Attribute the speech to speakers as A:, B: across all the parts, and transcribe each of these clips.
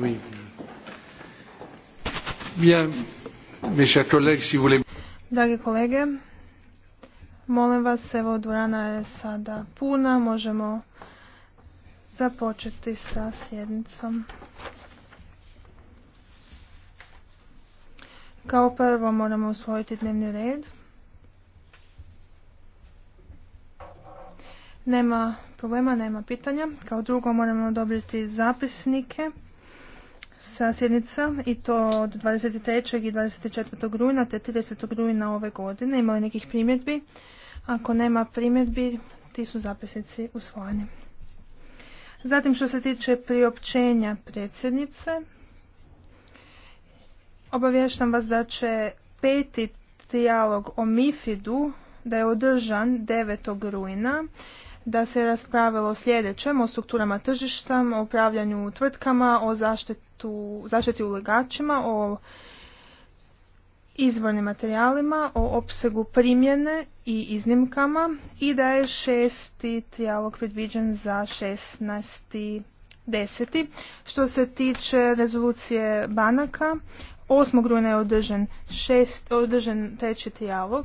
A: Oui. mes
B: Drage kolege, molim vas, evo dvorana je sada puna, možemo započeti sa sjednicom. Kao prvo moramo usvojiti dnevni red. Nema problema, nema pitanja. Kao drugo moramo odobriti zapisnike sa sjednica i to od 23. i 24. rujna te 30. rujna ove godine. Imali nekih primjedbi? Ako nema primjedbi, ti su zapisnici usvojeni. Zatim što se tiče priopćenja predsjednice, obavještam vas da će peti dijalog o MIFID-u da je održan 9. rujna da se raspravilo o sljedećem, o strukturama tržišta, o upravljanju tvrtkama, o zaštiti tu zaštiti ulagačima, o izvornim materijalima, o opsegu primjene i iznimkama i da je šesti trijalog predviđen za 16. deseti. Što se tiče rezolucije banaka, 8. rujna je održen šest, održan treći trijalog.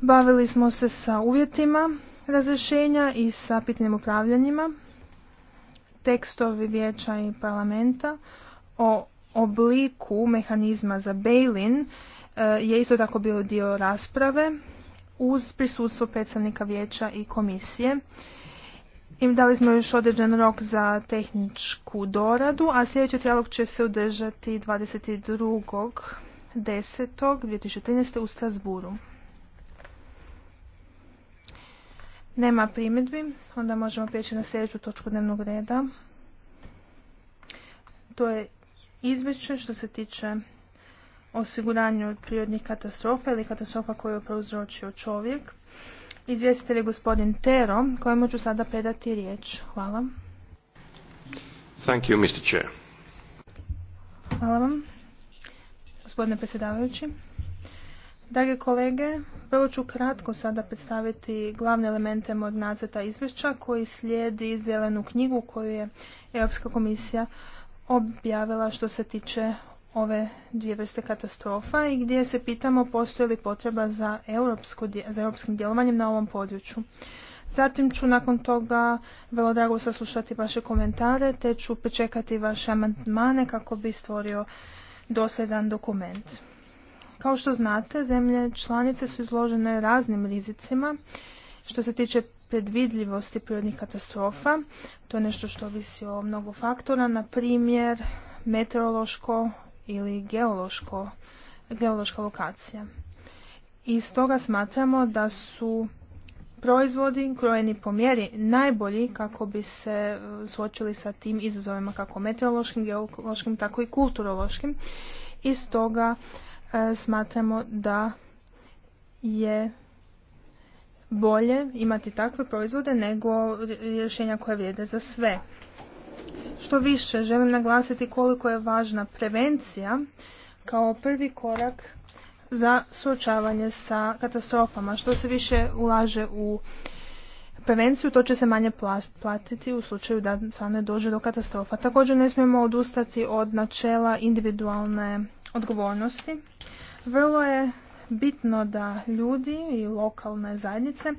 B: Bavili smo se sa uvjetima razrešenja i sa pitanjem upravljanjima tekstovi vijeća i parlamenta o obliku mehanizma za bail-in e, je isto tako bio dio rasprave uz prisutstvo predstavnika vijeća i komisije. Im dali smo još određen rok za tehničku doradu, a sljedeći trijalog će se održati 22.10.2013. u Strasburu. Nema primjedbi, onda možemo prijeći na sljedeću točku dnevnog reda. To je izvješće što se tiče osiguranja od prirodnih katastrofa ili katastrofa koju je prouzročio čovjek. Izvjestitelj je gospodin Tero, kojemu ću sada predati riječ. Hvala. Thank you, Mr. Chair. Hvala vam, gospodine predsjedavajući. Drage kolege, vrlo ću kratko sada predstaviti glavne elemente mog nacrta izvješća koji slijedi zelenu knjigu koju je Europska komisija objavila što se tiče ove dvije vrste katastrofa i gdje se pitamo postoji li potreba za, za europskim djelovanjem na ovom području. Zatim ću nakon toga vrlo drago saslušati vaše komentare te ću pričekati vaše amandmane kako bi stvorio dosljedan dokument. Kao što znate, zemlje članice su izložene raznim rizicima što se tiče predvidljivosti prirodnih katastrofa. To je nešto što visi o mnogo faktora, na primjer meteorološko ili geološko, geološka lokacija. I stoga smatramo da su proizvodi krojeni po mjeri najbolji kako bi se e, suočili sa tim izazovima kako meteorološkim, geološkim, tako i kulturološkim. I stoga E, smatramo da je bolje imati takve proizvode nego rješenja koje vrijede za sve. Što više, želim naglasiti koliko je važna prevencija kao prvi korak za suočavanje sa katastrofama. Što se više ulaže u prevenciju, to će se manje platiti u slučaju da same dođe do katastrofa. Također ne smijemo odustati od načela individualne odgovornosti. Vrlo je bitno da ljudi i lokalne zajednice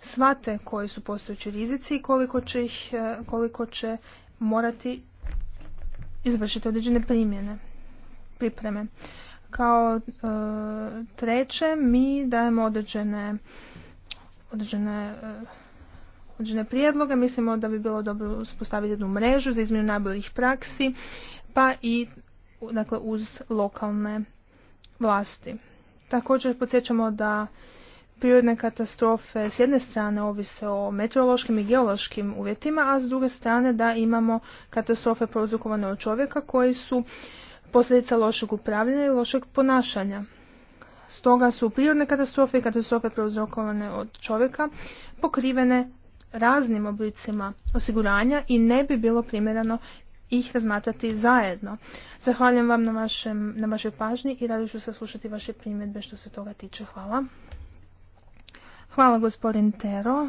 B: svate koji su postojeći rizici i koliko će, ih, e, koliko će morati izvršiti određene primjene, pripreme. Kao e, treće, mi dajemo određene, e, određene, prijedloge. Mislimo da bi bilo dobro uspostaviti jednu mrežu za izmjenu najboljih praksi, pa i dakle, uz lokalne vlasti. Također podsjećamo da prirodne katastrofe s jedne strane ovise o meteorološkim i geološkim uvjetima, a s druge strane da imamo katastrofe prouzrokovane od čovjeka koji su posljedica lošeg upravljanja i lošeg ponašanja. Stoga su prirodne katastrofe i katastrofe prouzrokovane od čovjeka pokrivene raznim oblicima osiguranja i ne bi bilo primjerano ih razmatrati zajedno. Zahvaljujem vam na, vašem, na vašoj pažnji i rado ću saslušati vaše primjedbe što se toga tiče. Hvala. Hvala gospodin Tero.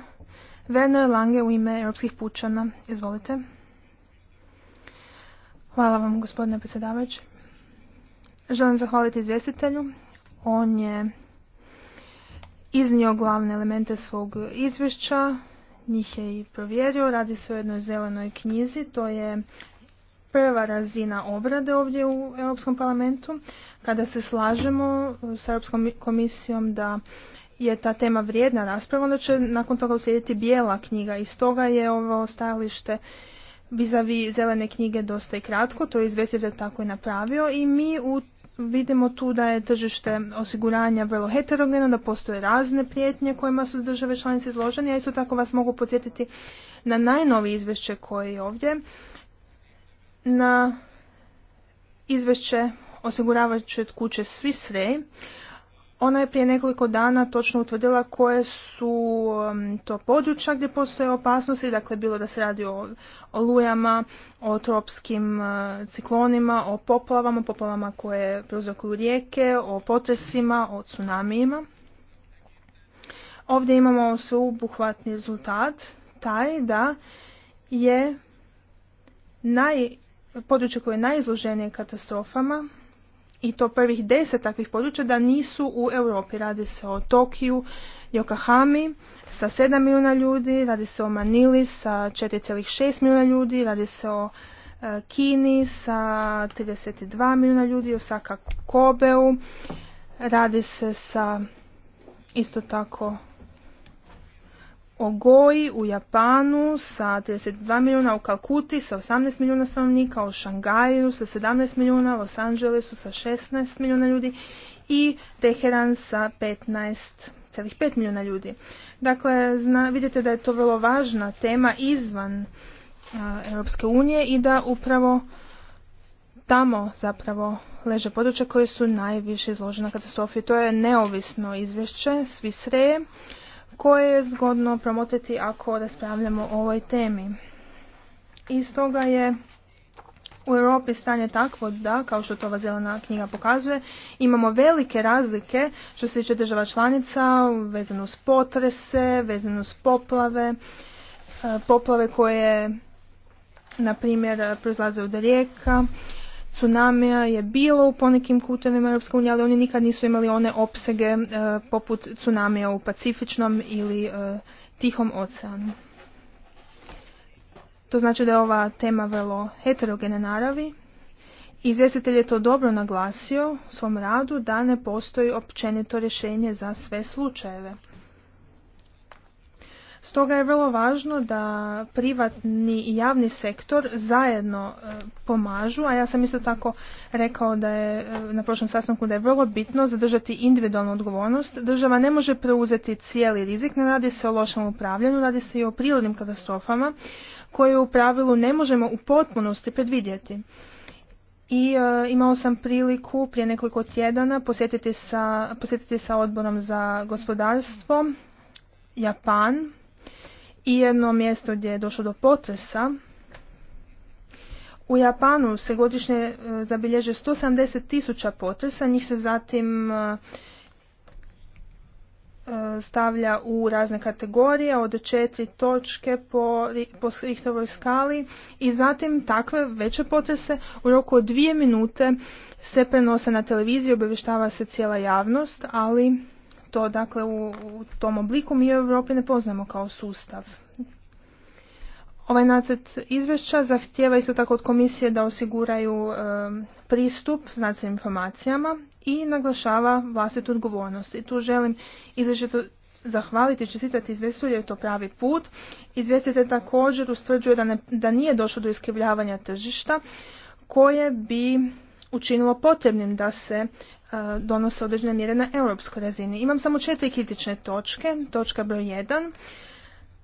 B: je Lange u ime Europskih pučana. Izvolite. Hvala vam gospodine predsjedavajući. Želim zahvaliti izvjestitelju. On je iznio glavne elemente svog izvješća njih je i provjerio. Radi se o jednoj zelenoj knjizi. To je prva razina obrade ovdje u Europskom parlamentu, kada se slažemo e, s Europskom komisijom da je ta tema vrijedna rasprava, onda će nakon toga uslijediti bijela knjiga i stoga je ovo stajalište vizavi zelene knjige dosta i kratko, to je izvjestitelj tako i napravio i mi Vidimo tu da je tržište osiguranja vrlo heterogeno, da postoje razne prijetnje kojima su države članice izložene, a isto tako vas mogu podsjetiti na najnovije izvješće koje je ovdje na izvješće osiguravajuće kuće Swiss Re. Ona je prije nekoliko dana točno utvrdila koje su um, to područja gdje postoje opasnosti, dakle bilo da se radi o olujama, o tropskim uh, ciklonima, o poplavama, poplavama koje prouzrokuju rijeke, o potresima, o tsunamijima. Ovdje imamo sveobuhvatni rezultat, taj da je naj područje koje je najizloženije katastrofama i to prvih deset takvih područja da nisu u Europi. Radi se o Tokiju, Yokohami sa 7 milijuna ljudi, radi se o Manili sa 4,6 milijuna ljudi, radi se o e, Kini sa 32 milijuna ljudi, Osaka Kobeu, radi se sa isto tako Ogoji u Japanu sa 32 milijuna, u Kalkuti sa 18 milijuna stanovnika, u Šangaju sa 17 milijuna, u Los Angelesu sa 16 milijuna ljudi i Teheran sa 15,5 milijuna ljudi. Dakle, vidite da je to vrlo važna tema izvan Europske unije i da upravo tamo zapravo leže područja koje su najviše izložena katastrofi. To je neovisno izvješće, svi sreje koje je zgodno promotriti ako raspravljamo o ovoj temi. I stoga je u Europi stanje takvo da, kao što to ova zelena knjiga pokazuje, imamo velike razlike što se tiče država članica, vezano uz potrese, vezano uz poplave, e, poplave koje, na primjer, proizlaze od rijeka tsunamija je bilo u ponekim kutovima Europske unije, ali oni nikad nisu imali one opsege e, poput tsunamija u Pacifičnom ili e, Tihom oceanu. To znači da je ova tema vrlo heterogene naravi. Izvjestitelj je to dobro naglasio u svom radu da ne postoji općenito rješenje za sve slučajeve. Stoga je vrlo važno da privatni i javni sektor zajedno e, pomažu, a ja sam isto tako rekao da je e, na prošlom sastanku da je vrlo bitno zadržati individualnu odgovornost. Država ne može preuzeti cijeli rizik, ne radi se o lošem upravljanju, radi se i o prirodnim katastrofama koje u pravilu ne možemo u potpunosti predvidjeti. I e, imao sam priliku prije nekoliko tjedana posjetiti sa, posjetiti sa odborom za gospodarstvo Japan i jedno mjesto gdje je došlo do potresa. U Japanu se godišnje e, zabilježe 170 tisuća potresa, njih se zatim e, e, stavlja u razne kategorije od četiri točke po, po skali i zatim takve veće potrese u roku od dvije minute se prenose na televiziju, obavještava se cijela javnost, ali to dakle u, tom obliku mi u Europi ne poznajemo kao sustav. Ovaj nacrt izvješća zahtjeva isto tako od komisije da osiguraju pristup znanstvenim informacijama i naglašava vlastitu odgovornost. I tu želim izvješću zahvaliti i čestitati jer je to pravi put. Izvjestitelj također ustvrđuje da, ne, da nije došlo do iskrivljavanja tržišta koje bi učinilo potrebnim da se E, donose određene mjere na europskoj razini. Imam samo četiri kritične točke. Točka broj 1.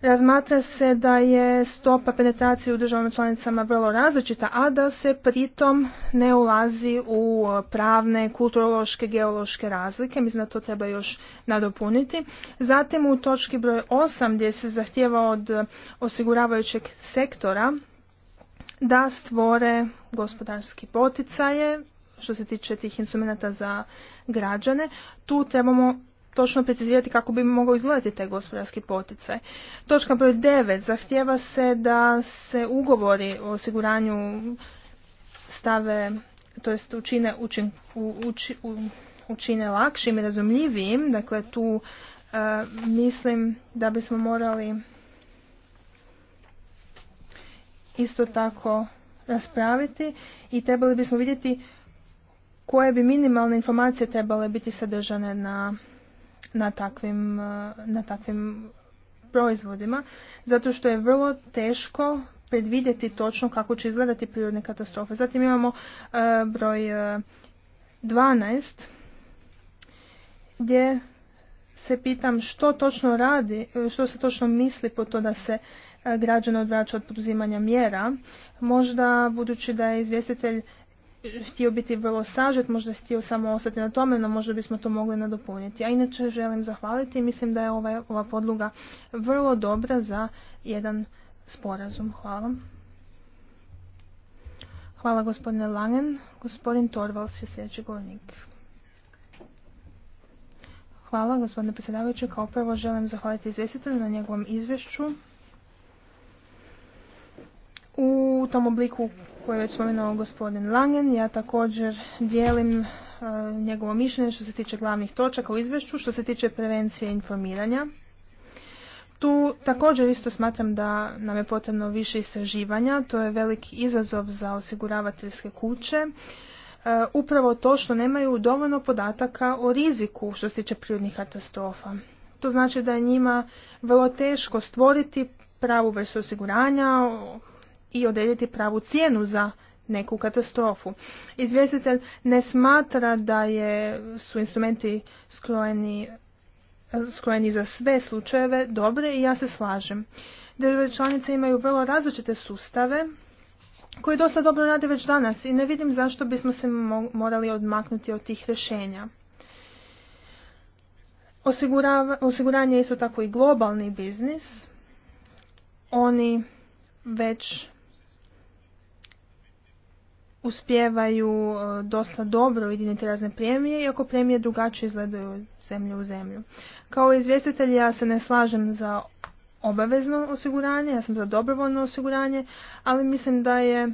B: Razmatra se da je stopa penetracije u državnim članicama vrlo različita, a da se pritom ne ulazi u pravne, kulturološke, geološke razlike. Mislim da to treba još nadopuniti. Zatim u točki broj 8 gdje se zahtjeva od osiguravajućeg sektora da stvore gospodarski poticaje što se tiče tih instrumenta za građane, tu trebamo točno precizirati kako bi mogao izgledati taj gospodarski poticaj. Točka broj 9. Zahtjeva se da se ugovori o osiguranju stave, to jest učine, učin, učine lakšim i razumljivijim. Dakle, tu e, mislim da bismo morali isto tako raspraviti i trebali bismo vidjeti koje bi minimalne informacije trebale biti sadržane na, na, takvim, eh, na takvim proizvodima, zato što je vrlo teško predvidjeti točno kako će izgledati prirodne katastrofe. Zatim imamo eh, broj 12 eh, gdje se pitam što točno radi, što se točno misli po to da se građane odvraća od poduzimanja mjera. Možda budući da je izvjestitelj htio biti vrlo sažet, možda htio samo ostati na tome, no možda bismo to mogli nadopuniti. A inače želim zahvaliti i mislim da je ova, ova podluga vrlo dobra za jedan sporazum. Hvala Hvala gospodine Langen. Gospodin Torvals je sljedeći govornik. Hvala gospodine predsjedavajući. Kao prvo želim zahvaliti izvjestitelju na njegovom izvješću. u tom obliku koji je već spomenuo gospodin Langen. Ja također dijelim e, njegovo mišljenje što se tiče glavnih točaka u izvješću, što se tiče prevencije informiranja. Tu također isto smatram da nam je potrebno više istraživanja, to je veliki izazov za osiguravateljske kuće. E, upravo to što nemaju dovoljno podataka o riziku što se tiče prirodnih katastrofa. To znači da je njima vrlo teško stvoriti pravu vrstu osiguranja, i odrediti pravu cijenu za neku katastrofu. Izvjestitelj ne smatra da je, su instrumenti skrojeni, skrojeni za sve slučajeve dobre i ja se slažem. Države članice imaju vrlo različite sustave koji dosta dobro rade već danas i ne vidim zašto bismo se morali odmaknuti od tih rješenja. Osigurava, osiguranje je isto tako i globalni biznis. Oni već uspijevaju e, dosta dobro ujediniti razne premije, iako premije drugačije izgledaju zemlju u zemlju. Kao izvjestitelj ja se ne slažem za obavezno osiguranje, ja sam za dobrovoljno osiguranje, ali mislim da je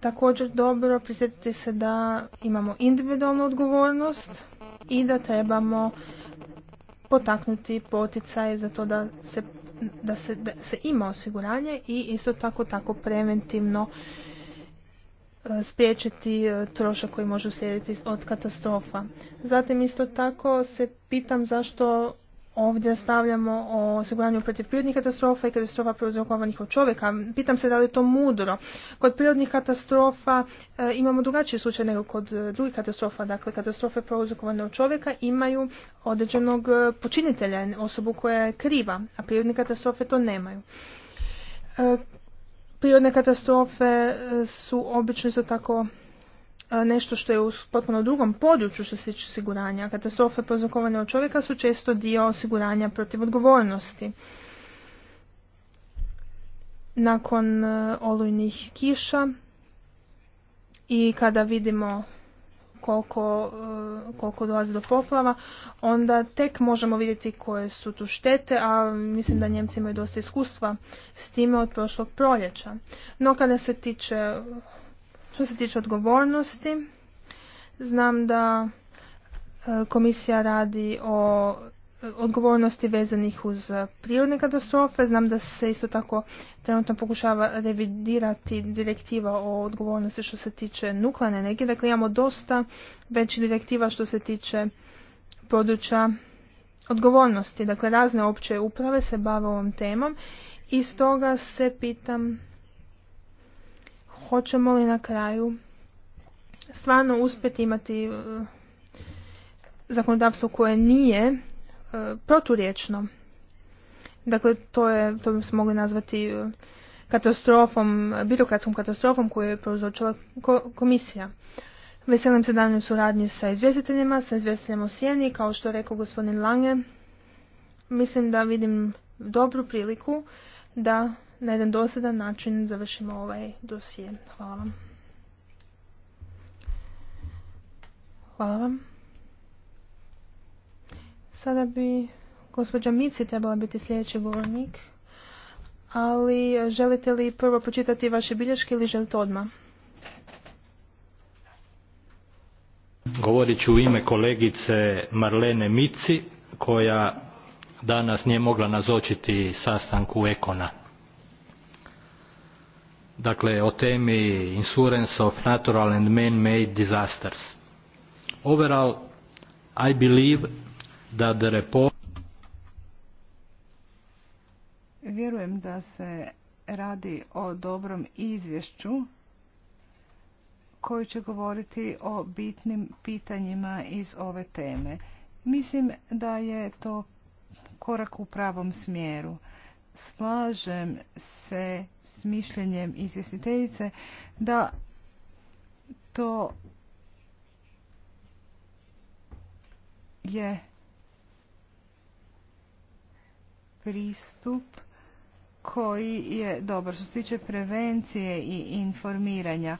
B: također dobro prisjetiti se da imamo individualnu odgovornost i da trebamo potaknuti poticaje za to da se, da se, ima osiguranje i isto tako tako preventivno spriječiti e, trošak koji može uslijediti od katastrofa. Zatim isto tako se pitam zašto ovdje raspravljamo o osiguranju protiv prirodnih katastrofa i katastrofa prouzrokovanih od čovjeka. Pitam se da li je to mudro. Kod prirodnih katastrofa e, imamo drugačiji slučaj nego kod e, drugih katastrofa. Dakle, katastrofe prouzrokovane od čovjeka imaju određenog počinitelja, osobu koja je kriva, a prirodne katastrofe to nemaju. Prirodne katastrofe e, su obično isto tako e, nešto što je u potpuno drugom području što se tiče osiguranja. Katastrofe prozokovane od čovjeka su često dio osiguranja protiv odgovornosti. Nakon e, olujnih kiša i kada vidimo koliko, eh, koliko dolazi do poplava, onda tek možemo vidjeti koje su tu štete, a mislim da Njemci imaju dosta iskustva s time od prošlog proljeća. No kada se tiče, što se tiče odgovornosti, znam da eh, komisija radi o odgovornosti vezanih uz prirodne katastrofe. Znam da se isto tako trenutno pokušava revidirati direktiva o odgovornosti što se tiče nuklearne energije. Dakle, imamo dosta već direktiva što se tiče područja odgovornosti. Dakle, razne opće uprave se bave ovom temom i stoga se pitam hoćemo li na kraju stvarno uspjeti imati eh, zakonodavstvo koje nije E, proturječno. Dakle, to, je, to bi se mogli nazvati e, katastrofom, birokratskom katastrofom koju je prouzročila komisija. Veselim se danju suradnji sa izvjestiteljima, sa izvjestiteljima o Sjeni, kao što je rekao gospodin Lange. Mislim da vidim dobru priliku da na jedan dosadan način završimo ovaj dosije. Hvala vam. Hvala vam. Sada bi gospođa Mici trebala biti sljedeći govornik, ali želite li prvo počitati vaše bilješke ili želite odmah?
A: Govorit ću u ime kolegice Marlene Mici, koja danas nije mogla nazočiti sastanku Ekona. Dakle, o temi Insurance of Natural and Man-Made Disasters.
C: Overall, I believe that
D: Vjerujem da se radi o dobrom izvješću koji će govoriti o bitnim pitanjima iz ove teme. Mislim da je to korak u pravom smjeru. Slažem se s mišljenjem izvjestiteljice da to je pristup koji je dobar što se tiče prevencije i informiranja.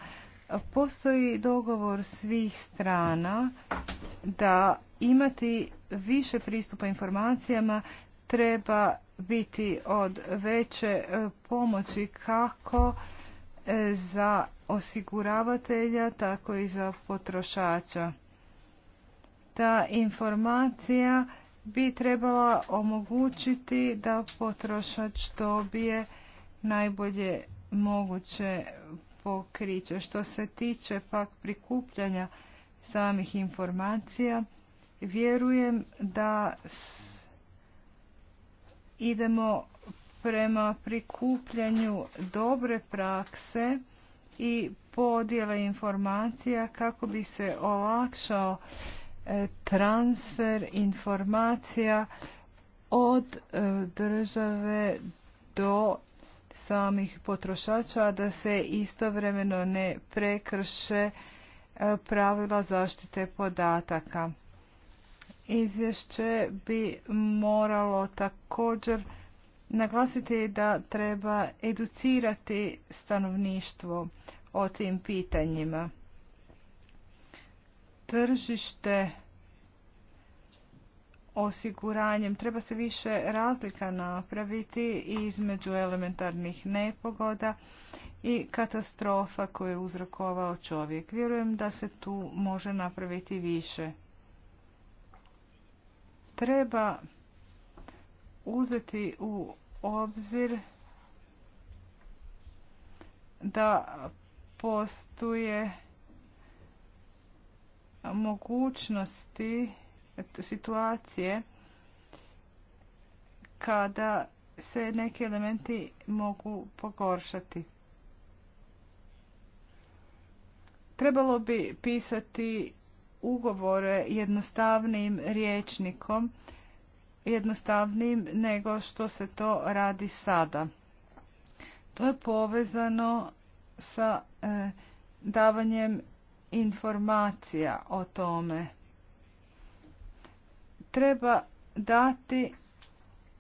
D: Postoji dogovor svih strana da imati više pristupa informacijama treba biti od veće e, pomoći kako e, za osiguravatelja, tako i za potrošača. Ta informacija bi trebala omogućiti da potrošač dobije najbolje moguće pokriće. Što se tiče pak prikupljanja samih informacija, vjerujem da idemo prema prikupljanju dobre prakse i podjele informacija kako bi se olakšao transfer informacija od e, države do samih potrošača da se istovremeno ne prekrše e, pravila zaštite podataka. Izvješće bi moralo također naglasiti da treba educirati stanovništvo o tim pitanjima tržište osiguranjem. Treba se više razlika napraviti između elementarnih nepogoda i katastrofa koju je uzrokovao čovjek. Vjerujem da se tu može napraviti više. Treba uzeti u obzir da postoje mogućnosti situacije kada se neki elementi mogu pogoršati. Trebalo bi pisati ugovore jednostavnim riječnikom, jednostavnim nego što se to radi sada. To je povezano sa eh, davanjem informacija o tome. Treba dati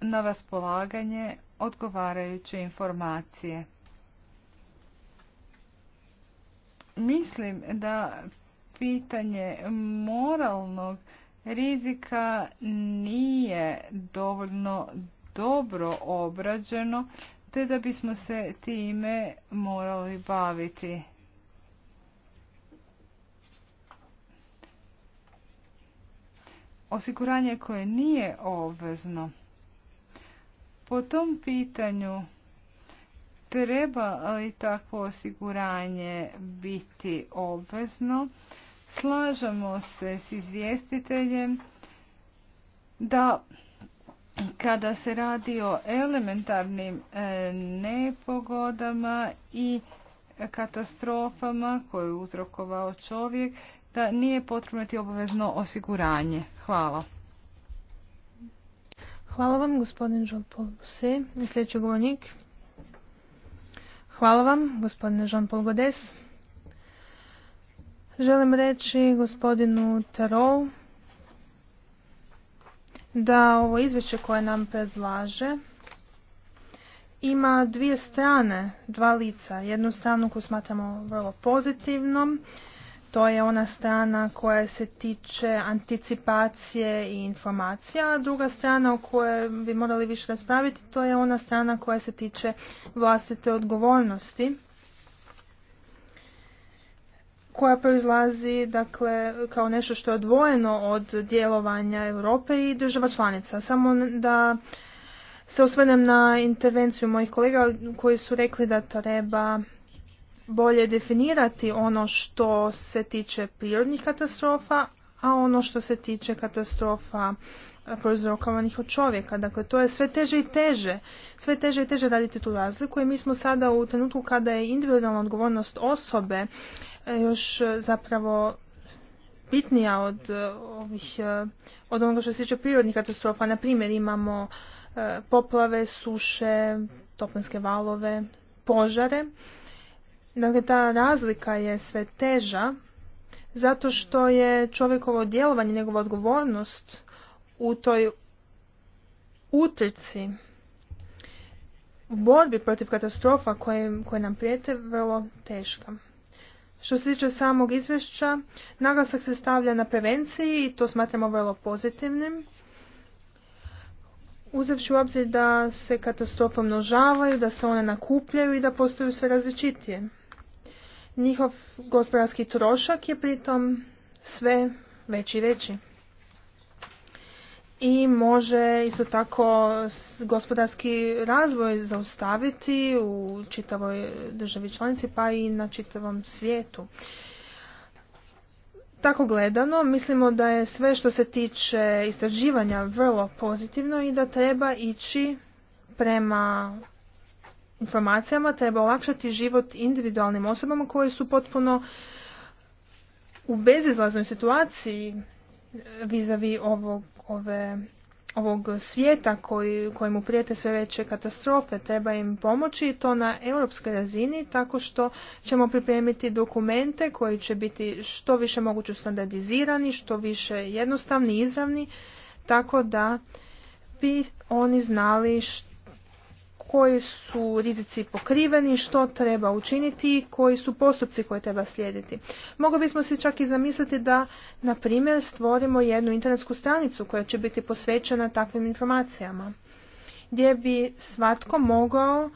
D: na raspolaganje odgovarajuće informacije. Mislim da pitanje moralnog rizika nije dovoljno dobro obrađeno, te da bismo se time morali baviti. osiguranje koje nije obvezno. Po tom pitanju treba li takvo osiguranje biti obvezno? Slažemo se s izvjestiteljem da kada se radi o elementarnim e, nepogodama i katastrofama koje je uzrokovao čovjek, da nije potrebno ti obavezno osiguranje. Hvala.
B: Hvala vam, gospodin Jean-Paul Buse. Sljedeći govornik. Hvala vam, gospodine Jean-Paul Godes. Želim reći gospodinu Tarou da ovo izvješće koje nam predlaže ima dvije strane, dva lica. Jednu stranu koju smatramo vrlo pozitivnom, to je ona strana koja se tiče anticipacije i informacija, druga strana o kojoj bi morali više raspraviti to je ona strana koja se tiče vlastite odgovornosti koja proizlazi dakle kao nešto što je odvojeno od djelovanja Europe i država članica. Samo da se osvrnem na intervenciju mojih kolega koji su rekli da treba bolje definirati ono što se tiče prirodnih katastrofa, a ono što se tiče katastrofa e, prouzrokovanih od čovjeka. Dakle, to je sve teže i teže. Sve teže i teže raditi tu razliku i mi smo sada u trenutku kada je individualna odgovornost osobe e, još e, zapravo bitnija od ovih od onoga što se tiče prirodnih katastrofa. Na primjer imamo poplave, suše, toplinske valove, požare Dakle, ta razlika je sve teža zato što je čovjekovo djelovanje, njegova odgovornost u toj utrci u borbi protiv katastrofa koje, nam prijete vrlo teška. Što se tiče samog izvješća, naglasak se stavlja na prevenciji i to smatramo vrlo pozitivnim. Uzevši u obzir da se katastrofe množavaju, da se one nakupljaju i da postaju sve različitije. Njihov gospodarski trošak je pritom sve veći i veći. I može isto tako gospodarski razvoj zaustaviti u čitavoj državi članici pa i na čitavom svijetu. Tako gledano, mislimo da je sve što se tiče istraživanja vrlo pozitivno i da treba ići prema informacijama treba olakšati život individualnim osobama koje su potpuno u bezizlaznoj situaciji e, vizavi ovog, ove, ovog svijeta koji, kojemu prijete sve veće katastrofe. Treba im pomoći i to na europskoj razini tako što ćemo pripremiti dokumente koji će biti što više moguće standardizirani, što više jednostavni, izravni, tako da bi oni znali što koji su rizici pokriveni, što treba učiniti i koji su postupci koje treba slijediti. Mogli bismo se čak i zamisliti da, na primjer, stvorimo jednu internetsku stranicu koja će biti posvećena takvim informacijama, gdje bi svatko mogao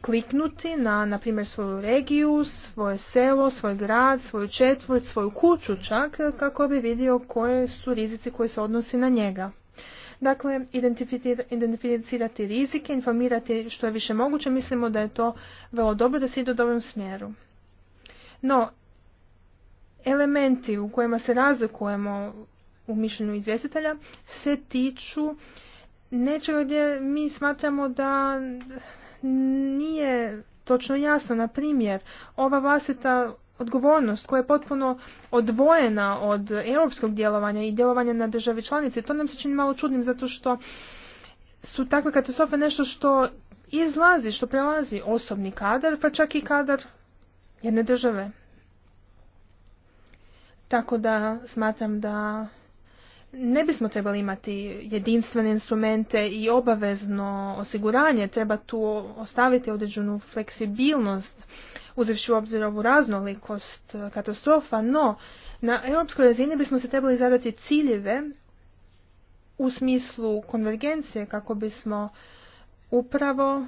B: kliknuti na, na primjer, svoju regiju, svoje selo, svoj grad, svoju četvrt, svoju kuću čak, kako bi vidio koje su rizici koji se odnosi na njega. Dakle, identificirati rizike, informirati što je više moguće, mislimo da je to vrlo dobro da se ide u dobrom smjeru. No, elementi u kojima se razlikujemo u mišljenju izvjestitelja se tiču nečega gdje mi smatramo da nije točno jasno. Na primjer, ova vlastita odgovornost koja je potpuno odvojena od europskog djelovanja i djelovanja na državi članice. To nam se čini malo čudnim zato što su takve katastrofe nešto što izlazi, što prelazi osobni kadar, pa čak i kadar jedne države. Tako da smatram da ne bismo trebali imati jedinstvene instrumente i obavezno osiguranje, treba tu ostaviti određenu fleksibilnost uzevši u obzir ovu raznolikost e, katastrofa, no na europskoj razini bismo se trebali zadati ciljeve u smislu konvergencije kako bismo upravo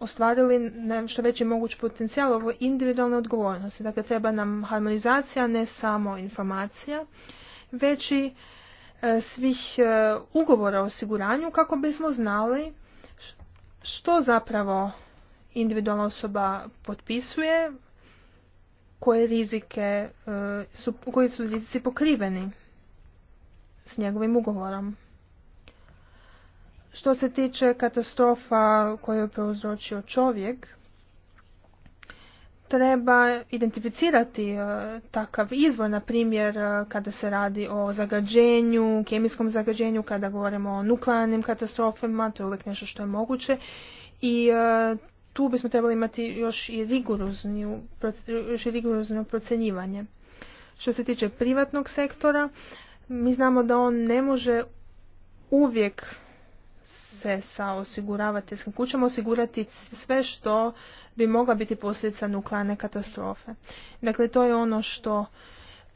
B: ostvarili na što veći moguć potencijal ovo individualne odgovornosti. Dakle, treba nam harmonizacija, ne samo informacija, već i e, svih e, ugovora o osiguranju kako bismo znali što zapravo individualna osoba potpisuje, koje rizike e, su, koji su rizici pokriveni s njegovim ugovorom. Što se tiče katastrofa koju je prouzročio čovjek, treba identificirati e, takav izvor, na primjer e, kada se radi o zagađenju, kemijskom zagađenju, kada govorimo o nuklearnim katastrofama, to je uvijek nešto što je moguće i tu bismo trebali imati još i rigorozniju, još rigorozno procjenjivanje. Što se tiče privatnog sektora, mi znamo da on ne može uvijek se sa osiguravateljskim kućama osigurati sve što bi mogla biti posljedica nuklearne katastrofe. Dakle, to je ono što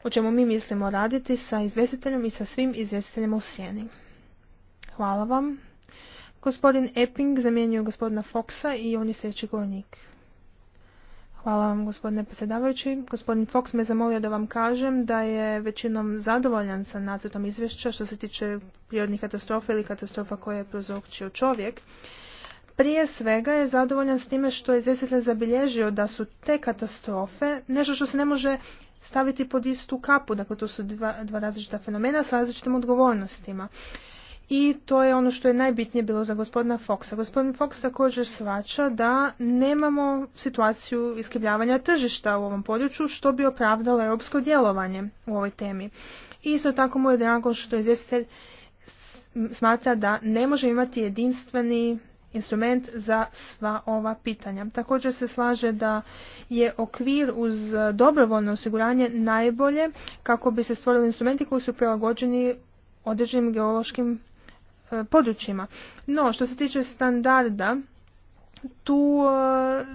B: o čemu mi mislimo raditi sa izvjestiteljom i sa svim izvjestiteljima u sjeni. Hvala vam. Gospodin Epping zamijenio gospodina Foxa i on je sljedeći govornik. Hvala vam gospodine predsjedavajući. Gospodin Fox me zamolio da vam kažem da je većinom zadovoljan sa nacrtom izvješća što se tiče prirodnih katastrofa ili katastrofa koje je prozočio čovjek. Prije svega je zadovoljan s time što je izvjestitelj zabilježio da su te katastrofe nešto što se ne može staviti pod istu kapu. Dakle, to su dva, dva različita fenomena s različitim odgovornostima i to je ono što je najbitnije bilo za gospodina Foxa. Gospodin Fox također svača da nemamo situaciju iskrivljavanja tržišta u ovom području što bi opravdalo europsko djelovanje u ovoj temi. isto tako mu je drago što izvjestitelj smatra da ne može imati jedinstveni instrument za sva ova pitanja. Također se slaže da je okvir uz dobrovoljno osiguranje najbolje kako bi se stvorili instrumenti koji su prilagođeni određenim geološkim E, područjima. No, što se tiče standarda, tu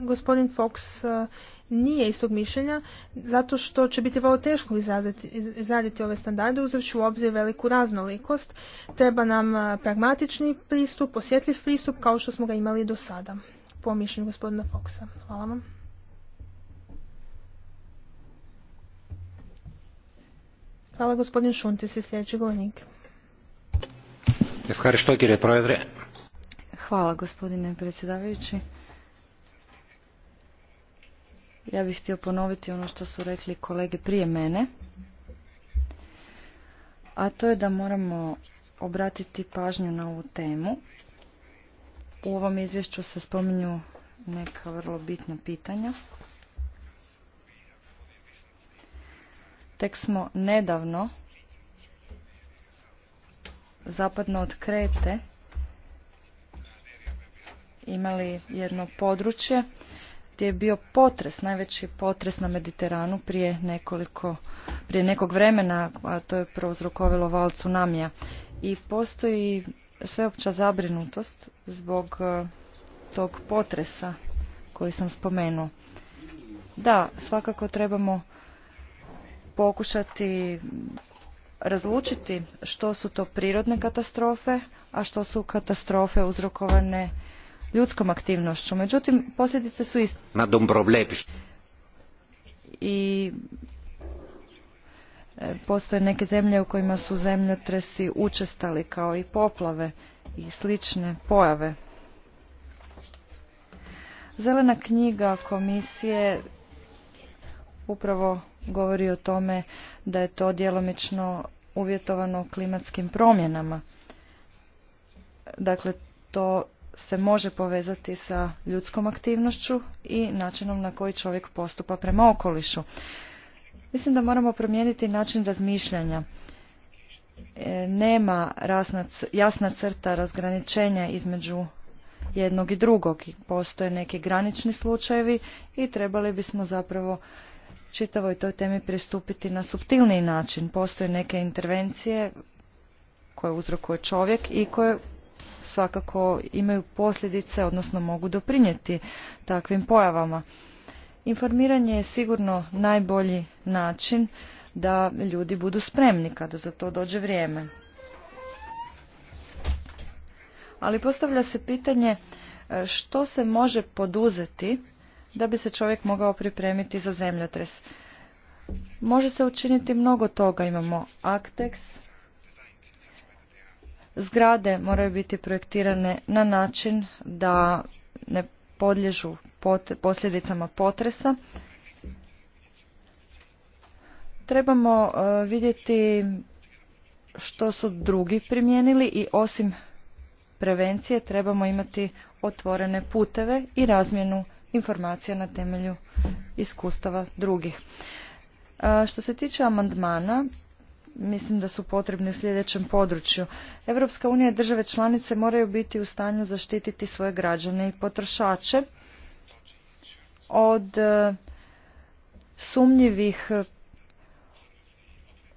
B: e, gospodin Fox e, nije istog mišljenja, zato što će biti vrlo teško izraditi, ove standarde, uzevši u obzir veliku raznolikost. Treba nam pragmatični pristup, osjetljiv pristup, kao što smo ga imali do sada, po mišljenju gospodina Foxa. Hvala vam. Hvala gospodin Šuntis i sljedeći govornik.
C: Hvala gospodine predsjedavajući. Ja bih htio ponoviti ono što su rekli kolege prije mene, a to je da moramo obratiti pažnju na ovu temu. U ovom izvješću se spominju neka vrlo bitna pitanja. Tek smo nedavno zapadno od Krete imali jedno područje gdje je bio potres, najveći potres na Mediteranu prije nekoliko, prije nekog vremena, a to je prouzrokovilo val tsunamija. I postoji sveopća zabrinutost zbog e, tog potresa koji sam spomenuo. Da, svakako trebamo pokušati razlučiti što su to prirodne katastrofe, a što su katastrofe uzrokovane ljudskom aktivnošću. Međutim, posljedice su iste. I e, postoje neke zemlje u kojima su zemljotresi učestali kao i poplave i slične pojave. Zelena knjiga komisije upravo govori o tome da je to djelomično uvjetovano klimatskim promjenama. Dakle, to se može povezati sa ljudskom aktivnošću i načinom na koji čovjek postupa prema okolišu. Mislim da moramo promijeniti način razmišljanja. E, nema jasna crta razgraničenja između jednog i drugog. Postoje neki granični slučajevi i trebali bismo zapravo čitavoj toj temi pristupiti na subtilniji način. Postoje neke intervencije koje uzrokuje čovjek i koje svakako imaju posljedice, odnosno mogu doprinijeti takvim pojavama. Informiranje je sigurno najbolji način da ljudi budu spremni kada za to dođe vrijeme. Ali postavlja se pitanje e, što se može poduzeti da bi se čovjek mogao pripremiti za zemljotres. Može se učiniti mnogo toga. Imamo Actex. Zgrade moraju biti projektirane na način da ne podlježu posljedicama potresa. Trebamo e, vidjeti što su drugi primijenili i osim prevencije trebamo imati otvorene puteve i razmjenu informacija na temelju iskustava drugih. E, što se tiče amandmana, mislim da su potrebni u sljedećem području. Europska unija i države članice moraju biti u stanju zaštititi svoje građane i potrošače od e, sumnjivih e,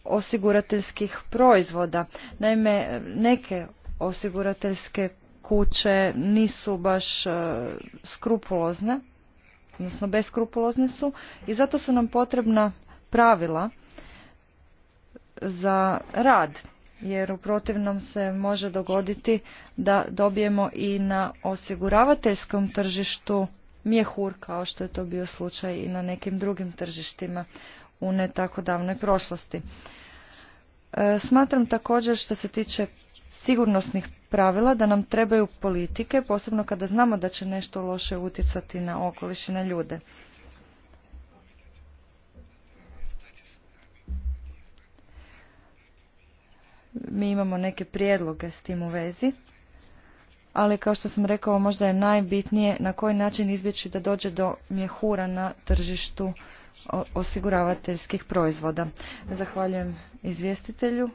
C: osigurateljskih proizvoda. Naime, neke osigurateljske kuće nisu baš skrupulozne odnosno beskrupulozne su i zato su nam potrebna pravila za rad jer u protivnom se može dogoditi da dobijemo i na osiguravateljskom tržištu mjehur kao što je to bio slučaj i na nekim drugim tržištima u ne tako davnoj prošlosti. E, smatram također što se tiče sigurnosnih pravila da nam trebaju politike, posebno kada znamo da će nešto loše utjecati na okoliš i na ljude. Mi imamo neke prijedloge s tim u vezi, ali kao što sam rekao, možda je najbitnije na koji način izbjeći da dođe do mjehura na tržištu osiguravateljskih proizvoda. Zahvaljujem izvjestitelju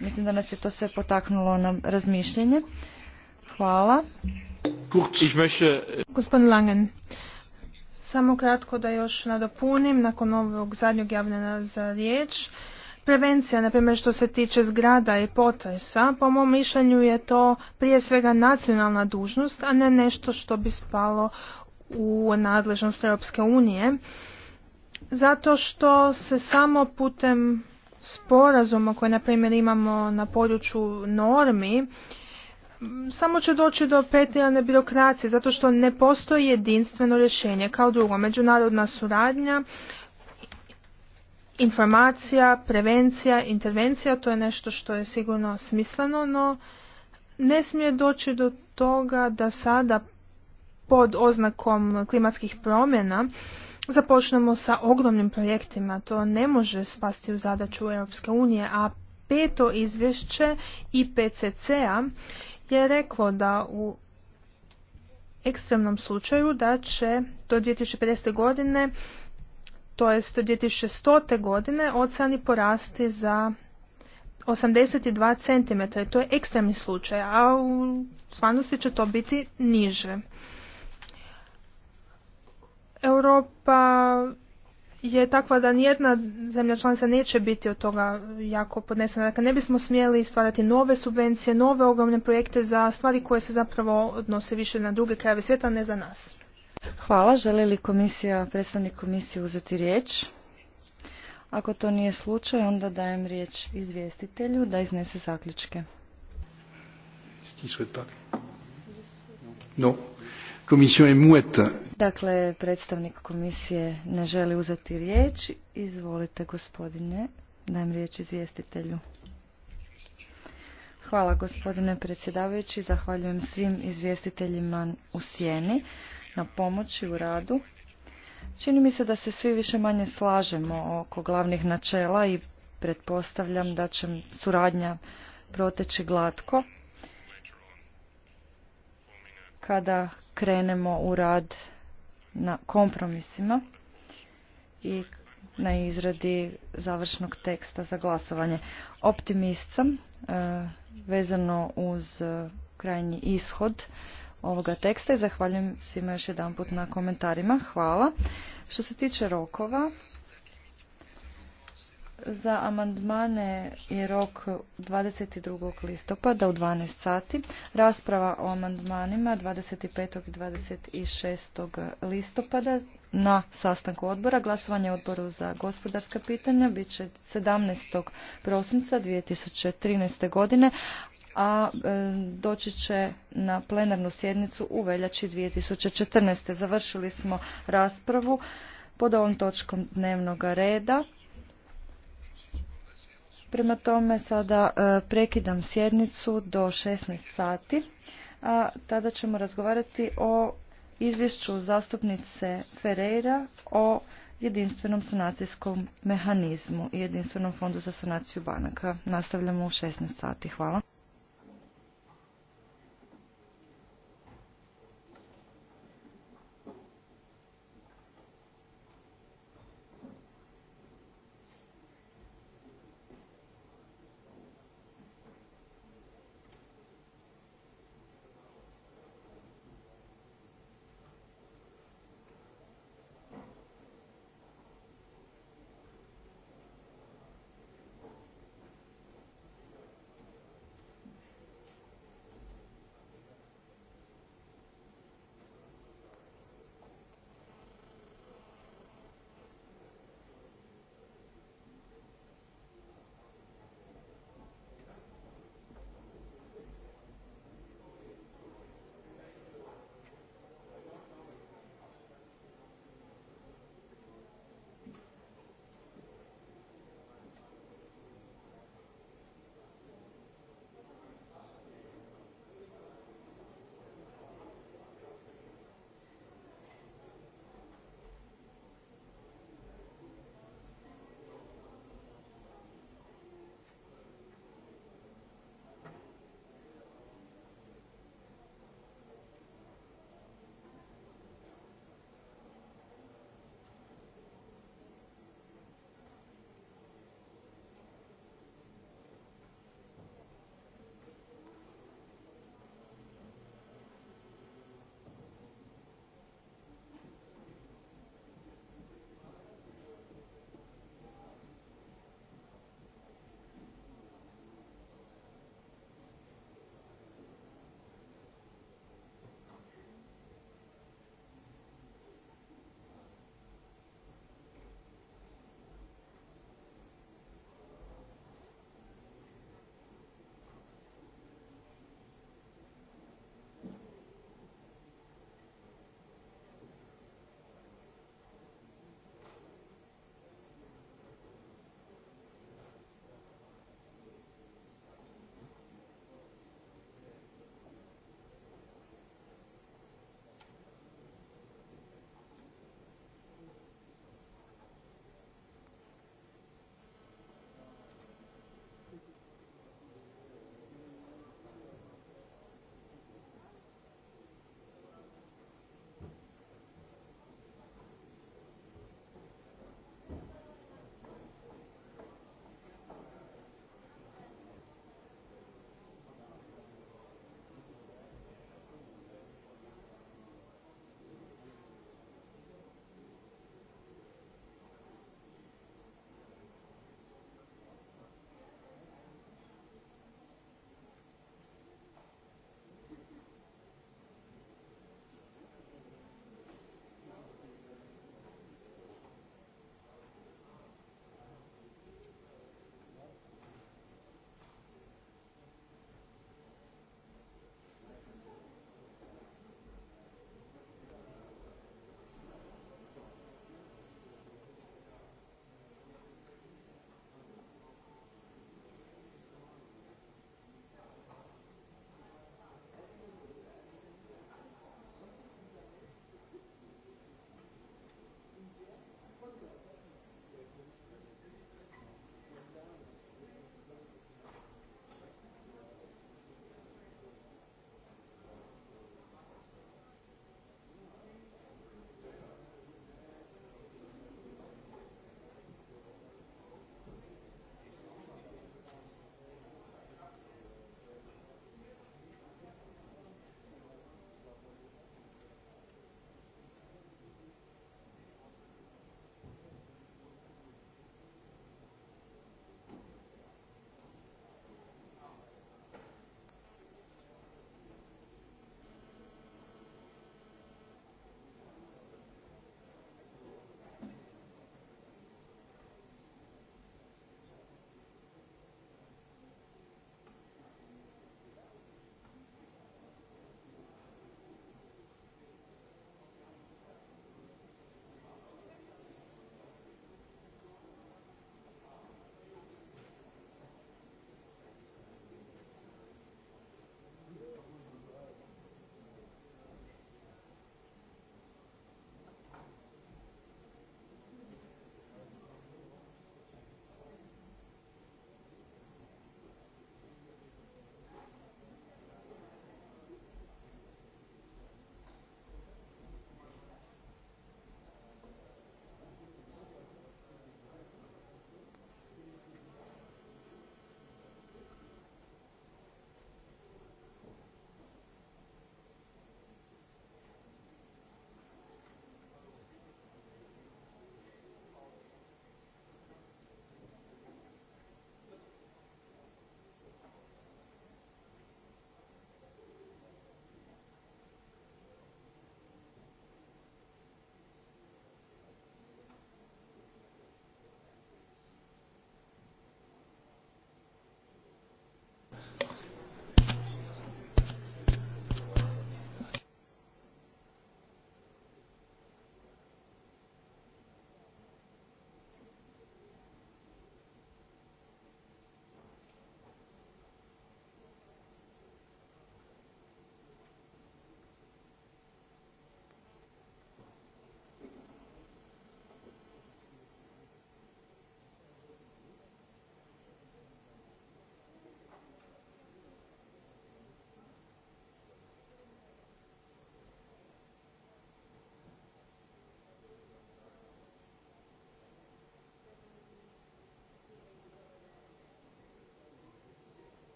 C: Mislim da nas je to sve potaknulo na razmišljanje.
B: Hvala. Äh, Gospodin Langen, samo kratko da još nadopunim nakon ovog zadnjeg javljena za riječ. Prevencija, na primjer što se tiče zgrada i potresa, po mom mišljenju je to prije svega nacionalna dužnost, a ne nešto što bi spalo u nadležnost Europske unije, zato što se samo putem sporazuma koje na primjer imamo na području normi samo će doći do pretjerane birokracije zato što ne postoji jedinstveno rješenje. Kao drugo, međunarodna suradnja, informacija, prevencija, intervencija, to je nešto što je sigurno smisleno, no ne smije doći do toga da sada pod oznakom klimatskih promjena započnemo sa ogromnim projektima. To ne može spasti u zadaću Europske unije, a peto izvješće IPCC-a je reklo da u ekstremnom slučaju da će do 2050. godine, to jest 2100. godine, oceani porasti za 82 cm. To je ekstremni slučaj, a u stvarnosti će to biti niže. Europa je takva da nijedna zemlja članica neće biti od toga jako podnesena. Dakle, ne bismo smjeli stvarati nove subvencije, nove ogromne projekte za stvari koje se zapravo odnose više na druge krajeve svijeta, ne za nas.
C: Hvala. Želi li komisija, predstavnik komisije uzeti riječ? Ako to nije slučaj, onda dajem riječ izvjestitelju da iznese zaključke.
A: Komisija je mueta.
C: Dakle, predstavnik komisije ne želi uzeti riječ. Izvolite, gospodine. Dajem riječ izvjestitelju. Hvala, gospodine predsjedavajući. Zahvaljujem svim izvjestiteljima u sjeni na pomoći u radu. Čini mi se da se svi više manje slažemo oko glavnih načela i pretpostavljam da će suradnja proteći glatko kada krenemo u rad na kompromisima i na izradi završnog teksta za glasovanje. Optimist sam e, vezano uz e, krajnji ishod ovoga teksta i zahvaljujem svima još jedanput na komentarima. Hvala. Što se tiče rokova, za amandmane je rok 22. listopada u 12 sati. Rasprava o amandmanima 25. i 26. listopada na sastanku odbora. Glasovanje odboru za gospodarska pitanja bit će 17. prosinca 2013. godine, a e, doći će na plenarnu sjednicu u veljači 2014. Završili smo raspravu pod ovom točkom dnevnog reda. Prema tome sada e, prekidam sjednicu do 16 sati, a tada ćemo razgovarati o izvješću zastupnice Ferreira o jedinstvenom sanacijskom mehanizmu i jedinstvenom fondu za sanaciju banaka. Nastavljamo u 16 sati. Hvala.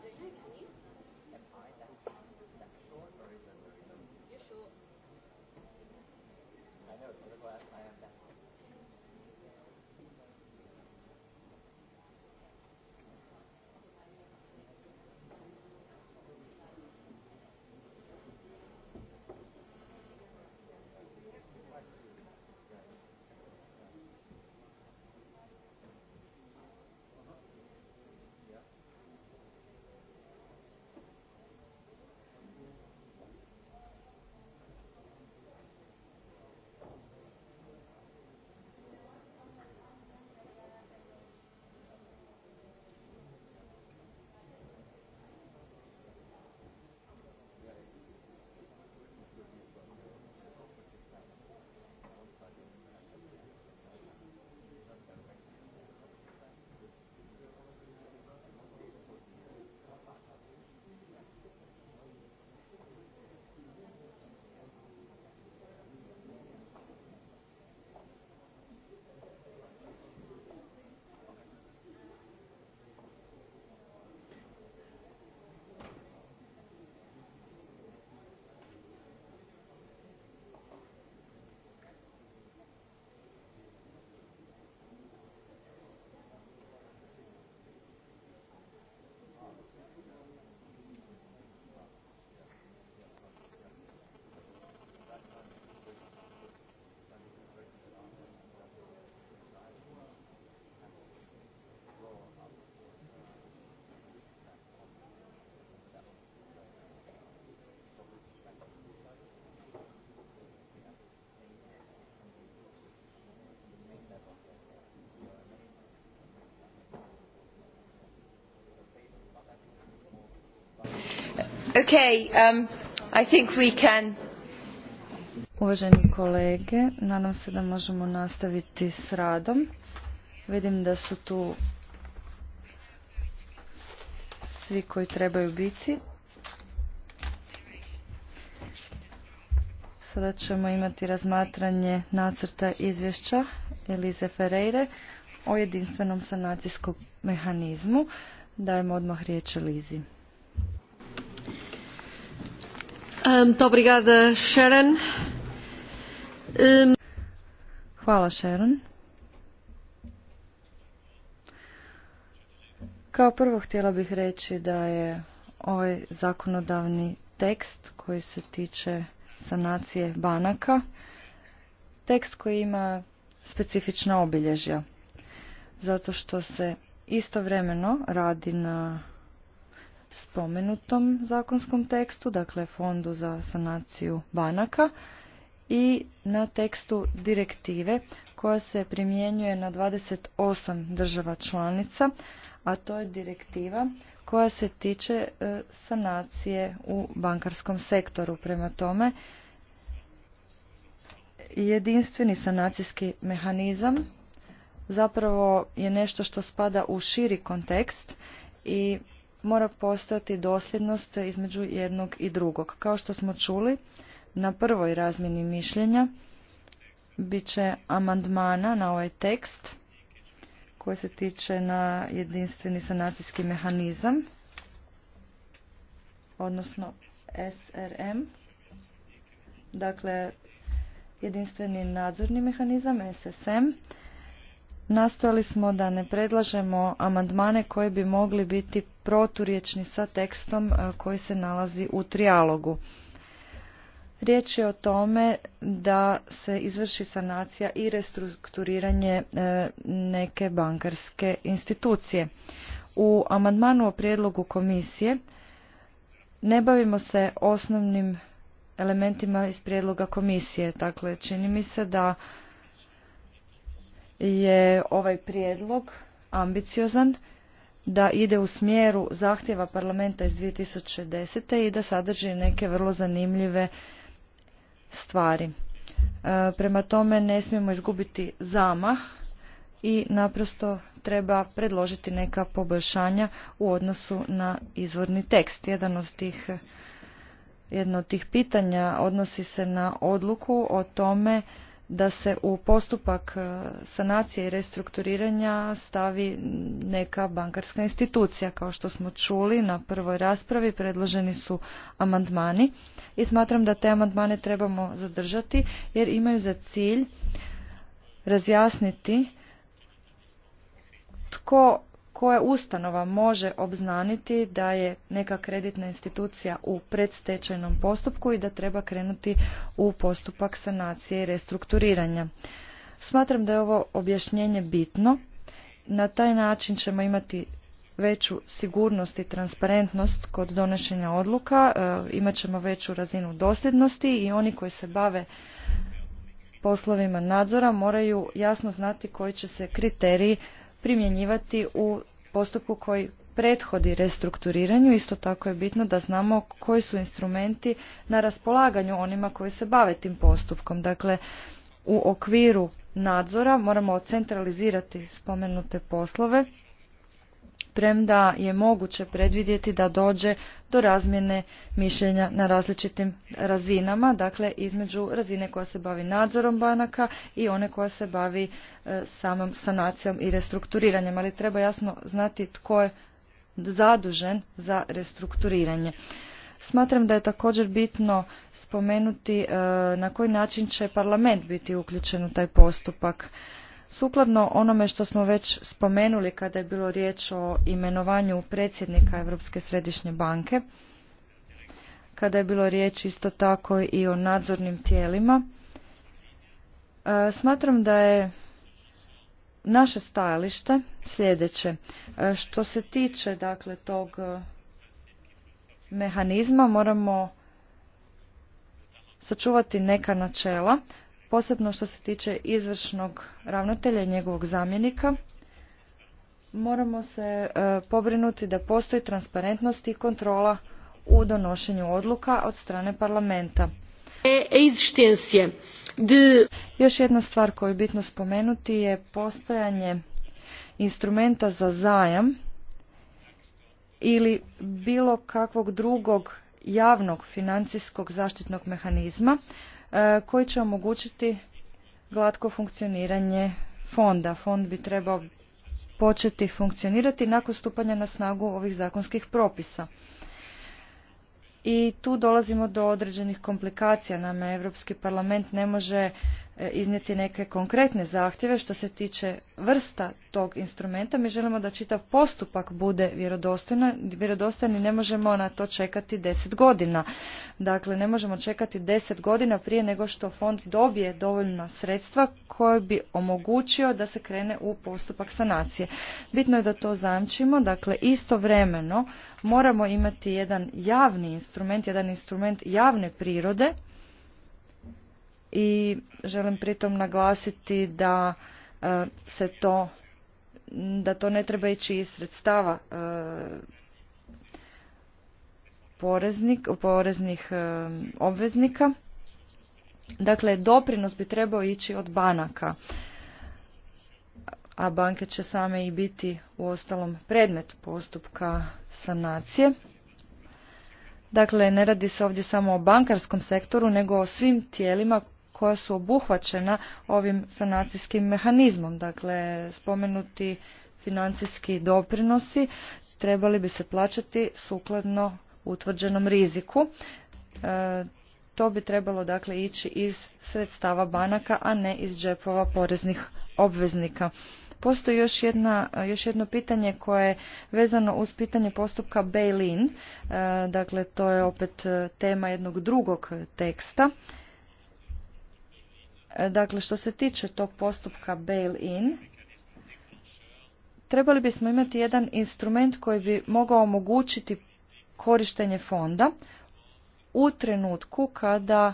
C: Sadece Okay, um, Uvaženi kolege, nadam se da možemo nastaviti s radom. Vidim da su tu svi koji trebaju biti. Sada ćemo imati razmatranje nacrta izvješća Elize Ferreire o jedinstvenom sanacijskom mehanizmu. Dajemo odmah riječ Elizi. Muito um, um, Hvala, Sharon. Kao prvo htjela bih reći da je ovaj zakonodavni tekst koji se tiče sanacije banaka, tekst koji ima specifična obilježja, zato što se istovremeno radi na spomenutom zakonskom tekstu, dakle Fondu za sanaciju banaka i na tekstu direktive koja se primjenjuje na 28 država članica, a to je direktiva koja se tiče e, sanacije u bankarskom sektoru. Prema tome, jedinstveni sanacijski mehanizam zapravo je nešto što spada u širi kontekst i mora postojati dosljednost između jednog i drugog. Kao što smo čuli, na prvoj razmjeni mišljenja bit će amandmana na ovaj tekst koji se tiče na jedinstveni sanacijski mehanizam, odnosno SRM, dakle jedinstveni nadzorni mehanizam, SSM, nastojali smo da ne predlažemo amandmane koji bi mogli biti proturječni sa tekstom e, koji se nalazi u trijalogu. Riječ je o tome da se izvrši sanacija i restrukturiranje e, neke bankarske institucije. U amandmanu o prijedlogu komisije ne bavimo se osnovnim elementima iz prijedloga komisije. Dakle, čini mi se da je ovaj prijedlog ambiciozan da ide u smjeru zahtjeva parlamenta iz 2010. i da sadrži neke vrlo zanimljive stvari. E, prema tome ne smijemo izgubiti zamah i naprosto treba predložiti neka poboljšanja u odnosu na izvorni tekst. Jedan od tih, jedno od tih pitanja odnosi se na odluku o tome da se u postupak e, sanacije i restrukturiranja stavi neka bankarska institucija. Kao što smo čuli na prvoj raspravi predloženi su amandmani i smatram da te amandmane trebamo zadržati jer imaju za cilj razjasniti tko koja ustanova može obznaniti da je neka kreditna institucija u predstečajnom postupku i da treba krenuti u postupak sanacije i restrukturiranja. Smatram da je ovo objašnjenje bitno. Na taj način ćemo imati veću sigurnost i transparentnost kod donošenja odluka, e, imat ćemo veću razinu dosljednosti i oni koji se bave poslovima nadzora moraju jasno znati koji će se kriteriji primjenjivati u postupku koji prethodi restrukturiranju. Isto tako je bitno da znamo koji su instrumenti na raspolaganju onima koji se bave tim postupkom. Dakle, u okviru nadzora moramo centralizirati spomenute poslove premda je moguće predvidjeti da dođe do razmjene mišljenja na različitim razinama, dakle između razine koja se bavi nadzorom banaka i one koja se bavi e, samom sanacijom i restrukturiranjem, ali treba jasno znati tko je zadužen za restrukturiranje. Smatram da je također bitno spomenuti e, na koji način će parlament biti uključen u taj postupak Sukladno onome što smo već spomenuli kada je bilo riječ o imenovanju predsjednika Europske središnje banke, kada je bilo riječ isto tako i o nadzornim tijelima, e, smatram da je naše stajalište sljedeće. E, što se tiče dakle tog e, mehanizma moramo sačuvati neka načela posebno što se tiče izvršnog ravnatelja i njegovog zamjenika. Moramo se e, pobrinuti da postoji transparentnost i kontrola u donošenju odluka od strane parlamenta. E, Još jedna stvar koju je bitno spomenuti je postojanje instrumenta za zajam ili bilo kakvog drugog javnog financijskog zaštitnog mehanizma E, koji će omogućiti glatko funkcioniranje fonda. Fond bi trebao početi funkcionirati nakon stupanja na snagu ovih zakonskih propisa. I tu dolazimo do određenih komplikacija. Nama Europski parlament ne može E, iznijeti neke konkretne zahtjeve što se tiče vrsta tog instrumenta. Mi želimo da čitav postupak bude vjerodostojan i ne možemo na to čekati deset godina. Dakle, ne možemo čekati deset godina prije nego što fond dobije dovoljna sredstva koje bi omogućio da se krene u postupak sanacije. Bitno je da to zamčimo, dakle istovremeno moramo imati jedan javni instrument, jedan instrument javne prirode i želim pritom naglasiti da e, se to da to ne treba ići iz sredstava e, poreznik, poreznih e, obveznika. Dakle, doprinos bi trebao ići od banaka, a banke će same i biti u ostalom predmet postupka sanacije. Dakle, ne radi se ovdje samo o bankarskom sektoru, nego o svim tijelima koja su obuhvaćena ovim sanacijskim mehanizmom. Dakle, spomenuti financijski doprinosi trebali bi se plaćati sukladno utvrđenom riziku. E, to bi trebalo dakle ići iz sredstava banaka, a ne iz džepova poreznih obveznika. Postoji još, još jedno pitanje koje je vezano uz pitanje postupka bail-in. E, dakle, to je opet e, tema jednog drugog teksta Dakle, što se tiče tog postupka bail-in, trebali bismo imati jedan instrument koji bi mogao omogućiti korištenje fonda u trenutku kada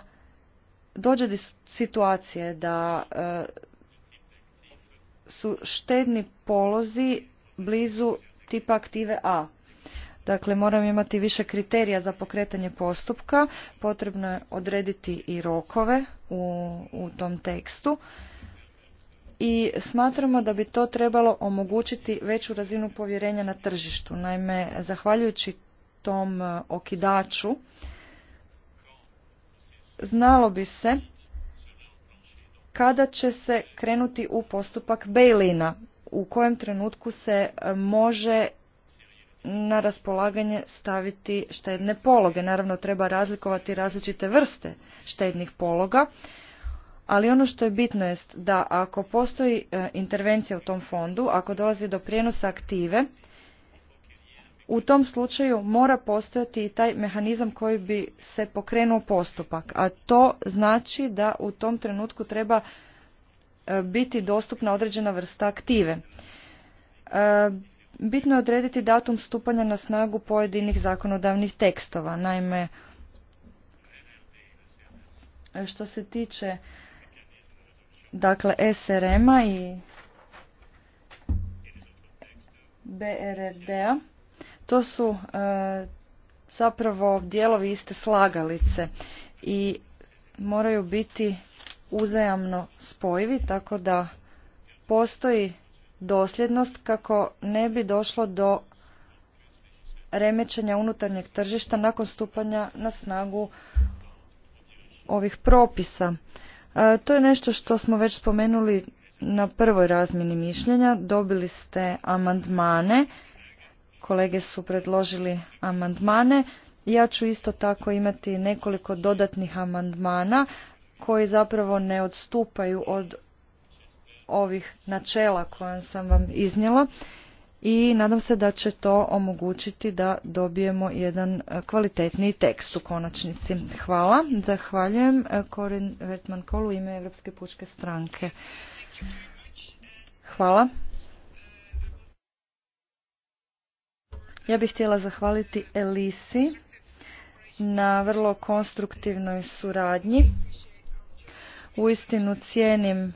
C: dođe do situacije da e, su štedni polozi blizu tipa aktive A. Dakle, moram imati više kriterija za pokretanje postupka, potrebno je odrediti i rokove u, u tom tekstu i smatramo da bi to trebalo omogućiti veću razinu povjerenja na tržištu. Naime, zahvaljujući tom e, okidaču, znalo bi se kada će se krenuti u postupak bejlina, u kojem trenutku se e, može na raspolaganje staviti štedne pologe. Naravno treba razlikovati različite vrste štednih pologa, ali ono što je bitno jest da ako postoji e, intervencija u tom fondu, ako dolazi do prijenosa aktive, u tom slučaju mora postojati i taj mehanizam koji bi se pokrenuo postupak, a to znači da u tom trenutku treba e, biti dostupna određena vrsta aktive. E, bitno je odrediti datum stupanja na snagu pojedinih zakonodavnih tekstova. Naime, što se tiče dakle SRM-a i BRRD-a, to su e, zapravo dijelovi iste slagalice i moraju biti uzajamno spojivi, tako da postoji dosljednost kako ne bi došlo do remećenja unutarnjeg tržišta nakon stupanja na snagu ovih propisa. E, to je nešto što smo već spomenuli na prvoj razmjeni mišljenja. Dobili ste amandmane. Kolege su predložili amandmane. Ja ću isto tako imati nekoliko dodatnih amandmana koji zapravo ne odstupaju od ovih načela koje sam vam iznijela i nadam se da će to omogućiti da dobijemo jedan e, kvalitetniji tekst u konačnici. Hvala. Zahvaljujem Korin e, Vertman Kolu ime Europske pučke stranke. Hvala. Ja bih htjela zahvaliti Elisi na vrlo konstruktivnoj suradnji. Uistinu cijenim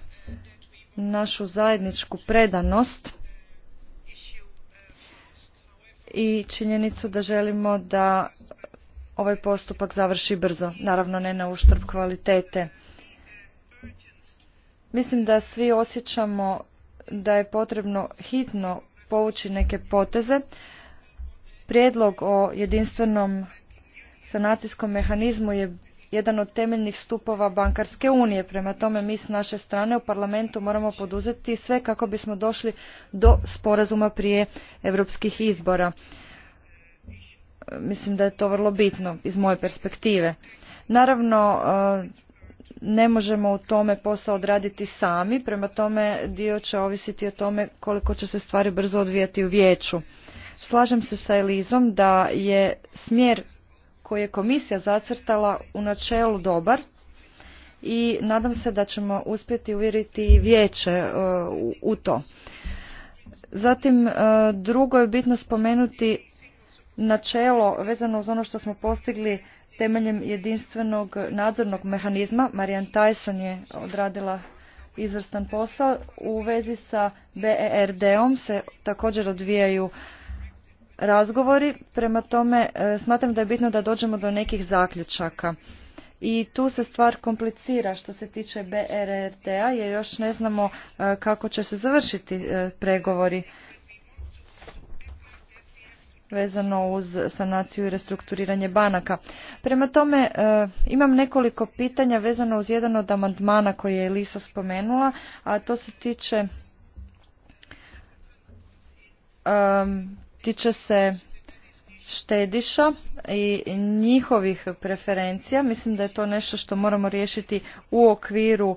C: našu zajedničku predanost i činjenicu da želimo da ovaj postupak završi brzo, naravno ne na uštrb kvalitete. Mislim da svi osjećamo da je potrebno hitno povući neke poteze. Prijedlog o jedinstvenom sanacijskom mehanizmu je jedan od temeljnih stupova bankarske unije. Prema tome mi s naše strane u parlamentu moramo poduzeti sve kako bismo došli do sporazuma prije europskih izbora. Mislim da je to vrlo bitno iz moje perspektive. Naravno, e, ne možemo u tome posao odraditi sami, prema tome dio će ovisiti o tome koliko će se stvari brzo odvijati u vijeću. Slažem se sa Elizom da je smjer koji je komisija zacrtala u načelu dobar i nadam se da ćemo uspjeti uvjeriti vijeće e, u to. Zatim e, drugo je bitno spomenuti načelo vezano uz ono što smo postigli temeljem jedinstvenog nadzornog mehanizma. Marian Tyson je odradila izvrstan posao. U vezi sa BERD-om se također odvijaju razgovori, prema tome e, smatram da je bitno da dođemo do nekih zaključaka. I tu se stvar komplicira što se tiče BRRT-a jer još ne znamo e, kako će se završiti e, pregovori vezano uz sanaciju i restrukturiranje banaka. Prema tome, imam nekoliko pitanja vezano uz jedan od amandmana koji je Elisa spomenula, a to se tiče tiče se štediša i njihovih preferencija. Mislim da je to nešto što moramo riješiti u okviru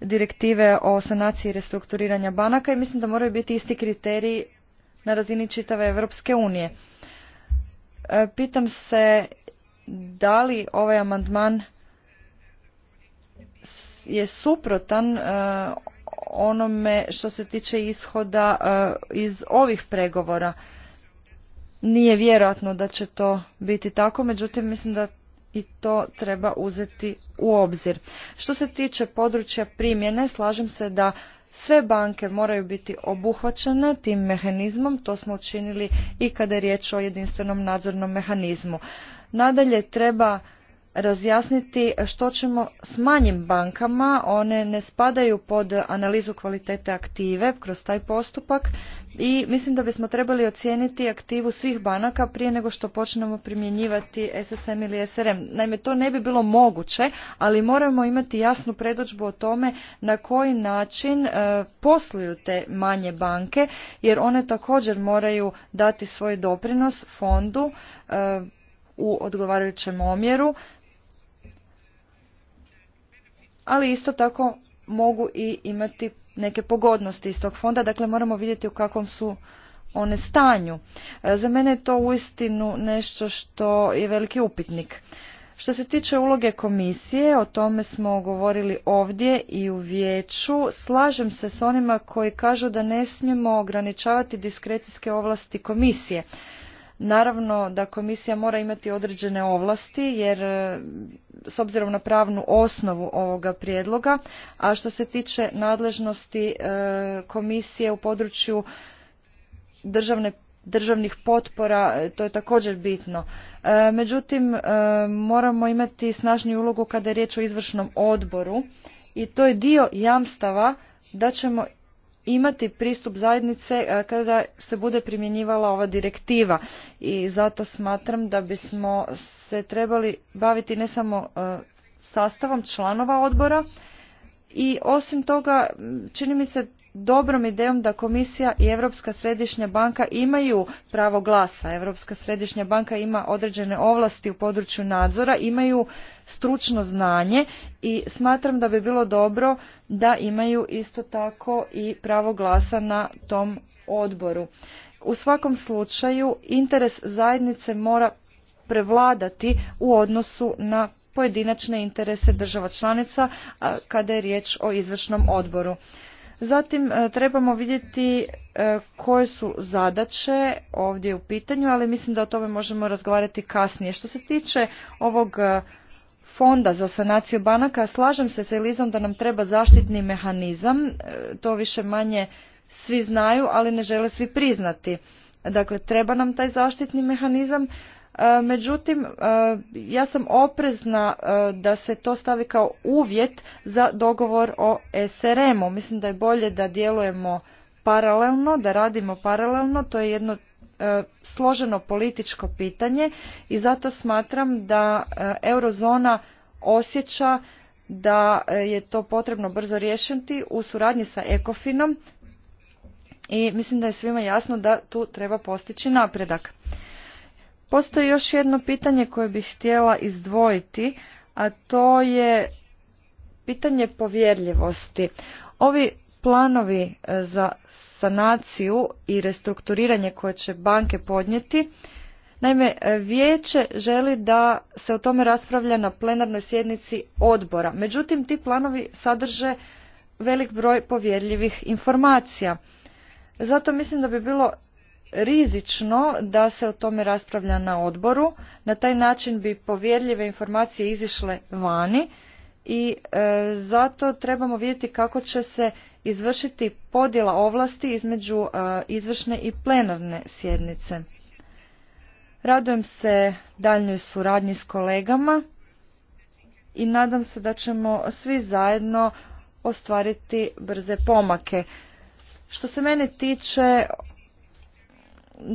C: direktive o sanaciji i restrukturiranja banaka i mislim da moraju biti isti kriteriji na razini čitave Europske unije. E, pitam se da li ovaj amandman je suprotan e, onome što se tiče ishoda e, iz ovih pregovora nije vjerojatno da će to biti tako, međutim mislim da i to treba uzeti u obzir. Što se tiče područja primjene, slažem se da sve banke moraju biti obuhvaćene tim mehanizmom, to smo učinili i kada je riječ o jedinstvenom nadzornom mehanizmu. Nadalje treba razjasniti što ćemo s manjim bankama. One ne spadaju pod analizu kvalitete aktive kroz taj postupak i mislim da bismo trebali ocijeniti aktivu svih banaka prije nego što počnemo primjenjivati SSM ili SRM. Naime, to ne bi bilo moguće, ali moramo imati jasnu predođbu o tome na koji način e, posluju te manje banke, jer one također moraju dati svoj doprinos fondu e, u odgovarajućem omjeru ali isto tako mogu i imati neke pogodnosti iz tog fonda, dakle moramo vidjeti u kakvom su one stanju. E, za mene je to uistinu nešto što je veliki upitnik. Što se tiče uloge komisije, o tome smo govorili ovdje i u vijeću, slažem se s onima koji kažu da ne smijemo ograničavati diskrecijske ovlasti komisije. Naravno da komisija mora imati određene ovlasti jer e, s obzirom na pravnu osnovu ovoga prijedloga, a što se tiče nadležnosti e, komisije u području državne državnih potpora, e, to je također bitno. Međutim, moramo imati snažniju ulogu kada je riječ o izvršnom odboru i to je dio jamstava da ćemo imati pristup zajednice e, kada se bude primjenjivala ova direktiva i zato smatram da bismo se trebali baviti ne samo e, sastavom članova odbora i osim toga čini mi se dobrom idejom da komisija i Europska središnja banka imaju pravo glasa. Europska središnja banka ima određene ovlasti u području nadzora, imaju stručno znanje i smatram da bi bilo dobro da imaju isto tako i pravo glasa na tom odboru. U svakom slučaju interes zajednice mora prevladati u odnosu na pojedinačne interese država članica kada je riječ o izvršnom odboru. Zatim e, trebamo vidjeti e, koje su zadaće ovdje u pitanju, ali mislim da o tome možemo razgovarati kasnije. Što se tiče ovog e, fonda za sanaciju banaka, slažem se sa Elizom da nam treba zaštitni mehanizam, to više manje svi znaju, ali ne žele svi priznati. Dakle, treba nam taj zaštitni mehanizam. E, međutim e, ja sam oprezna e, da se to stavi kao uvjet za dogovor o SRM-u. Mislim da je bolje da djelujemo paralelno, da radimo paralelno, to je jedno složeno političko pitanje i zato smatram da eurozona osjeća da je to potrebno brzo riješiti u suradnji sa Ekofinom i mislim da je svima jasno da tu treba postići napredak. Postoji još jedno pitanje koje bih htjela izdvojiti, a to je pitanje povjerljivosti. Ovi planovi e, za sanaciju i restrukturiranje koje će banke podnijeti, naime, vijeće želi da se o tome raspravlja na plenarnoj sjednici odbora. Međutim, ti planovi sadrže velik broj povjerljivih informacija. Zato mislim da bi bilo rizično da se o tome raspravlja na odboru. Na taj način bi povjerljive informacije izišle vani i e, zato trebamo vidjeti kako će se izvršiti podjela ovlasti između e, izvršne i plenarne sjednice. Radujem se daljnjoj suradnji s kolegama i nadam se da ćemo svi zajedno ostvariti brze pomake. Što se mene tiče,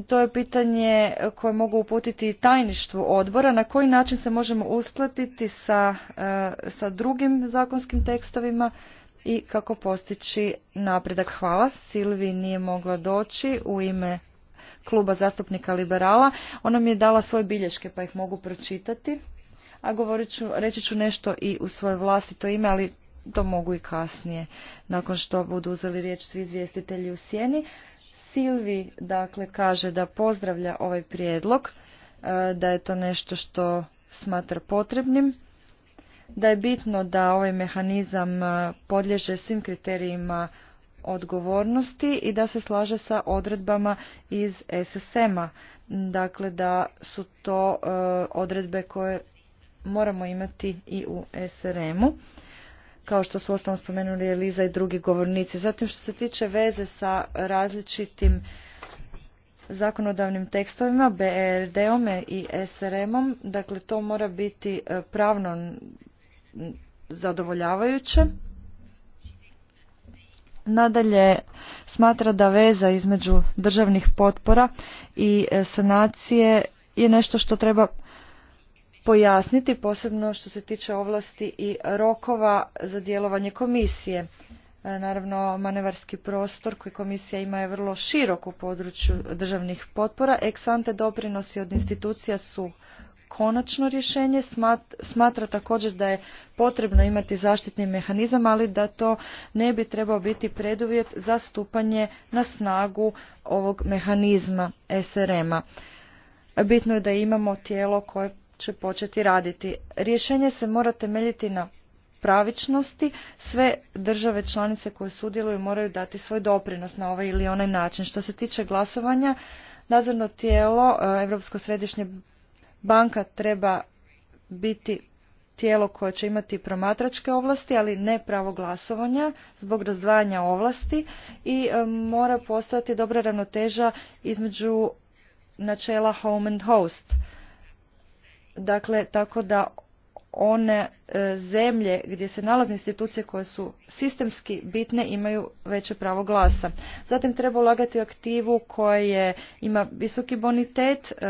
C: to je pitanje koje mogu uputiti i tajništvu odbora. Na koji način se možemo uskladiti sa, e, sa drugim zakonskim tekstovima i kako postići napredak? Hvala. Silvi nije mogla doći u ime kluba zastupnika liberala. Ona mi je dala svoje bilješke pa ih mogu pročitati. A govorit ću, reći ću nešto i u svoje vlastito ime, ali to mogu i kasnije, nakon što budu uzeli riječ svi izvjestitelji u sjeni. Silvi dakle kaže da pozdravlja ovaj prijedlog, e, da je to nešto što smatra potrebnim, da je bitno da ovaj mehanizam e, podlježe svim kriterijima odgovornosti i da se slaže sa odredbama iz SSM-a. Dakle, da su to e, odredbe koje moramo imati i u SRM-u kao što su ostalo spomenuli Eliza i drugi govornici. Zatim što se tiče veze sa različitim zakonodavnim tekstovima, BRD-om i SRM-om, dakle to mora biti e, pravno zadovoljavajuće. Nadalje, smatra da veza između državnih potpora i e, sanacije je nešto što treba pojasniti, posebno što se tiče ovlasti i rokova za djelovanje komisije. E, naravno, manevarski prostor koji komisija ima je vrlo širok u području državnih potpora. Eksante doprinosi od institucija su konačno rješenje. Smatra također da je potrebno imati zaštitni mehanizam, ali da to ne bi trebao biti preduvjet za stupanje na snagu ovog mehanizma SRM-a. Bitno je da imamo tijelo koje će početi raditi. Rješenje se mora temeljiti na pravičnosti. Sve države članice koje sudjeluju moraju dati svoj doprinos na ovaj ili onaj način. Što se tiče glasovanja, nadzorno tijelo e, Europsko središnje banka treba biti tijelo koje će imati promatračke ovlasti, ali ne pravo glasovanja zbog razdvajanja ovlasti i e, mora postojati dobra ravnoteža između načela home and host. Dakle, tako da one e, zemlje gdje se nalaze institucije koje su sistemski bitne imaju veće pravo glasa. Zatim treba ulagati aktivu koja je, ima visoki bonitet, e,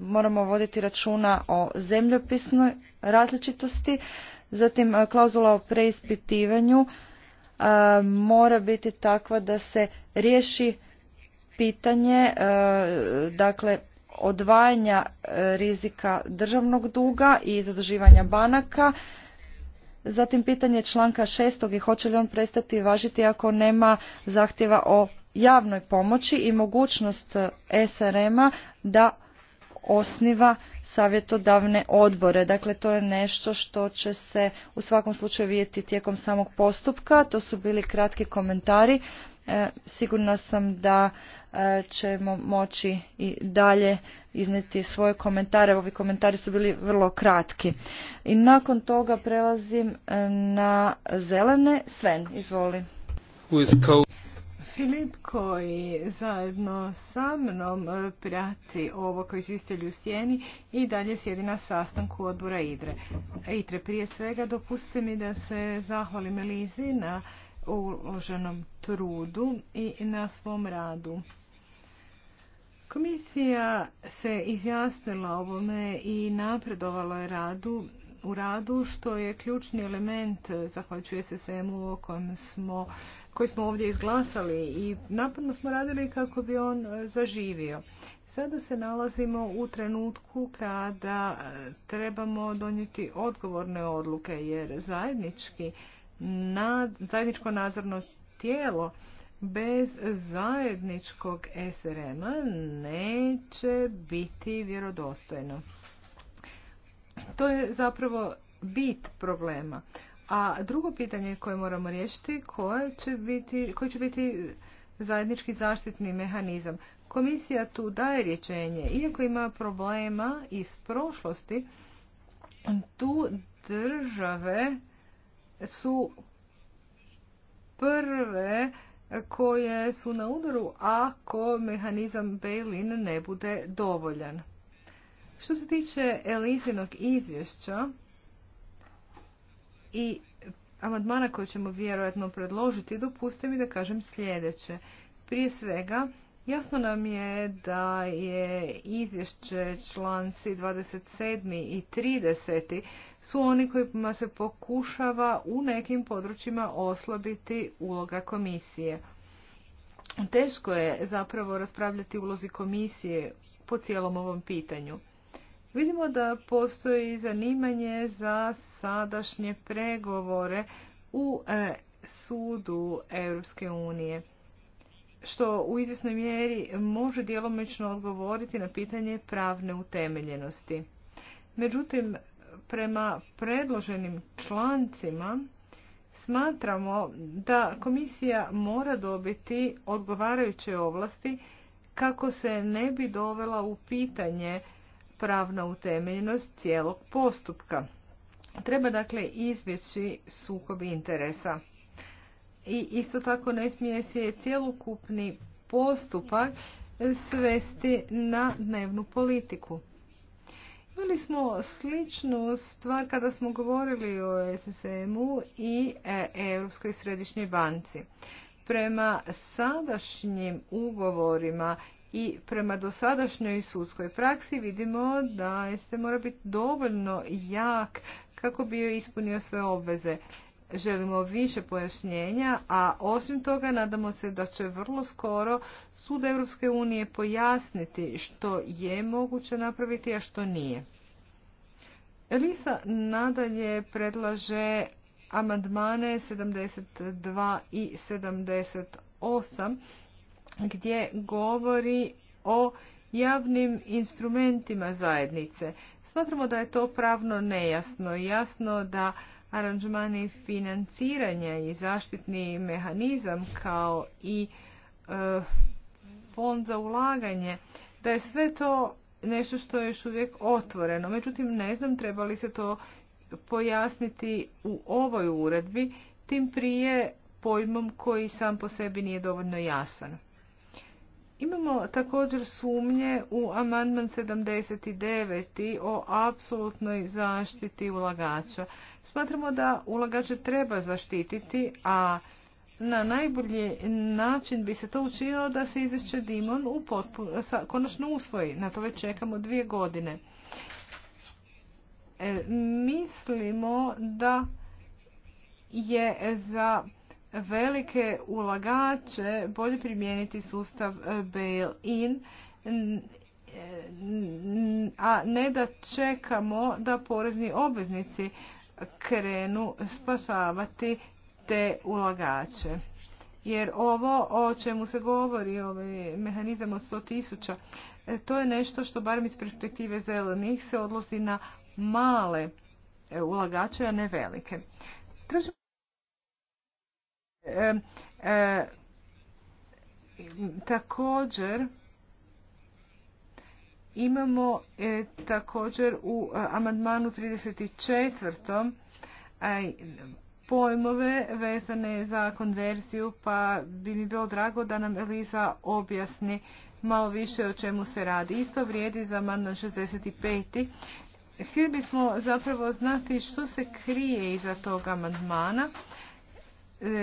C: moramo voditi računa o zemljopisnoj različitosti, zatim e, klauzula o preispitivanju mora biti takva da se riješi pitanje dakle odvajanja e, rizika državnog duga i zaduživanja banaka. Zatim pitanje članka šestog i hoće li on prestati važiti ako nema zahtjeva o javnoj pomoći i mogućnost e, SRM-a da osniva savjetodavne odbore. Dakle, to je nešto što će se u svakom slučaju vidjeti tijekom samog postupka. To su bili kratki komentari. E, sigurna sam da E, ćemo moći i dalje izneti svoje komentare. Ovi komentari su bili vrlo kratki. I nakon toga prelazim e, na zelene. Sven, izvoli.
D: Filip koji zajedno sa mnom e, prati ovo koji istelju u sjeni i dalje sjedi na sastanku odbora Idre. Idre, prije svega dopustite mi da se zahvalim Elizi na uloženom trudu i na svom radu. Komisija se izjasnila ovome i napredovala je radu u radu što je ključni element zahvaljujući SSM-u smo, koji smo ovdje izglasali i napadno smo radili kako bi on zaživio. Sada se nalazimo u trenutku kada e, trebamo donijeti odgovorne odluke jer zajednički zajedničko nadzorno tijelo bez zajedničkog SRM-a neće biti vjerodostojno. To je zapravo bit problema. A drugo pitanje koje moramo riješiti, koje će biti, koji će biti zajednički zaštitni mehanizam. Komisija tu daje rječenje. Iako ima problema iz prošlosti, tu države su prve koje su na udaru ako mehanizam Bailin ne bude dovoljan. Što se tiče Elizinog izvješća i amandmana koje ćemo vjerojatno predložiti, dopustite mi da kažem sljedeće. Prije svega, Jasno nam je da je izvješće članci 27. i 30. su oni kojima se pokušava u nekim područjima oslabiti uloga komisije. Teško je zapravo raspravljati ulozi komisije po cijelom ovom pitanju. Vidimo da postoji zanimanje za sadašnje pregovore u e, sudu Europske unije što u izvjesnoj mjeri može djelomično odgovoriti na pitanje pravne utemeljenosti. Međutim, prema predloženim člancima smatramo da komisija mora dobiti odgovarajuće ovlasti kako se ne bi dovela u pitanje pravna utemeljenost cijelog postupka. Treba dakle izbjeći sukob interesa i isto tako ne smije se cjelokupni postupak svesti na dnevnu politiku. Imali smo sličnu stvar kada smo govorili o SSM-u i e, Europskoj središnjoj banci. Prema sadašnjim ugovorima i prema dosadašnjoj sudskoj praksi vidimo da se mora biti dovoljno jak kako bi ispunio sve obveze želimo više pojašnjenja, a osim toga nadamo se da će vrlo skoro Sud Europske unije pojasniti što je moguće napraviti, a što nije. Elisa nadalje predlaže amandmane 72 i 78 gdje govori o javnim instrumentima zajednice. Smatramo da je to pravno nejasno. Jasno da aranžmani financiranja i zaštitni mehanizam kao i e, fond za ulaganje, da je sve to nešto što je još uvijek otvoreno. Međutim, ne znam treba li se to pojasniti u ovoj uredbi, tim prije pojmom koji sam po sebi nije dovoljno jasan. Imamo također sumnje u amandman 79. o apsolutnoj zaštiti ulagača. Smatramo da ulagače treba zaštititi, a na najbolji način bi se to učinilo da se izvješće Dimon u konačno usvoji. Na to već čekamo dvije godine. E, mislimo da je za velike ulagače bolje primijeniti sustav e, bail-in, a ne da čekamo da porezni obveznici krenu spašavati te ulagače. Jer ovo o čemu se govori, ovaj mehanizam od 100.000 e, to je nešto što barem iz perspektive zelenih se odlosi na male e, ulagače, a ne velike. E, e, također imamo e, također u amandmanu 34. Aj, pojmove vezane za konverziju, pa bi mi bilo drago da nam Eliza objasni malo više o čemu se radi. Isto vrijedi za amandman 65. Htjeli bismo zapravo znati što se krije iza tog amandmana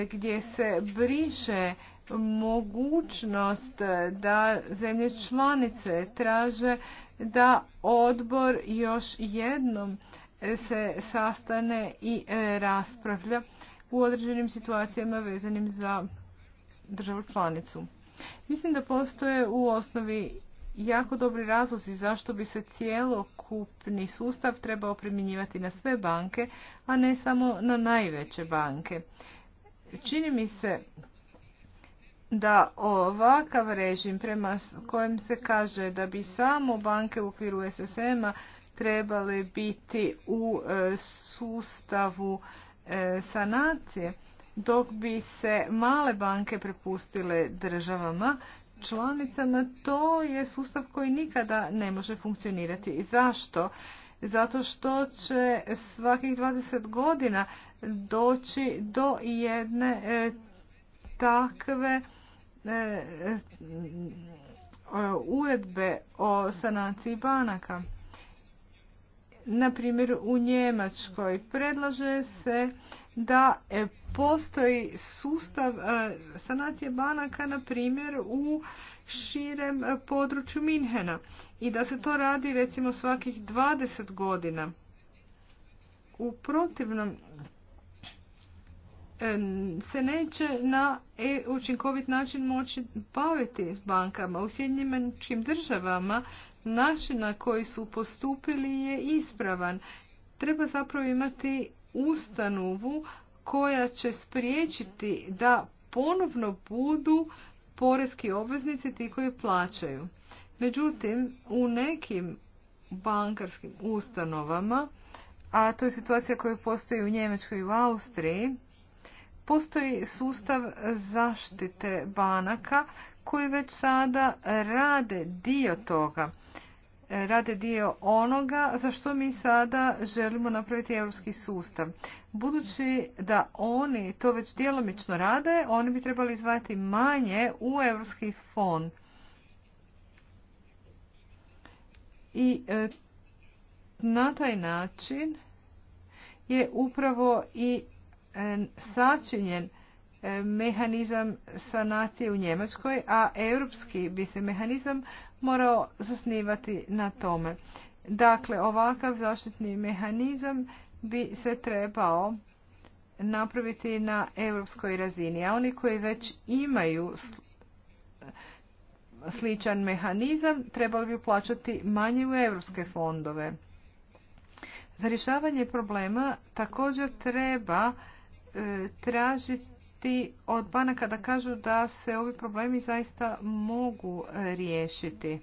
D: gdje se briše mogućnost da zemlje članice traže da odbor još jednom se sastane i e, raspravlja u određenim situacijama vezanim za državu članicu. Mislim da postoje u osnovi jako dobri razlozi zašto bi se cijelokupni sustav trebao primjenjivati na sve banke, a ne samo na najveće banke. Čini mi se da ovakav režim prema kojem se kaže da bi samo banke u okviru SSM-a trebale biti u e, sustavu e, sanacije, dok bi se male banke prepustile državama, članicama, to je sustav koji nikada ne može funkcionirati. Zašto? Zato što će svakih 20 godina doći do jedne e, takve e, e, uredbe o sanaciji banaka. Na u Njemačkoj predlaže se da postoji sustav sanacije banaka na primjer u širem području Minhena i da se to radi recimo svakih 20 godina. U protivnom se neće na učinkovit način moći baviti s bankama. U Sjedinjeničkim državama način na koji su postupili je ispravan. Treba zapravo imati ustanovu koja će spriječiti da ponovno budu porezki obveznici ti koji plaćaju. Međutim, u nekim bankarskim ustanovama, a to je situacija koja postoji u Njemačkoj i u Austriji, Postoji sustav zaštite banaka koji već sada rade dio toga. E, rade dio onoga za što mi sada želimo napraviti europski sustav. Budući da oni to već djelomično rade, oni bi trebali izvajati manje u europski fond. I e, na taj način je upravo i E, sačinjen e, mehanizam sanacije u Njemačkoj, a europski bi se mehanizam morao zasnivati na tome. Dakle, ovakav zaštitni mehanizam bi se trebao napraviti na europskoj razini, a oni koji već imaju sličan mehanizam trebali bi plaćati manje u europske fondove. Za rješavanje problema također treba tražiti od banaka da kažu da se ovi problemi zaista mogu riješiti.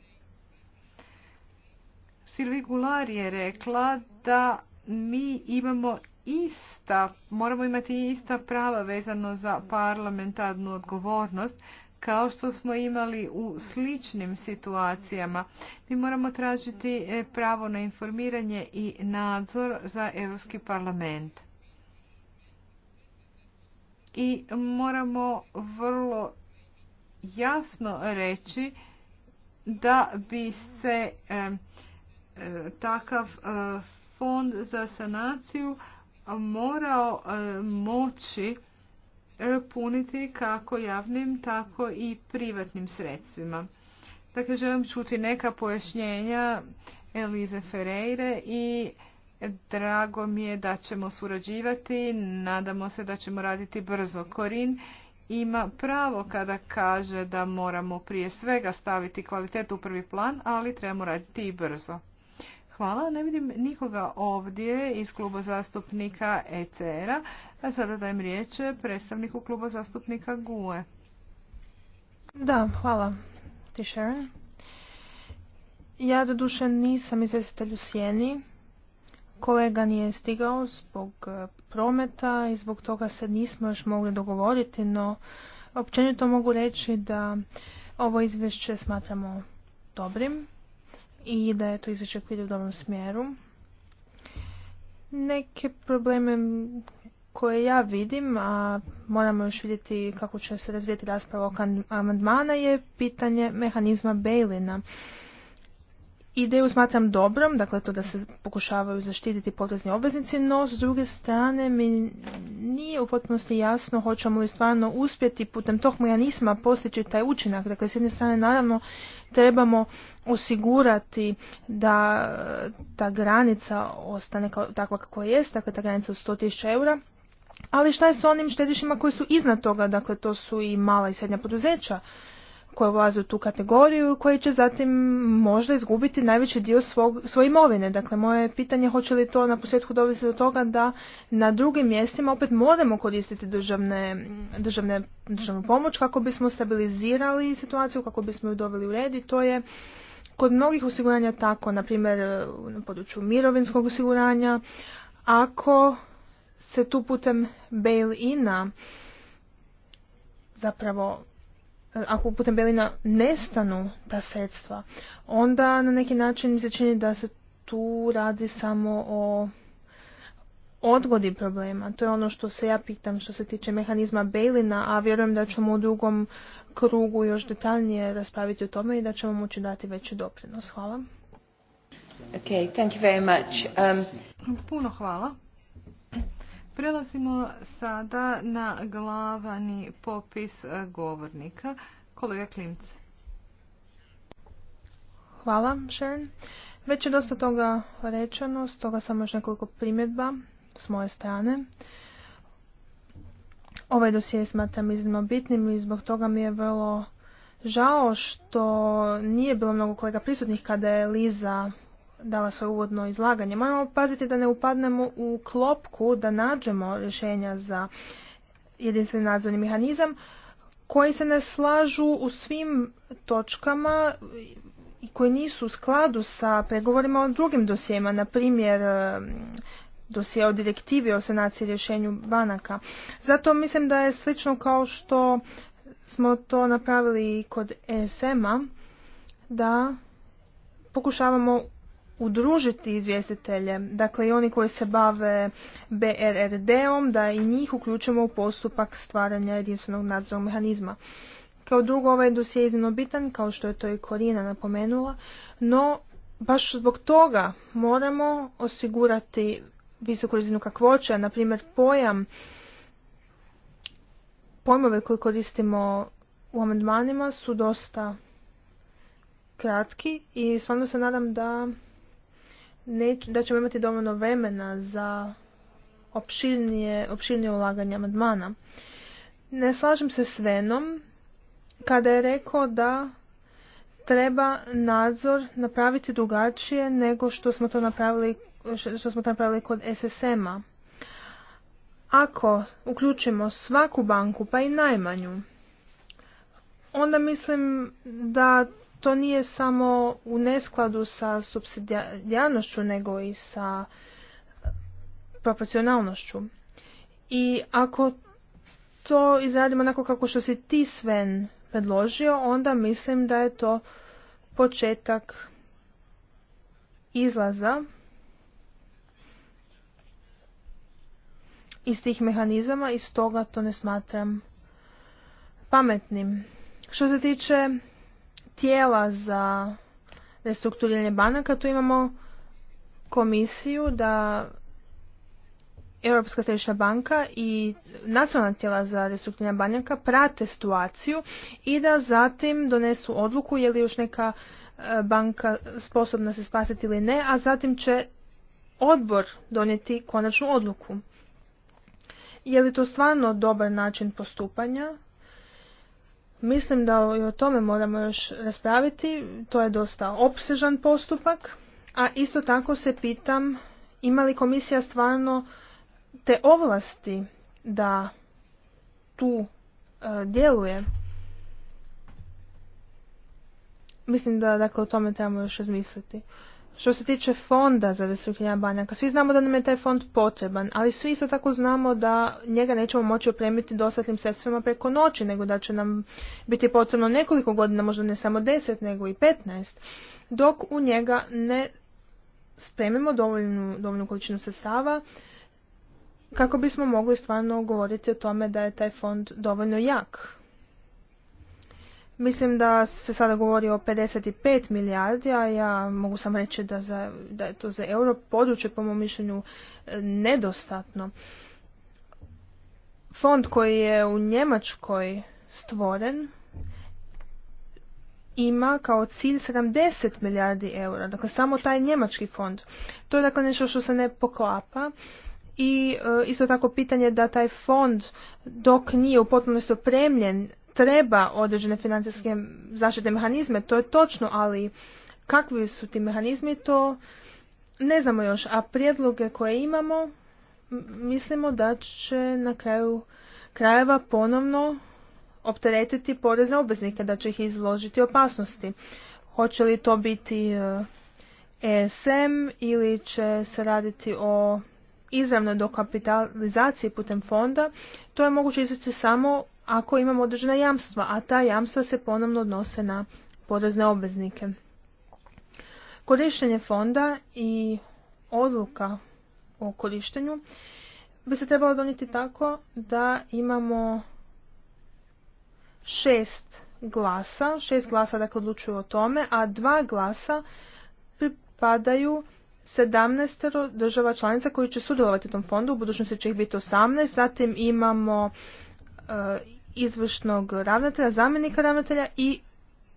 D: Silvi Gular je rekla da mi imamo ista, moramo imati ista prava vezano za parlamentarnu odgovornost kao što smo imali u sličnim situacijama. Mi moramo tražiti e, pravo na informiranje i nadzor za Europski parlament i moramo vrlo jasno reći da bi se eh, takav eh, fond za sanaciju morao eh, moći puniti kako javnim tako i privatnim sredstvima. Dakle, želim čuti neka pojašnjenja Elize Ferreire i Drago mi je da ćemo surađivati, nadamo se da ćemo raditi brzo. Korin ima pravo kada kaže da moramo prije svega staviti kvalitetu u prvi plan, ali trebamo raditi i brzo. Hvala, ne vidim nikoga ovdje iz kluba zastupnika ECR-a, a sada dajem riječ predstavniku kluba zastupnika GUE.
B: Da, hvala ti Sharon. Ja doduše nisam izvjestitelj u Sjeni, Kolega nije stigao zbog e, prometa i zbog toga se nismo još mogli dogovoriti, no općenito mogu reći da ovo izvješće smatramo dobrim i da je to izvješće koje ide u dobrom smjeru. Neke probleme koje ja vidim, a moramo još vidjeti kako će se razvijeti rasprava oko amandmana, je pitanje mehanizma Bejlina. Ideju smatram dobrom, dakle to da se pokušavaju zaštititi porezni obveznici, no s druge strane mi nije u potpunosti jasno hoćemo li stvarno uspjeti putem tog mehanizma postići taj učinak. Dakle, s jedne strane naravno trebamo osigurati da ta granica ostane takva kako je, dakle ta granica od 100.000 eura, ali šta je s onim štedišima koji su iznad toga, dakle to su i mala i srednja poduzeća koje ulaze u tu kategoriju i koji će zatim možda izgubiti najveći dio svog, svoje imovine. Dakle, moje pitanje hoće li to na posljedku dovesti do toga da na drugim mjestima opet moramo koristiti državne, državne, državnu pomoć kako bismo stabilizirali situaciju, kako bismo ju doveli u red i to je kod mnogih osiguranja tako, na primjer na području mirovinskog osiguranja, ako se tu putem bail-ina zapravo E, ako putem Belina nestanu ta sredstva, onda na neki način mi se čini da se tu radi samo o odgodi problema. To je ono što se ja pitam što se tiče mehanizma Belina, a vjerujem da ćemo u drugom krugu još detaljnije raspraviti o tome i da ćemo moći dati veći doprinos. Hvala.
C: Okay, thank you very much.
B: Um, Puno hvala. Prelazimo sada
D: na glavani popis e, govornika. Kolega Klimce.
B: Hvala, Sharon. Već je dosta toga rečeno, stoga samo još nekoliko primjedba s moje strane. Ovaj dosije smatram iznimno bitnim i zbog toga mi je vrlo žao što nije bilo mnogo kolega prisutnih kada je Liza dala svoje uvodno izlaganje. Moramo paziti da ne upadnemo u klopku, da nađemo rješenja za jedinstveni nadzorni mehanizam koji se ne slažu u svim točkama i koji nisu u skladu sa pregovorima o drugim dosijema, na primjer um, dosije o direktivi o sanaciji rješenju banaka. Zato mislim da je slično kao što smo to napravili kod ESM-a, da pokušavamo udružiti izvjestitelje, dakle i oni koji se bave BRRD-om, da i njih uključimo u postupak stvaranja jedinstvenog nadzornog mehanizma. Kao drugo, ovaj dosje je iznimno bitan, kao što je to i Korina napomenula, no baš zbog toga moramo osigurati visoku razinu kakvoća, na primjer pojam, pojmove koje koristimo u amandmanima su dosta kratki i stvarno se nadam da da ćemo imati dovoljno vremena za opširnije, ulaganje amandmana. Ne slažem se s Venom kada je rekao da treba nadzor napraviti drugačije nego što smo to napravili, što smo to napravili kod SSM-a. Ako uključimo svaku banku, pa i najmanju, onda mislim da to nije samo u neskladu sa subsidijarnošću nego i sa proporcionalnošću. I ako to izradimo onako kako što si ti Sven predložio, onda mislim da je to početak izlaza iz tih mehanizama i stoga to ne smatram pametnim. Što se tiče tijela za restrukturiranje banaka, tu imamo komisiju da Europska središnja banka i nacionalna tijela za restrukturiranje banaka prate situaciju i da zatim donesu odluku je li još neka e, banka sposobna se spasiti ili ne, a zatim će odbor donijeti konačnu odluku. Je li to stvarno dobar način postupanja? Mislim da i o tome moramo još raspraviti, to je dosta opsežan postupak, a isto tako se pitam ima li komisija stvarno te ovlasti da tu e, djeluje. Mislim da dakle o tome trebamo još razmisliti. Što se tiče fonda za restrukturiranje banaka, svi znamo da nam je taj fond potreban, ali svi isto tako znamo da njega nećemo moći opremiti dostatnim sredstvima preko noći, nego da će nam biti potrebno nekoliko godina, možda ne samo deset, nego i petnaest, dok u njega ne spremimo dovoljnu, dovoljnu količinu sredstava kako bismo mogli stvarno govoriti o tome da je taj fond dovoljno jak. Mislim da se sada govori o 55 milijardi, a ja mogu sam reći da, za, da je to za euro područje po mom mišljenju e, nedostatno. Fond koji je u Njemačkoj stvoren ima kao cilj 70 milijardi eura, dakle samo taj njemački fond. To je dakle nešto što se ne poklapa i e, isto tako pitanje da taj fond dok nije u potpunosti opremljen treba određene financijske zaštite mehanizme, to je točno, ali kakvi su ti mehanizmi, to ne znamo još, a prijedloge koje imamo mislimo da će na kraju krajeva ponovno opteretiti porezne obveznike, da će ih izložiti opasnosti. Hoće li to biti ESM e ili će se raditi o izravnoj dokapitalizaciji putem fonda, to je moguće izvesti samo ako imamo određena jamstva, a ta jamstva se ponovno odnose na porezne obveznike. Korištenje fonda i odluka o korištenju bi se trebalo donijeti tako da imamo šest glasa, šest glasa dakle odlučuju o tome, a dva glasa pripadaju 17 država članica koji će sudjelovati u tom fondu, u budućnosti će ih biti osamnaest, zatim imamo e, izvršnog ravnatelja, zamjenika ravnatelja i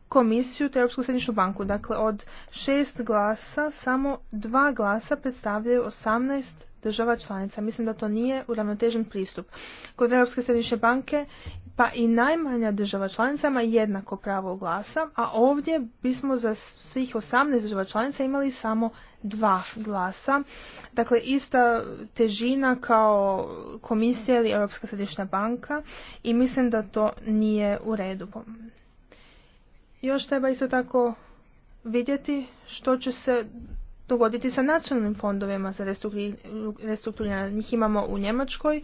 B: komisiju te Europsku središnju banku. Dakle, od šest glasa samo dva glasa predstavljaju osamnaest država članica. Mislim da to nije uravnotežen pristup. Kod Europske središnje banke pa i najmanja država ima jednako pravo glasa, a ovdje bismo za svih 18 država članica imali samo dva glasa. Dakle, ista težina kao komisija ili Europska središnja banka i mislim da to nije u redu. Još treba isto tako vidjeti što će se dogoditi sa nacionalnim fondovima za restrukturiranje. Njih imamo u Njemačkoj,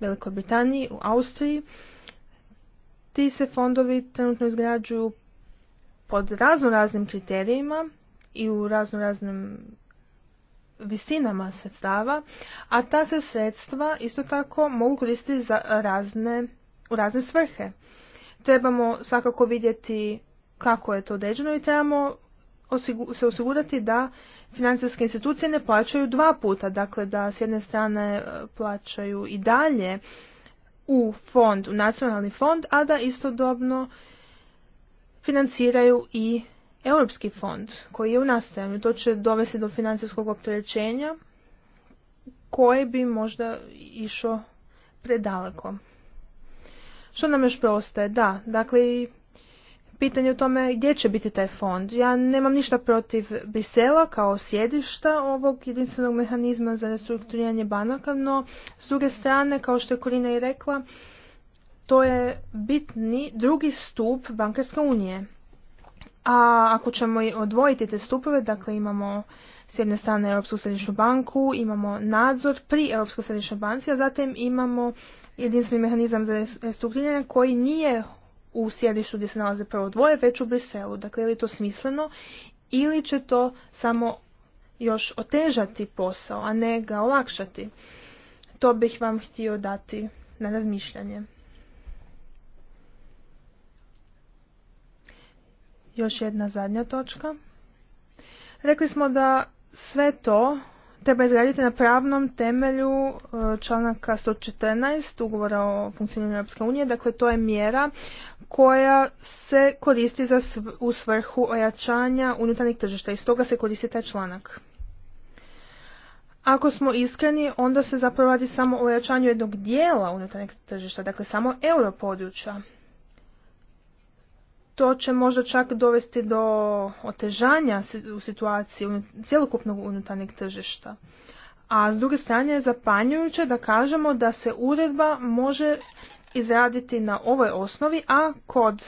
B: Velikoj Britaniji, u Austriji. Ti se fondovi trenutno izgrađuju pod razno raznim kriterijima i u razno raznim visinama sredstava, a ta se sredstva isto tako mogu koristiti za razne, u razne svrhe. Trebamo svakako vidjeti kako je to određeno i trebamo se osigurati da financijske institucije ne plaćaju dva puta, dakle da s jedne strane e, plaćaju i dalje u fond, u nacionalni fond, a da istodobno financiraju i Europski fond koji je u nastajanju, to će dovesti do financijskog opterećenja koje bi možda išao predaleko. Što nam još preostaje? Da, dakle i pitanje o tome gdje će biti taj fond. Ja nemam ništa protiv Brisela kao sjedišta ovog jedinstvenog mehanizma za restrukturiranje banaka, no s druge strane, kao što je Korina i rekla, to je bitni drugi stup bankarske unije. A ako ćemo odvojiti te stupove, dakle imamo s jedne strane Europsku središnju banku, imamo nadzor pri Europskoj središnjoj banci, a zatim imamo jedinstveni mehanizam za restrukturiranje koji nije u sjedištu gdje se nalaze prvo dvoje, već u Briselu. Dakle, je li to smisleno ili će to samo još otežati posao, a ne ga olakšati? To bih vam htio dati na razmišljanje. Još jedna zadnja točka. Rekli smo da sve to treba izgraditi na pravnom temelju e, članaka 114 ugovora o funkcioniranju Europske unije. Dakle, to je mjera koja se koristi za u svrhu ojačanja unutarnjeg tržišta i stoga se koristi taj članak. Ako smo iskreni, onda se zapravo radi samo o ojačanju jednog dijela unutarnjeg tržišta, dakle samo europodručja to će možda čak dovesti do otežanja u situaciji cijelokupnog unutarnjeg tržišta. A s druge strane je zapanjujuće da kažemo da se uredba može izraditi na ovoj osnovi, a kod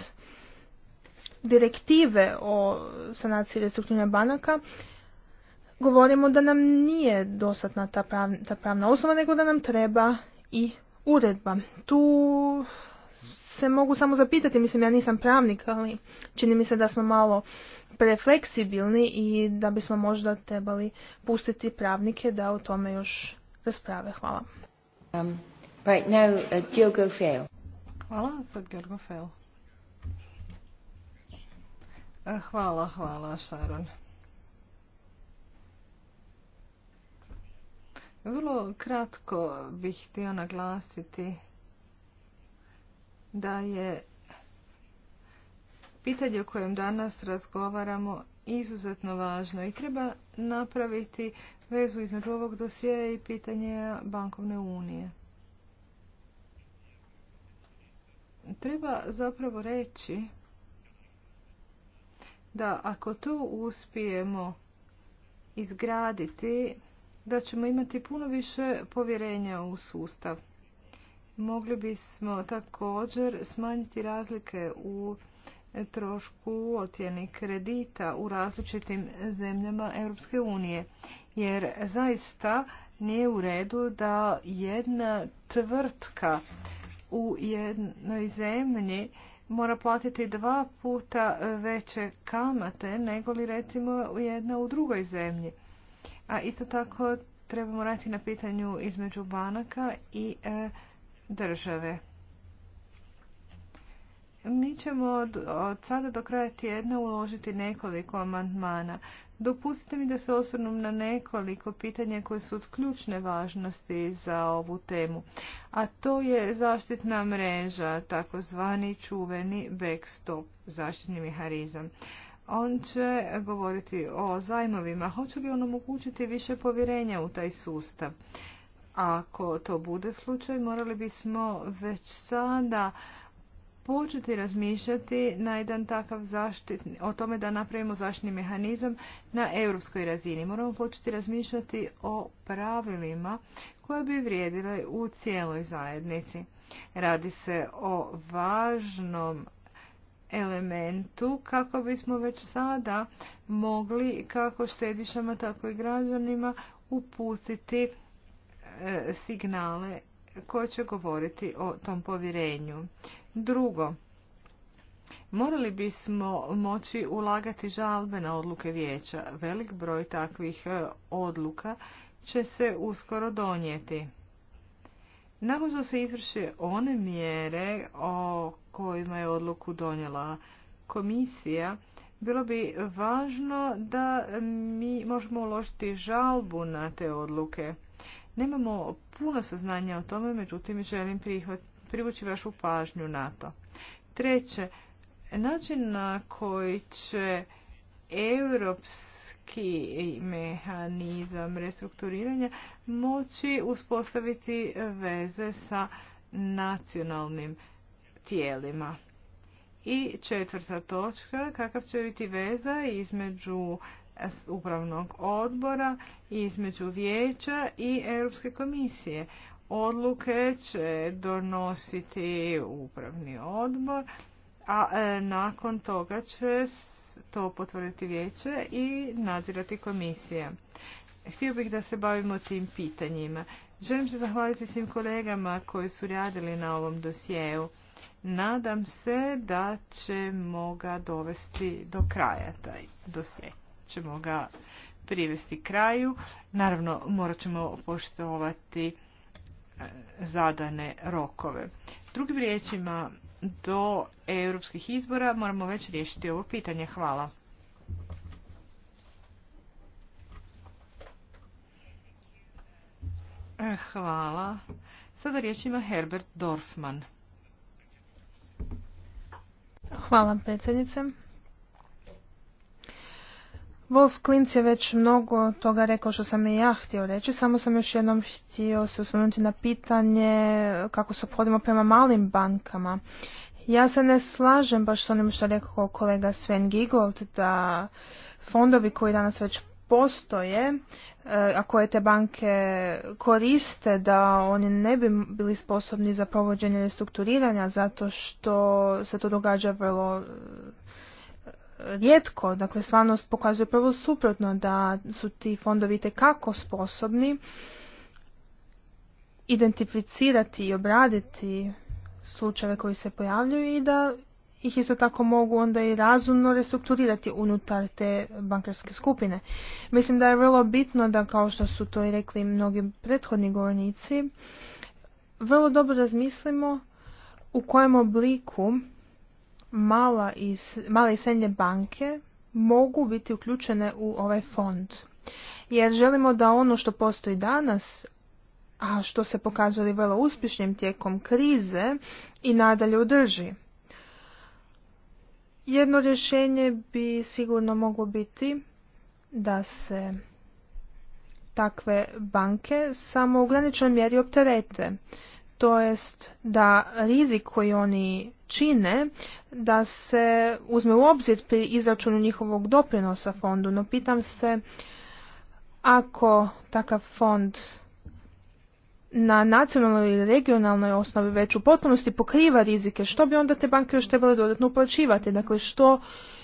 B: direktive o sanaciji restrukturiranja banaka govorimo da nam nije dostatna ta pravna osnova, nego da nam treba i uredba. Tu se mogu samo zapitati, mislim ja nisam pravnik, ali čini mi se da smo malo prefleksibilni i da bismo možda trebali pustiti pravnike da o tome još rasprave. Hvala.
C: Um, uh,
B: hvala,
D: e, Hvala, hvala, Sharon. Vrlo kratko bih htio naglasiti da je pitanje o kojem danas razgovaramo izuzetno važno i treba napraviti vezu između ovog dosjeja i pitanja bankovne unije. Treba zapravo reći da ako to uspijemo izgraditi, da ćemo imati puno više povjerenja u sustav. Mogli bismo također smanjiti razlike u trošku ocjeni kredita u različitim zemljama Europske unije. Jer zaista nije u redu da jedna tvrtka u jednoj zemlji mora platiti dva puta veće kamate nego li recimo jedna u drugoj zemlji. A isto tako trebamo raditi na pitanju između banaka i e, države. Mi ćemo od sada do kraja tjedna uložiti nekoliko amandmana. Dopustite mi da se osvrnem na nekoliko pitanja koje su od ključne važnosti za ovu temu, a to je zaštitna mreža, takozvani čuveni backstop, zaštitni mehanizam. On će govoriti o zajmovima. Hoće li on omogućiti više povjerenja u taj sustav? Ako to bude slučaj, morali bismo već sada početi razmišljati na jedan takav zaštit, o tome da napravimo zaštitni mehanizam na europskoj razini. Moramo početi razmišljati o pravilima koje bi vrijedile u cijeloj zajednici. Radi se o važnom elementu kako bismo već sada mogli kako štedišama tako i građanima uputiti E, signale koje će govoriti o tom povjerenju. Drugo, morali bismo moći ulagati žalbe na odluke vijeća. Velik broj takvih e, odluka će se uskoro donijeti. Nakon što se izvrše one mjere o kojima je odluku donijela komisija, bilo bi važno da mi možemo uložiti žalbu na te odluke. Nemamo puno saznanja o tome, međutim želim privući vašu pažnju na to. Treće, način na koji će europski mehanizam restrukturiranja moći uspostaviti veze sa nacionalnim tijelima. I četvrta točka, kakav će biti veza između upravnog odbora između vijeća i Europske komisije. Odluke će donositi upravni odbor, a e, nakon toga će to potvrditi vijeće i nadzirati komisija. Htio bih da se bavimo tim pitanjima. Želim se zahvaliti svim kolegama koji su radili na ovom dosjeu. Nadam se da ćemo ga dovesti do kraja taj dosje ćemo ga privesti kraju. Naravno, morat ćemo poštovati e, zadane rokove. Drugim riječima, do europskih izbora moramo već riješiti ovo pitanje. Hvala. E, hvala. Sada riječ ima Herbert Dorfman.
B: Hvala predsjednice. Wolf Klintz je već mnogo toga rekao što sam i ja htio reći, samo sam još jednom htio se osvrnuti na pitanje kako se obhodimo prema malim bankama. Ja se ne slažem baš s onim što je rekao kolega Sven Gigold da fondovi koji danas već postoje, e, a koje te banke koriste da oni ne bi bili sposobni za provođenje restrukturiranja zato što se to događa vrlo rijetko, dakle stvarnost pokazuje prvo suprotno da su ti fondovi kako sposobni identificirati i obraditi slučajeve koji se pojavljuju i da ih isto tako mogu onda i razumno restrukturirati unutar te bankarske skupine. Mislim da je vrlo bitno da kao što su to i rekli mnogi prethodni govornici, vrlo dobro razmislimo u kojem obliku mala male i srednje banke mogu biti uključene u ovaj fond. Jer želimo da ono što postoji danas, a što se pokazuje vrlo uspješnim tijekom krize i nadalje održi. Jedno rješenje bi sigurno moglo biti da se takve banke samo u ograničenoj mjeri opterete to jest da rizik koji oni čine da se uzme u obzir pri izračunu njihovog doprinosa fondu, no pitam se ako takav fond na nacionalnoj ili regionalnoj osnovi već u potpunosti pokriva rizike, što bi onda te banke još trebale dodatno uplaćivati? Dakle, što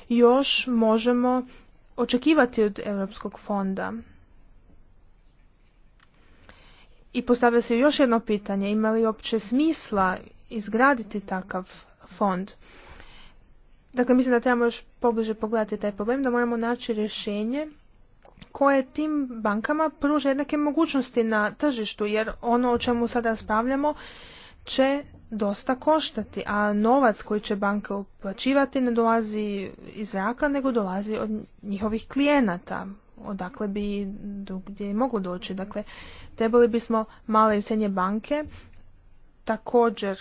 B: još možemo očekivati od Europskog fonda? I postavlja se još jedno pitanje, ima li uopće smisla izgraditi takav fond? Dakle, mislim da trebamo još pobliže pogledati taj problem, da moramo naći rješenje koje tim bankama pruža jednake mogućnosti na tržištu, jer ono o čemu sada raspravljamo će dosta koštati, a novac koji će banke uplaćivati ne dolazi iz zraka, nego dolazi od njihovih klijenata, odakle bi i moglo doći. Dakle, trebali bismo male i srednje banke također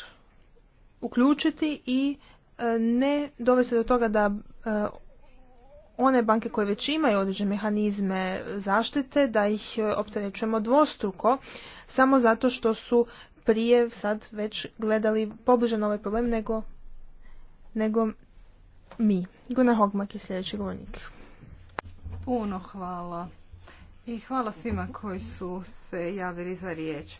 B: uključiti i e, ne dovesti do toga da e, one banke koje već imaju određene mehanizme zaštite, da ih e, opterećujemo dvostruko, samo zato što su prije sad već gledali pobliže na ovaj problem nego, nego mi. Gunnar Hogmak je sljedeći govornik.
D: Puno hvala. I hvala svima koji su se javili za riječ.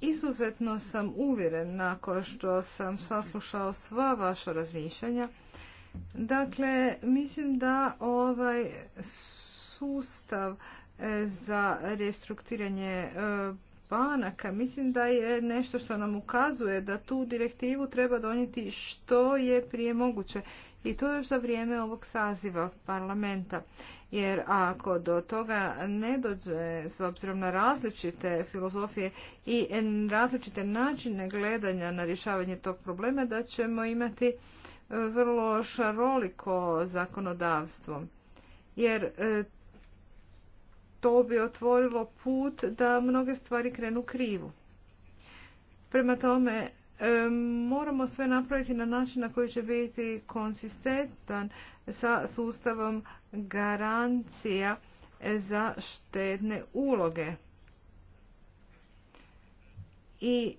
D: Izuzetno sam uvjeren nakon što sam saslušao sva vaša razmišljanja. Dakle, mislim da ovaj sustav e, za restruktiranje e, banaka, mislim da je nešto što nam ukazuje da tu direktivu treba donijeti što je prije moguće i to još za vrijeme ovog saziva parlamenta. Jer ako do toga ne dođe, s obzirom na različite filozofije i različite načine gledanja na rješavanje tog problema, da ćemo imati e, vrlo šaroliko zakonodavstvo. Jer e, to bi otvorilo put da mnoge stvari krenu krivu. Prema tome, moramo sve napraviti na način na koji će biti konsistentan sa sustavom garancija za štedne uloge. I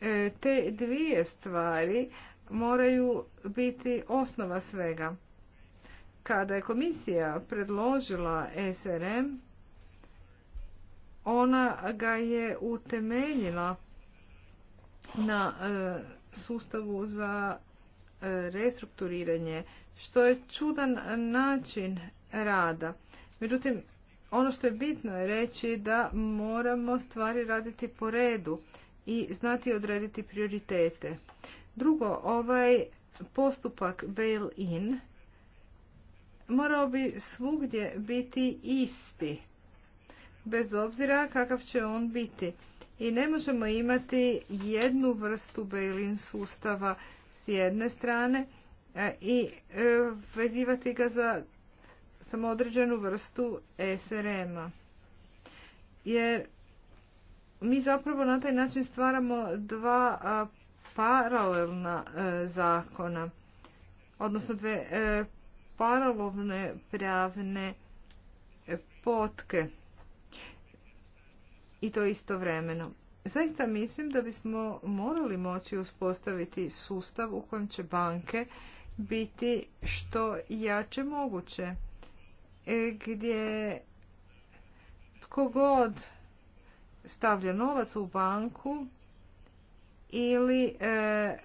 D: e, te dvije stvari moraju biti osnova svega. Kada je komisija predložila SRM, ona ga je utemeljila na e, sustavu za e, restrukturiranje, što je čudan način rada. Međutim, ono što je bitno je reći da moramo stvari raditi po redu i znati odrediti prioritete. Drugo, ovaj postupak bail-in morao bi svugdje biti isti, bez obzira kakav će on biti i ne možemo imati jednu vrstu bail sustava s jedne strane e, i e, vezivati ga za samo određenu vrstu SRM-a. Jer mi zapravo na taj način stvaramo dva paralelna e, zakona, odnosno dve paralelne pravne potke i to istovremeno. Zaista mislim da bismo morali moći uspostaviti sustav u kojem će banke biti što jače moguće. E, gdje tko god stavlja novac u banku ili e,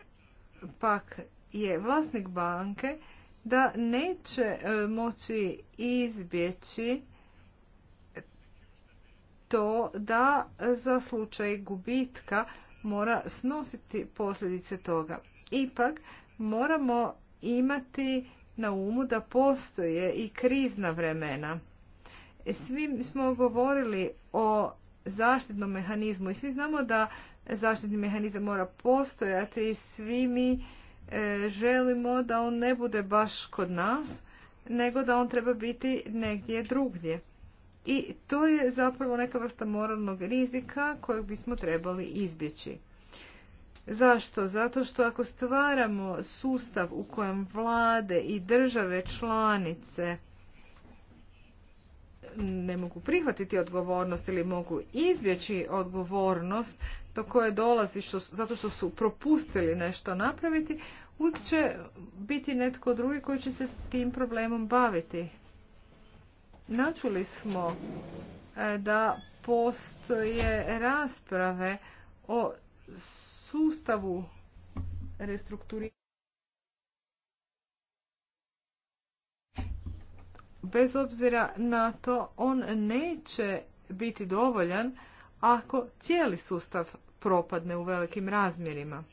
D: pak je vlasnik banke da neće e, moći izbjeći to da za slučaj gubitka mora snositi posljedice toga. Ipak moramo imati na umu da postoje i krizna vremena. E, svi smo govorili o zaštitnom mehanizmu i svi znamo da zaštitni mehanizam mora postojati i svi mi e, želimo da on ne bude baš kod nas, nego da on treba biti negdje drugdje i to je zapravo neka vrsta moralnog rizika kojeg bismo trebali izbjeći. Zašto? Zato što ako stvaramo sustav u kojem vlade i države članice ne mogu prihvatiti odgovornost ili mogu izbjeći odgovornost do koje dolazi što, zato što su propustili nešto napraviti, uvijek će biti netko drugi koji će se tim problemom baviti. Načuli smo e, da postoje rasprave o sustavu restrukturiranja. Bez obzira na to, on neće biti dovoljan ako cijeli sustav propadne u velikim razmjerima.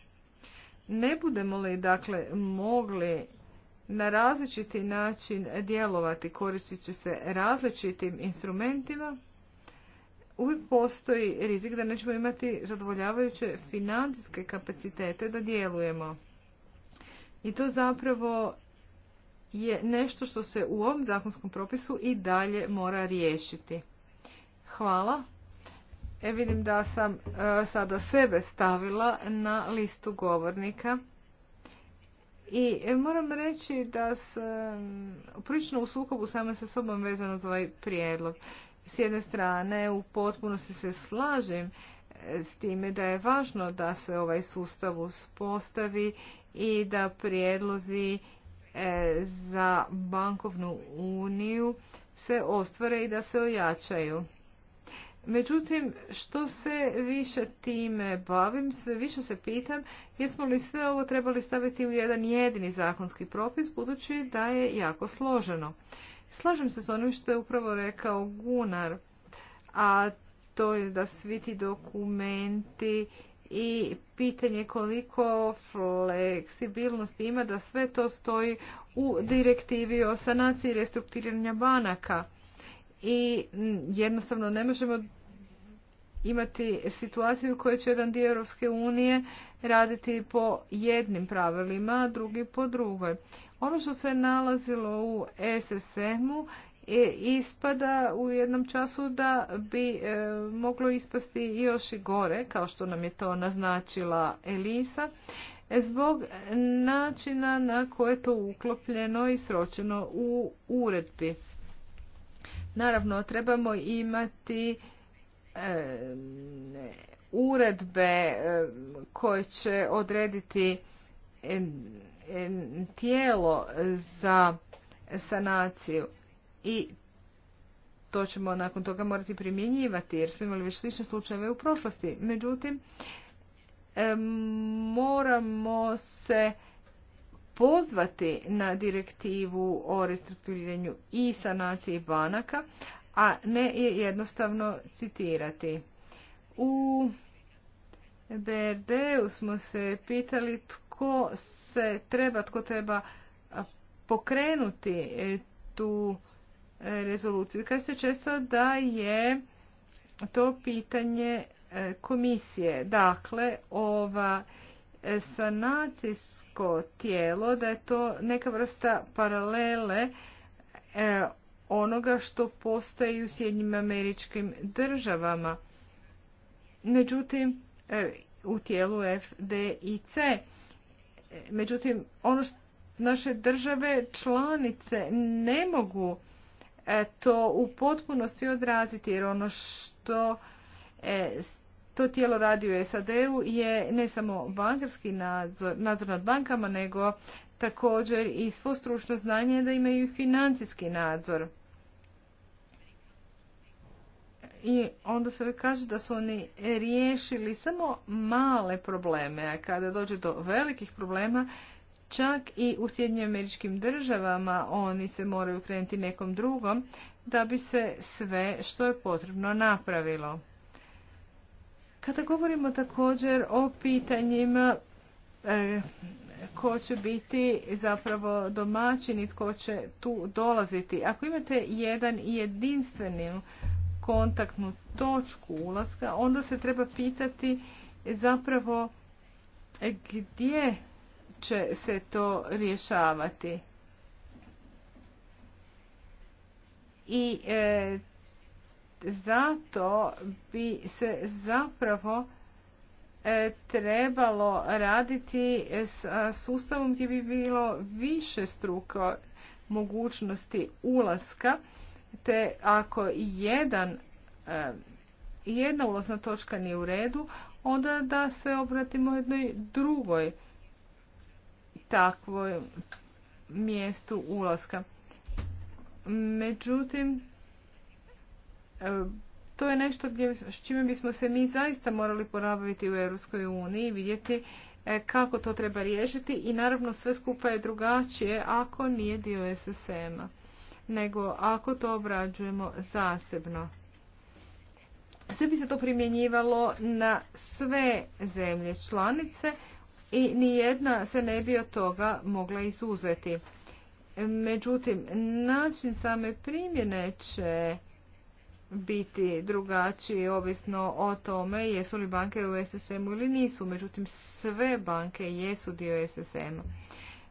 D: Ne budemo li dakle mogli na različiti način djelovati koristit će se različitim instrumentima, uvijek postoji rizik da nećemo imati zadovoljavajuće financijske kapacitete da djelujemo. I to zapravo je nešto što se u ovom zakonskom propisu i dalje mora riješiti. Hvala. E vidim da sam e, sada sebe stavila na listu govornika. I e, moram reći da sam prilično u sukobu sama sa sobom vezano za ovaj prijedlog. S jedne strane, u potpunosti se slažem e, s time da je važno da se ovaj sustav uspostavi i da prijedlozi e, za bankovnu uniju se ostvare i da se ojačaju. Međutim, što se više time bavim, sve više se pitam jesmo li sve ovo trebali staviti u jedan jedini zakonski propis, budući da je jako složeno. Slažem se s onim što je upravo rekao Gunar, a to je da svi ti dokumenti i pitanje koliko fleksibilnosti ima da sve to stoji u direktivi o sanaciji i restrukturiranja banaka i jednostavno ne možemo imati situaciju u kojoj će jedan dio Europske unije raditi po jednim pravilima, a drugi po drugoj. Ono što se nalazilo u SSM-u e, ispada u jednom času da bi e, moglo ispasti još i gore, kao što nam je to naznačila Elisa, zbog načina na koje je to uklopljeno i sročeno u uredbi. Naravno, trebamo imati uredbe koje će odrediti tijelo za sanaciju i to ćemo nakon toga morati primjenjivati jer smo imali već slične slučajeve u prošlosti. Međutim, moramo se pozvati na direktivu o restrukturiranju i sanaciji banaka, a ne je jednostavno citirati. U BRD-u smo se pitali tko se treba, tko treba pokrenuti e, tu e, rezoluciju. Kaže se često da je to pitanje e, komisije. Dakle, ova sanacijsko tijelo, da je to neka vrsta paralele onoga što postaju u Sjednjim američkim državama. Međutim, e, u tijelu C e, Međutim, ono što naše države članice ne mogu e, to u potpunosti odraziti, jer ono što to tijelo radi u SAD-u je ne samo bankarski nadzor, nadzor nad bankama, nego također i svo stručno znanje da imaju financijski nadzor. i onda se kaže da su oni riješili samo male probleme, a kada dođe do velikih problema, čak i u Sjedinjim američkim državama oni se moraju krenuti nekom drugom da bi se sve što je potrebno napravilo. Kada govorimo također o pitanjima eh, ko će biti zapravo domaćin i tko će tu dolaziti. Ako imate jedan jedinstveni kontaktnu točku ulaska, onda se treba pitati zapravo gdje će se to rješavati. I e, zato bi se zapravo e, trebalo raditi s sustavom gdje bi bilo više struko mogućnosti ulaska te ako jedan e, jedna ulazna točka nije u redu, onda da se obratimo jednoj drugoj takvoj mjestu ulaska. Međutim, e, to je nešto s čime bismo se mi zaista morali porabaviti u Europskoj uniji, vidjeti e, kako to treba riješiti i naravno sve skupa je drugačije ako nije dio SSM-a nego ako to obrađujemo zasebno. Sve bi se to primjenjivalo na sve zemlje članice i nijedna se ne bi od toga mogla izuzeti. Međutim, način same primjene će biti drugačiji ovisno o tome jesu li banke u SSM-u ili nisu. Međutim, sve banke jesu dio SSM-a.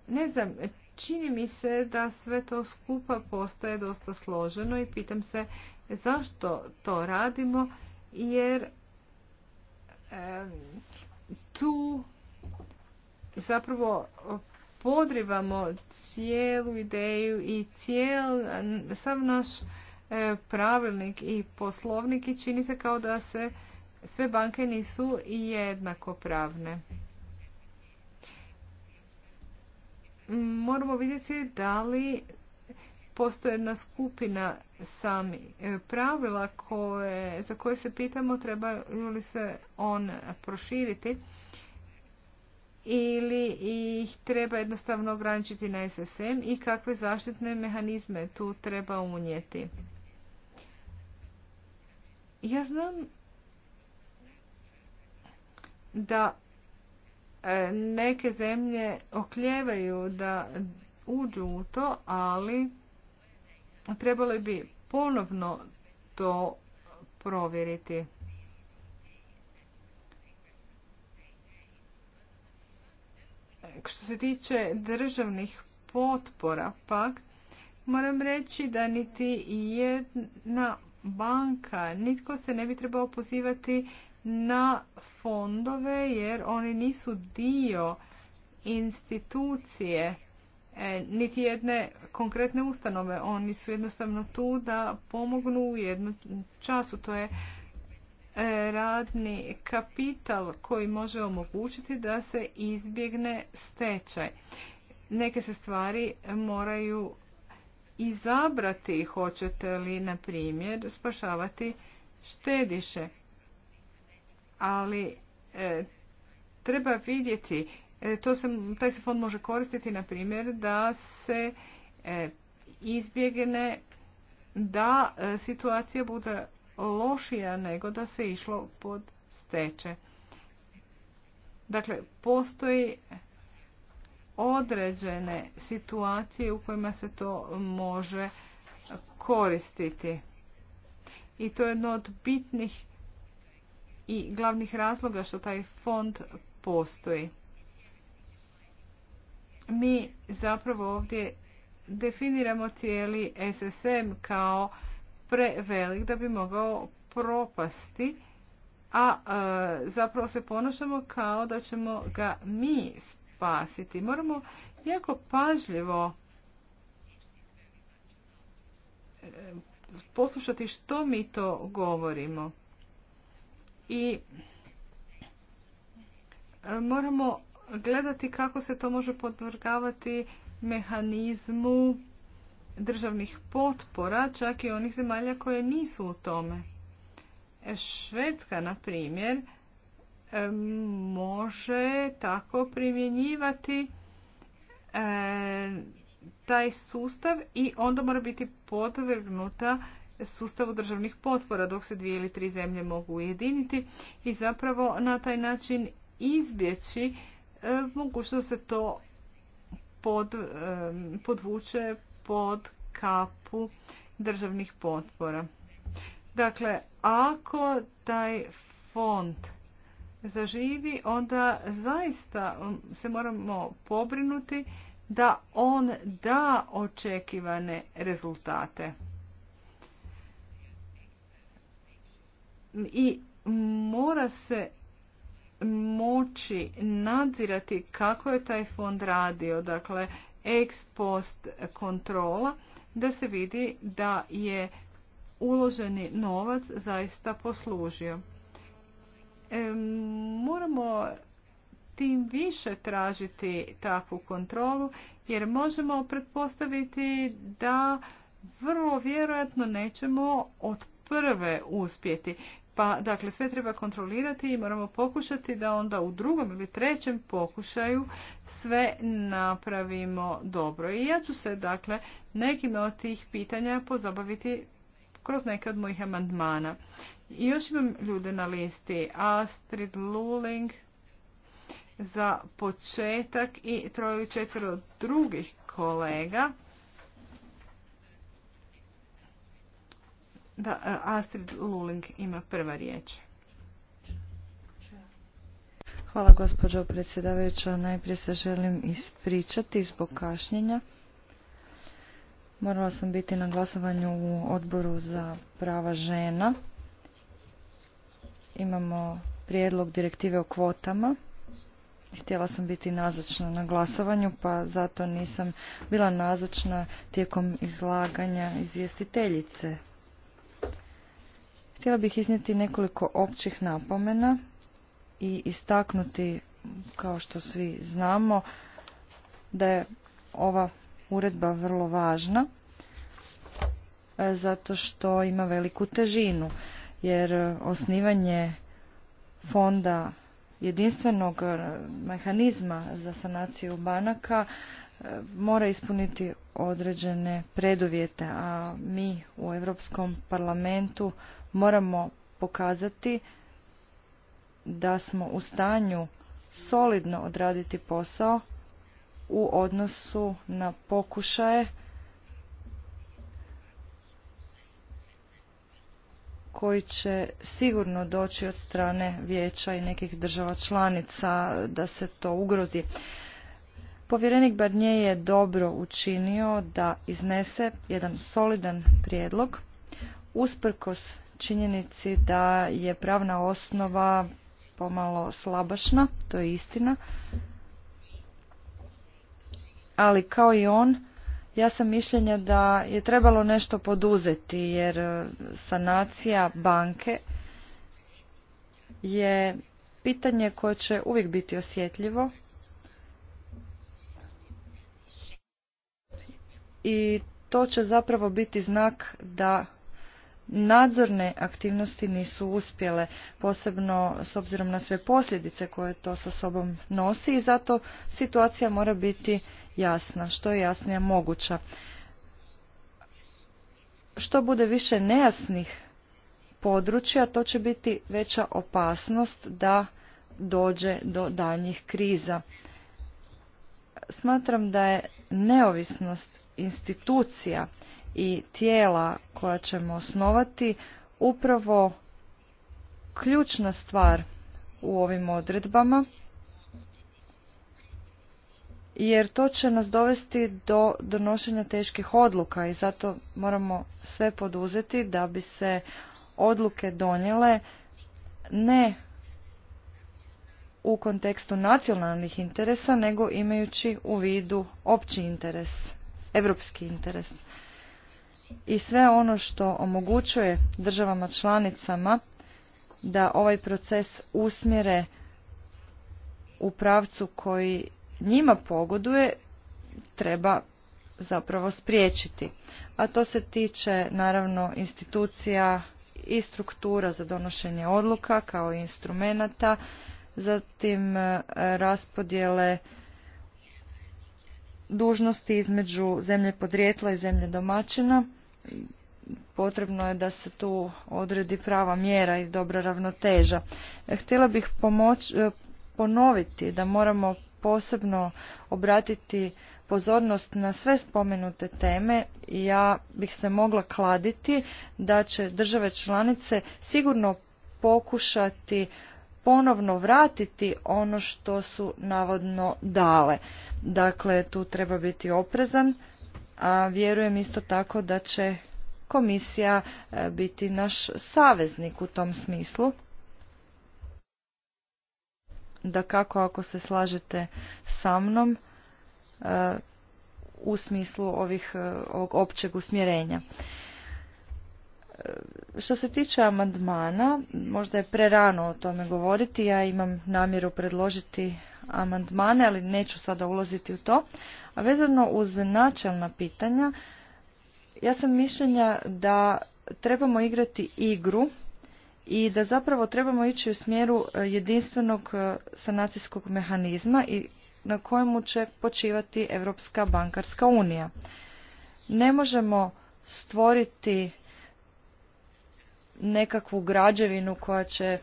D: Ne znam, Čini mi se da sve to skupa postaje dosta složeno i pitam se zašto to radimo jer tu zapravo podrivamo cijelu ideju i cijel sav naš e, pravilnik i poslovnik i čini se kao da se sve banke nisu jednako pravne. moramo vidjeti da li postoji jedna skupina sami e, pravila za koje se pitamo treba li se on proširiti ili ih treba jednostavno ograničiti na SSM i kakve zaštitne mehanizme tu treba unijeti. Ja znam da E, neke zemlje okljevaju da uđu u to, ali trebali bi ponovno to provjeriti. Što se tiče državnih potpora pak, moram reći da niti jedna banka, nitko se ne bi trebao pozivati na fondove jer oni nisu dio institucije e, niti jedne konkretne ustanove. Oni su jednostavno tu da pomognu u jednom času. To je e, radni kapital koji može omogućiti da se izbjegne stečaj. Neke se stvari moraju izabrati, hoćete li, na primjer, spašavati štediše ali e, treba vidjeti, e, to taj se fond može koristiti na primjer da se e, izbjegne da situacija bude lošija nego da se išlo pod steče. Dakle, postoji određene situacije u kojima se to može koristiti. I to je jedno od bitnih i glavnih razloga što taj fond postoji. Mi zapravo ovdje definiramo cijeli SSM kao prevelik da bi mogao propasti, a e, zapravo se ponašamo kao da ćemo ga mi spasiti. Moramo jako pažljivo e, poslušati što mi to govorimo i e, moramo gledati kako se to može podvrgavati mehanizmu državnih potpora, čak i onih zemalja koje nisu u tome. E, Švedska, na primjer, e, može tako primjenjivati taj sustav i onda mora biti podvrgnuta sustavu državnih potpora dok se dvije ili tri zemlje mogu ujediniti i zapravo na taj način izbjeći e, mogućnost da se to e, podvuče pod kapu državnih potpora. Dakle, ako taj fond zaživi, onda zaista se moramo pobrinuti da on da očekivane rezultate. i mora se moći nadzirati kako je taj fond radio, dakle ex post kontrola, da se vidi da je uloženi novac zaista poslužio. E, moramo tim više tražiti takvu kontrolu jer možemo pretpostaviti da vrlo vjerojatno nećemo od prve uspjeti. Pa, dakle, sve treba kontrolirati i moramo pokušati da onda u drugom ili trećem pokušaju sve napravimo dobro. I ja ću se, dakle, nekim od tih pitanja pozabaviti kroz neke od mojih amandmana. I još imam ljude na listi. Astrid Luling za početak i troje ili od drugih kolega. Da, e, Astrid Luling ima prva riječ.
C: Hvala gospođo predsjedavajuća. Najprije se želim ispričati zbog kašnjenja. Morala sam biti na glasovanju u odboru za prava žena. Imamo prijedlog direktive o kvotama. Htjela sam biti nazočna na glasovanju, pa zato nisam bila nazočna tijekom izlaganja izvjestiteljice Htjela bih iznijeti nekoliko općih napomena i istaknuti, kao što svi znamo, da je ova uredba vrlo važna e, zato što ima veliku težinu jer osnivanje fonda jedinstvenog e, mehanizma za sanaciju banaka e, mora ispuniti određene preduvjete, a mi u Europskom parlamentu Moramo pokazati da smo u stanju solidno odraditi posao u odnosu na pokušaje koji će sigurno doći od strane vijeća i nekih država članica da se to ugrozi. Povjerenik Barnje je dobro učinio da iznese jedan solidan prijedlog usprkos činjenici da je pravna osnova pomalo slabašna, to je istina. Ali kao i on, ja sam mišljenja da je trebalo nešto poduzeti jer sanacija banke je pitanje koje će uvijek biti osjetljivo i to će zapravo biti znak da nadzorne aktivnosti nisu uspjele, posebno s obzirom na sve posljedice koje to sa sobom nosi i zato situacija mora biti jasna, što je jasnija moguća. Što bude više nejasnih područja, to će biti veća opasnost da dođe do daljnjih kriza. Smatram da je neovisnost institucija i tijela koja ćemo osnovati upravo ključna stvar u ovim odredbama jer to će nas dovesti do donošenja teških odluka i zato moramo sve poduzeti da bi se odluke donijele ne u kontekstu nacionalnih interesa nego imajući u vidu opći interes, europski interes i sve ono što omogućuje državama članicama da ovaj proces usmjere u pravcu koji njima pogoduje treba zapravo spriječiti. A to se tiče naravno institucija i struktura za donošenje odluka kao i instrumenata, zatim e, raspodjele dužnosti između zemlje podrijetla i zemlje domaćina. Potrebno je da se tu odredi prava mjera i dobra ravnoteža. E, htjela bih e, ponoviti da moramo posebno obratiti pozornost na sve spomenute teme i ja bih se mogla kladiti da će države članice sigurno pokušati ponovno vratiti ono što su navodno dale. Dakle, tu treba biti oprezan, a vjerujem isto tako da će komisija e, biti naš saveznik u tom smislu. Da kako ako se slažete sa mnom e, u smislu ovih, e, općeg usmjerenja. Što se tiče amandmana, možda je prerano o tome govoriti, ja imam namjeru predložiti amandmane, ali neću sada ulaziti u to. A vezano uz načelna pitanja, ja sam mišljenja da trebamo igrati igru i da zapravo trebamo ići u smjeru e, jedinstvenog e, sanacijskog mehanizma i na kojemu će počivati Europska bankarska unija. Ne možemo stvoriti nekakvu građevinu koja će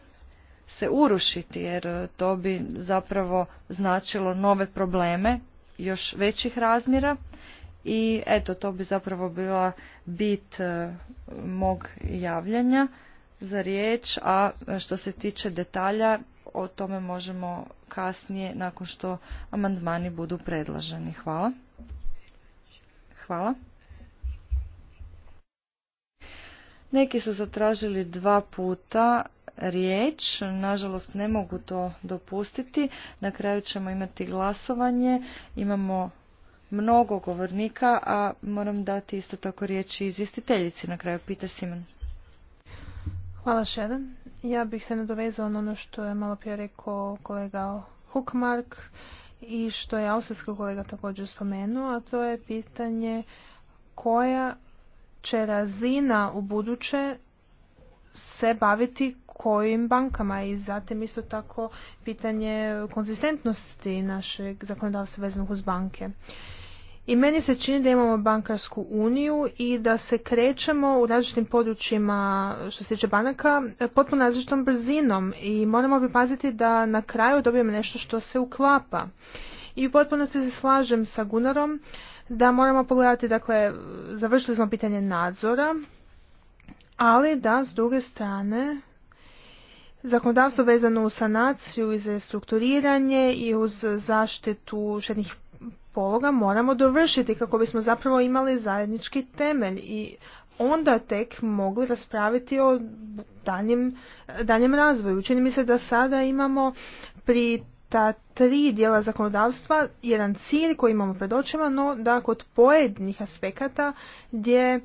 C: se urušiti jer e, to bi zapravo značilo nove probleme još većih razmjera i eto to bi zapravo bila bit e, mog javljanja za riječ, a e, što se tiče detalja o tome možemo kasnije nakon što amandmani budu predloženi. Hvala. Hvala. Neki su zatražili dva puta riječ, nažalost ne mogu to dopustiti. Na kraju ćemo imati glasovanje, imamo mnogo govornika, a moram dati isto tako riječi izvjestiteljici na kraju. Pita Simon.
B: Hvala Sharon. Ja bih se nadovezao na ono što je malo prije rekao kolega Hukmark i što je austrijski kolega također spomenuo, a to je pitanje koja će razina u buduće se baviti kojim bankama i zatim isto tako pitanje konzistentnosti našeg zakonodavstva vezanog uz banke. I meni se čini da imamo bankarsku uniju i da se krećemo u različitim područjima što se tiče banaka potpuno različitom brzinom i moramo bi paziti da na kraju dobijemo nešto što se uklapa. I potpuno se slažem sa Gunarom da moramo pogledati, dakle, završili smo pitanje nadzora, ali da s druge strane zakonodavstvo vezano uz sanaciju i za restrukturiranje i uz zaštitu šednih pologa moramo dovršiti kako bismo zapravo imali zajednički temelj i onda tek mogli raspraviti o daljem, daljem razvoju. Čini mi se da sada imamo pri ta tri dijela zakonodavstva jedan cilj koji imamo pred očima, no da kod pojedinih aspekata gdje e,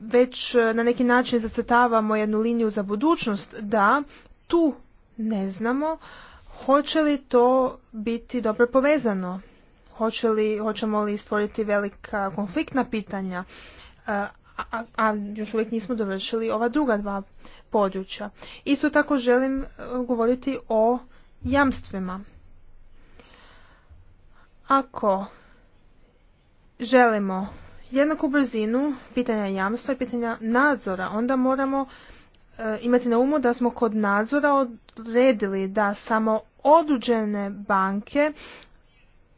B: već e, na neki način zacrtavamo jednu liniju za budućnost, da tu ne znamo hoće li to biti dobro povezano, hoće li, hoćemo li stvoriti velika konfliktna pitanja, e, a još uvijek nismo dovršili ova druga dva područja. Isto tako želim govoriti o jamstvima. Ako želimo jednaku brzinu pitanja jamstva i pitanja nadzora, onda moramo e, imati na umu da smo kod nadzora odredili da samo oduđene banke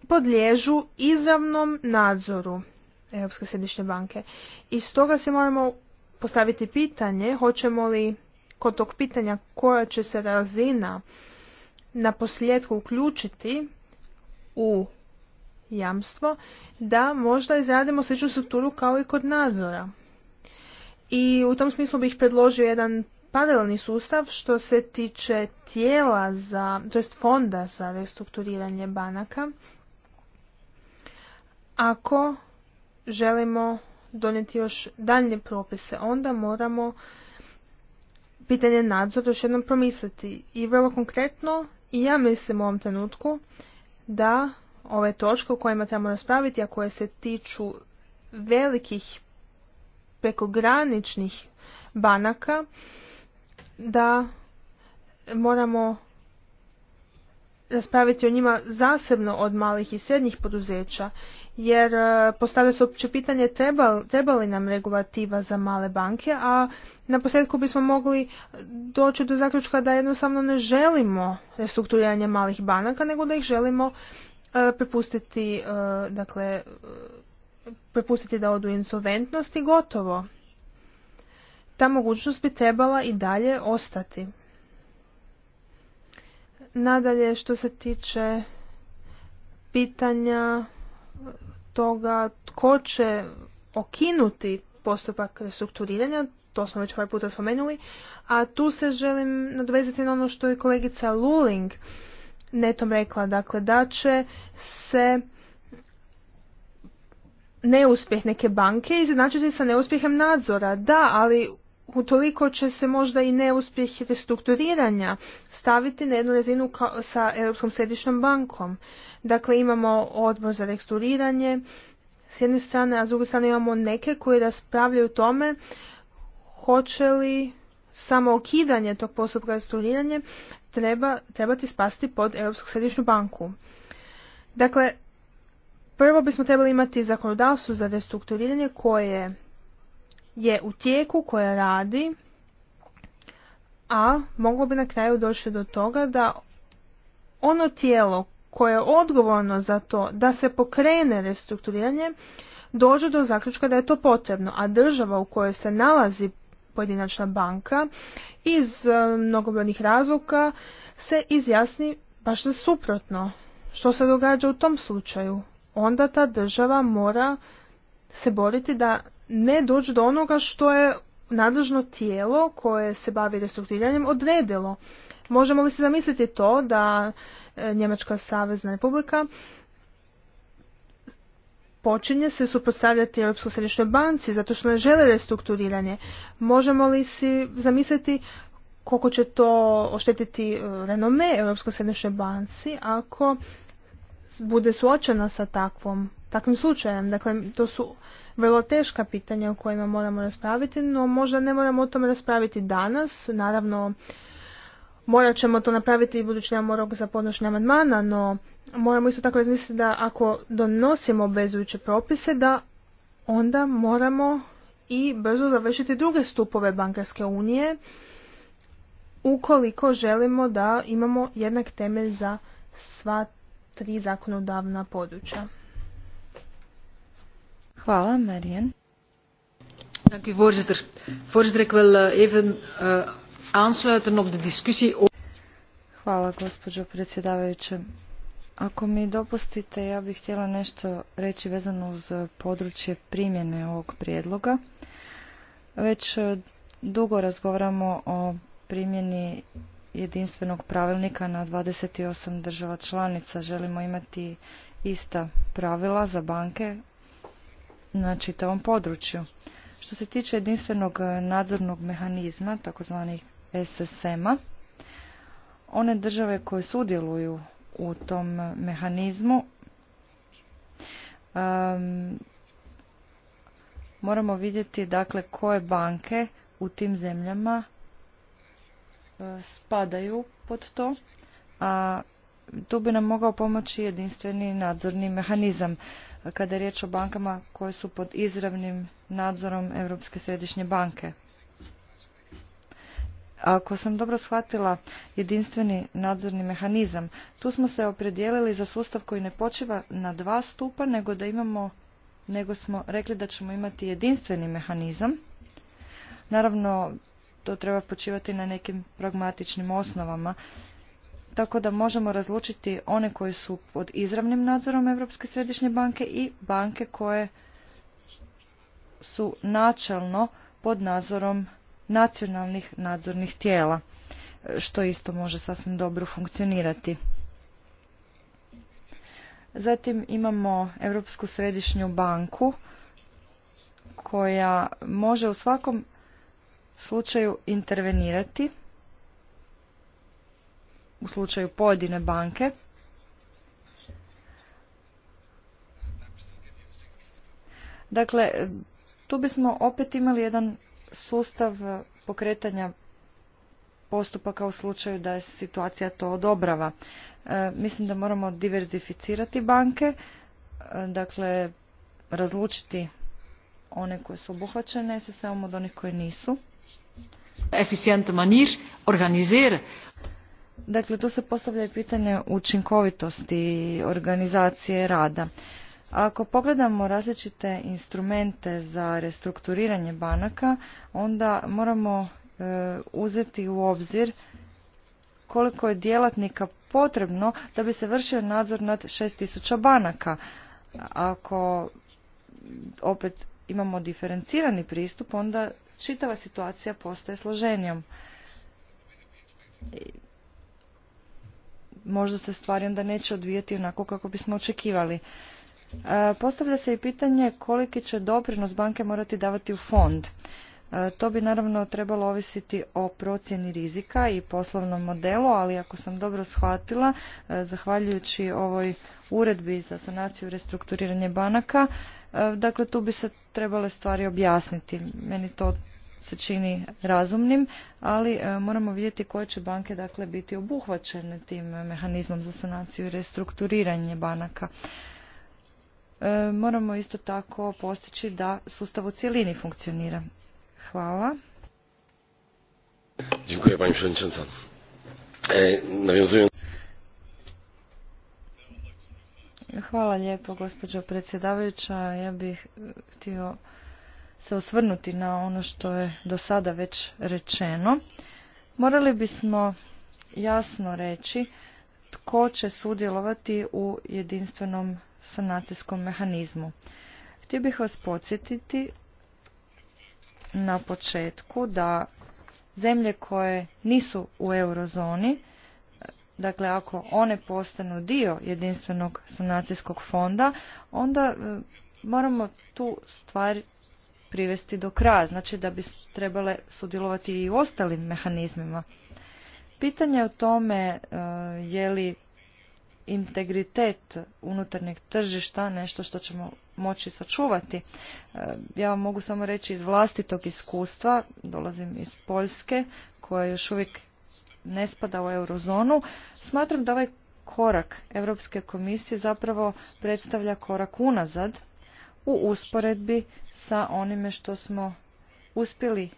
B: podliježu izravnom nadzoru Europske središnje banke. I stoga se moramo postaviti pitanje hoćemo li kod tog pitanja koja će se razina na posljedku uključiti u jamstvo da možda izradimo sličnu strukturu kao i kod nadzora. I u tom smislu bih predložio jedan paralelni sustav što se tiče tijela za, to fonda za restrukturiranje banaka. Ako želimo donijeti još daljnje propise, onda moramo pitanje nadzora još jednom promisliti. I vrlo konkretno i ja mislim u ovom trenutku da ove točke o kojima trebamo raspraviti, a koje se tiču velikih prekograničnih banaka, da moramo raspraviti o njima zasebno od malih i srednjih poduzeća jer e, postavlja se opće pitanje treba, li nam regulativa za male banke, a na posljedku bismo mogli doći do zaključka da jednostavno ne želimo restrukturiranje malih banaka, nego da ih želimo e, prepustiti, e, dakle, prepustiti da odu insolventnost i gotovo. Ta mogućnost bi trebala i dalje ostati. Nadalje, što se tiče pitanja toga tko će okinuti postupak restrukturiranja, to smo već ovaj puta spomenuli, a tu se želim nadvezati na ono što je kolegica Luling netom rekla, dakle da će se neuspjeh neke banke izjednačiti sa neuspjehem nadzora. Da, ali utoliko će se možda i neuspjeh restrukturiranja staviti na jednu razinu sa Europskom središnjom bankom. Dakle, imamo odbor za restrukturiranje s jedne strane, a s druge strane imamo neke koji raspravljaju o tome hoće li samo okidanje tog postupka restrukturiranja treba, trebati spasti pod Europsku središnju banku. Dakle, prvo bismo trebali imati zakonodavstvo za restrukturiranje koje je u tijeku, koja radi, a moglo bi na kraju doći do toga da ono tijelo koje je odgovorno za to da se pokrene restrukturiranje, dođe do zaključka da je to potrebno, a država u kojoj se nalazi pojedinačna banka iz e, mnogobrojnih razloga se izjasni baš za suprotno. Što se događa u tom slučaju? Onda ta država mora se boriti da ne doći do onoga što je nadležno tijelo koje se bavi restrukturiranjem odredilo. Možemo li se zamisliti to da e, Njemačka savezna republika počinje se suprotstavljati Europskoj središnjoj banci zato što ne žele restrukturiranje. Možemo li si zamisliti koliko će to oštetiti e, renome Europskoj središnjoj banci ako bude suočena sa takvom, takvim slučajem. Dakle, to su vrlo teška pitanja o kojima moramo raspraviti, no možda ne moramo o tome raspraviti danas. Naravno, morat ćemo to napraviti i budući nemamo rok za podnošenje amandmana, no moramo isto tako razmisliti da ako donosimo obvezujuće propise, da onda moramo i brzo završiti druge stupove bankarske unije ukoliko želimo da imamo jednak temelj za sva tri zakonodavna područja. Hvala, Marijan.
C: Dank voorzitter. Hvala, gospođo predsjedavajuće. Ako mi dopustite, ja bih htjela nešto reći vezano uz područje primjene ovog prijedloga. Već eh, dugo razgovaramo o primjeni jedinstvenog pravilnika na 28 država članica. Želimo imati ista pravila za banke na čitavom području. Što se tiče jedinstvenog e, nadzornog mehanizma, takozvani SSM-a, one države koje sudjeluju u tom mehanizmu moramo vidjeti dakle koje banke u tim zemljama e, spadaju pod to, a tu bi nam mogao pomoći jedinstveni nadzorni mehanizam kada je riječ o bankama koje su pod izravnim nadzorom Europske središnje banke. Ako sam dobro shvatila jedinstveni nadzorni mehanizam, tu smo se opredijelili za sustav koji ne počiva na dva stupa, nego da imamo, nego smo rekli da ćemo imati jedinstveni mehanizam. Naravno, to treba počivati na nekim pragmatičnim osnovama tako da možemo razlučiti one koje su pod izravnim nadzorom Europske središnje banke i banke koje su načelno pod nadzorom nacionalnih nadzornih tijela, što isto može sasvim dobro funkcionirati. Zatim imamo Europsku središnju banku koja može u svakom slučaju intervenirati u slučaju pojedine banke. Dakle, tu bismo opet imali jedan sustav pokretanja postupaka u slučaju da je situacija to odobrava. E, mislim da moramo diverzificirati banke, e, dakle razlučiti one koje su obuhvaćene se samo od onih koje nisu. manier organiseren. Dakle, tu se postavlja i pitanje učinkovitosti organizacije rada. Ako pogledamo različite instrumente za restrukturiranje banaka, onda moramo e, uzeti u obzir koliko je djelatnika potrebno da bi se vršio nadzor nad 6000 banaka. Ako opet imamo diferencirani pristup, onda čitava situacija postaje složenijom možda se stvari onda neće odvijati onako kako bismo očekivali. E, postavlja se i pitanje koliki će doprinos banke morati davati u fond. E, to bi naravno trebalo ovisiti o procjeni rizika i poslovnom modelu, ali ako sam dobro shvatila, e, zahvaljujući ovoj uredbi za sanaciju i restrukturiranje banaka, dakle tu bi se trebale stvari objasniti. Meni to se čini razumnim, ali e, moramo vidjeti koje će banke dakle biti obuhvaćene tim mehanizmom za sanaciju i restrukturiranje banaka. E, moramo isto tako postići da sustav u cjelini funkcionira. Hvala.
A: Dziękuję Pani e, Nawiązując...
C: Hvala lijepo, gospođo predsjedavajuća. Ja bih htio se osvrnuti na ono što je do sada već rečeno, morali bismo jasno reći tko će sudjelovati u jedinstvenom sanacijskom mehanizmu. Htio bih vas podsjetiti na početku da zemlje koje nisu u eurozoni, dakle ako one postanu dio jedinstvenog sanacijskog fonda, onda e, moramo tu stvar privesti do kraja, znači da bi trebale sudjelovati i u ostalim mehanizmima. Pitanje o tome e, je li integritet unutarnjeg tržišta nešto što ćemo moći sačuvati. E, ja vam mogu samo reći iz vlastitog iskustva, dolazim iz Poljske koja još uvijek ne spada u eurozonu, smatram da ovaj korak Europske komisije zapravo predstavlja korak unazad u usporedbi sa onime što smo uspjeli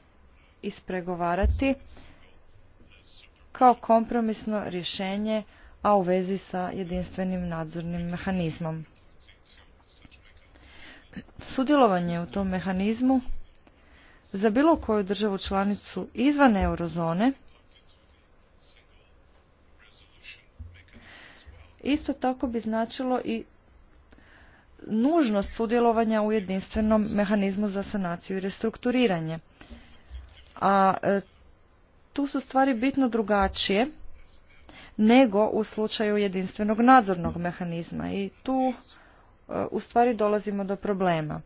C: ispregovarati kao kompromisno rješenje, a u vezi sa jedinstvenim nadzornim mehanizmom. Sudjelovanje u tom mehanizmu za bilo koju državu članicu izvan eurozone isto tako bi značilo i nužnost sudjelovanja u jedinstvenom mehanizmu za sanaciju i restrukturiranje. A e, tu su stvari bitno drugačije nego u slučaju jedinstvenog nadzornog mehanizma i tu e, u stvari dolazimo do problema.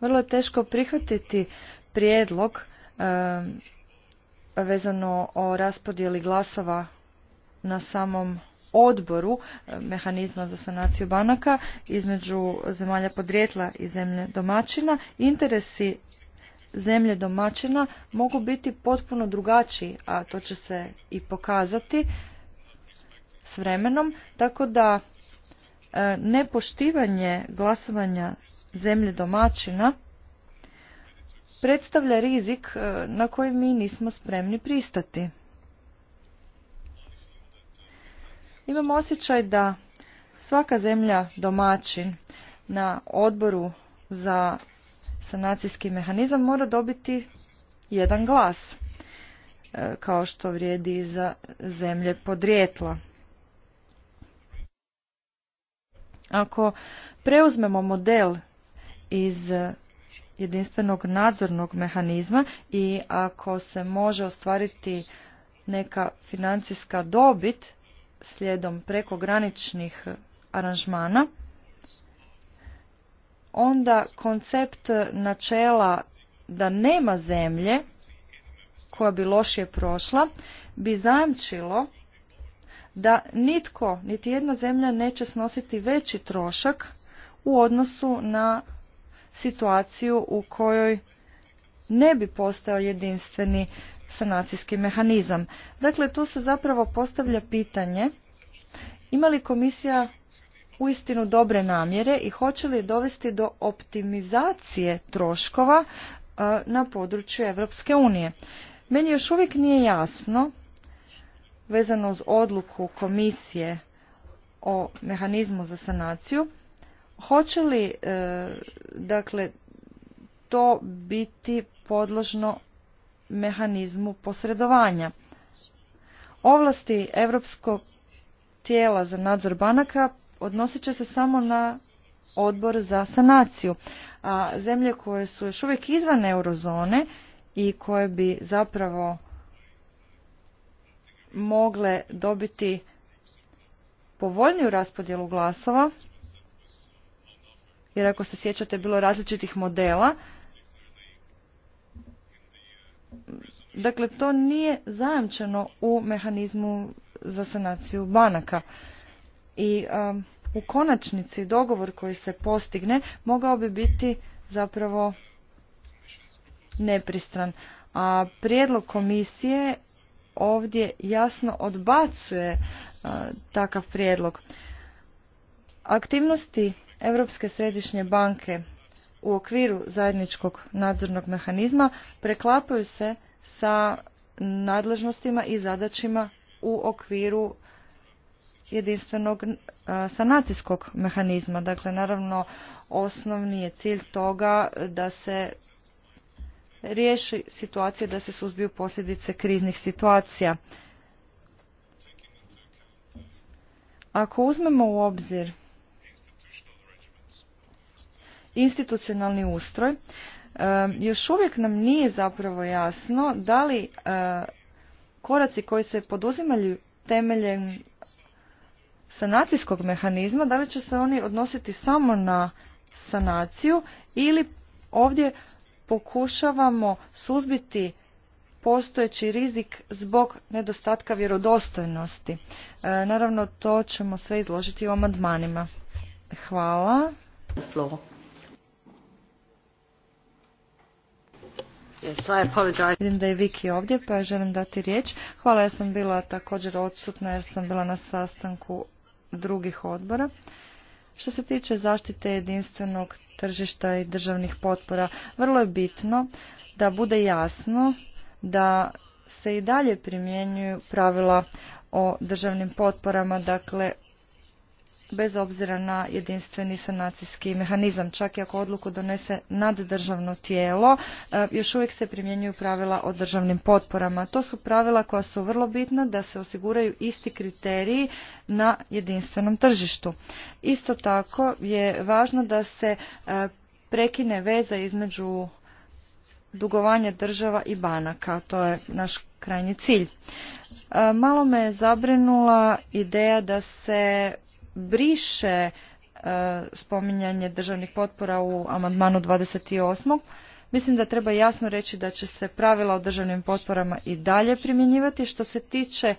C: Vrlo je teško prihvatiti prijedlog e, vezano o raspodjeli glasova na samom odboru e, mehanizma za sanaciju banaka između zemalja podrijetla i zemlje domaćina, interesi zemlje domaćina mogu biti potpuno drugačiji, a to će se i pokazati s vremenom, tako da e, nepoštivanje glasovanja zemlje domaćina predstavlja rizik e, na koji mi nismo spremni pristati. Imam osjećaj da svaka zemlja domaćin na odboru za sanacijski mehanizam mora dobiti jedan glas, e, kao što vrijedi i za zemlje podrijetla. Ako preuzmemo model iz jedinstvenog nadzornog mehanizma i ako se može ostvariti neka financijska dobit slijedom prekograničnih aranžmana, onda koncept načela da nema zemlje koja bi lošije prošla bi zajamčilo da nitko, niti jedna zemlja neće snositi veći trošak u odnosu na situaciju u kojoj ne bi postao jedinstveni sanacijski mehanizam. Dakle, tu se zapravo postavlja pitanje ima li komisija uistinu dobre namjere i hoće li dovesti do optimizacije troškova e, na području Europske unije. Meni još uvijek nije jasno vezano uz odluku komisije o mehanizmu za sanaciju Hoće li e, dakle to biti podložno mehanizmu posredovanja? Ovlasti Europskog tijela za nadzor banaka odnosit će se samo na odbor za sanaciju, a zemlje koje su još uvijek izvan eurozone i koje bi zapravo mogle dobiti povoljniju raspodjelu glasova jer ako se sjećate bilo različitih modela. Dakle, to nije zajamčeno u mehanizmu za sanaciju banaka. I um, u konačnici dogovor koji se postigne mogao bi biti zapravo nepristran. A prijedlog komisije ovdje jasno odbacuje uh, takav prijedlog. Aktivnosti Europske središnje banke u okviru zajedničkog nadzornog mehanizma preklapaju se sa nadležnostima i zadaćima u okviru jedinstvenog e, sanacijskog mehanizma. Dakle, naravno, osnovni je cilj toga da se riješi situacija, da se suzbiju posljedice kriznih situacija. Ako uzmemo u obzir institucionalni ustroj, e, još uvijek nam nije zapravo jasno da li e, koraci koji se poduzimaju temeljem sanacijskog mehanizma, da li će se oni odnositi samo na sanaciju ili ovdje pokušavamo suzbiti postojeći rizik zbog nedostatka vjerodostojnosti. E, naravno, to ćemo sve izložiti u amandmanima. Hvala. Vidim da je Viki ovdje, pa želim dati riječ. Hvala, ja sam bila također odsutna jer sam bila na sastanku drugih odbora. Što se tiče zaštite jedinstvenog tržišta i državnih potpora, vrlo je bitno da bude jasno da se i dalje primjenjuju pravila o državnim potporama, dakle bez obzira na jedinstveni sanacijski mehanizam. Čak i ako odluku donese naddržavno tijelo, e, još uvijek se primjenjuju pravila o državnim potporama. To su pravila koja su vrlo bitna da se osiguraju isti kriteriji na jedinstvenom tržištu. Isto tako je važno da se e, prekine veza između dugovanja država i banaka. To je naš krajnji cilj. E, malo me je zabrinula ideja da se briše e, spominjanje državnih potpora u amandmanu 28. Mislim da treba jasno reći da će se pravila o državnim potporama i dalje primjenjivati. Što se tiče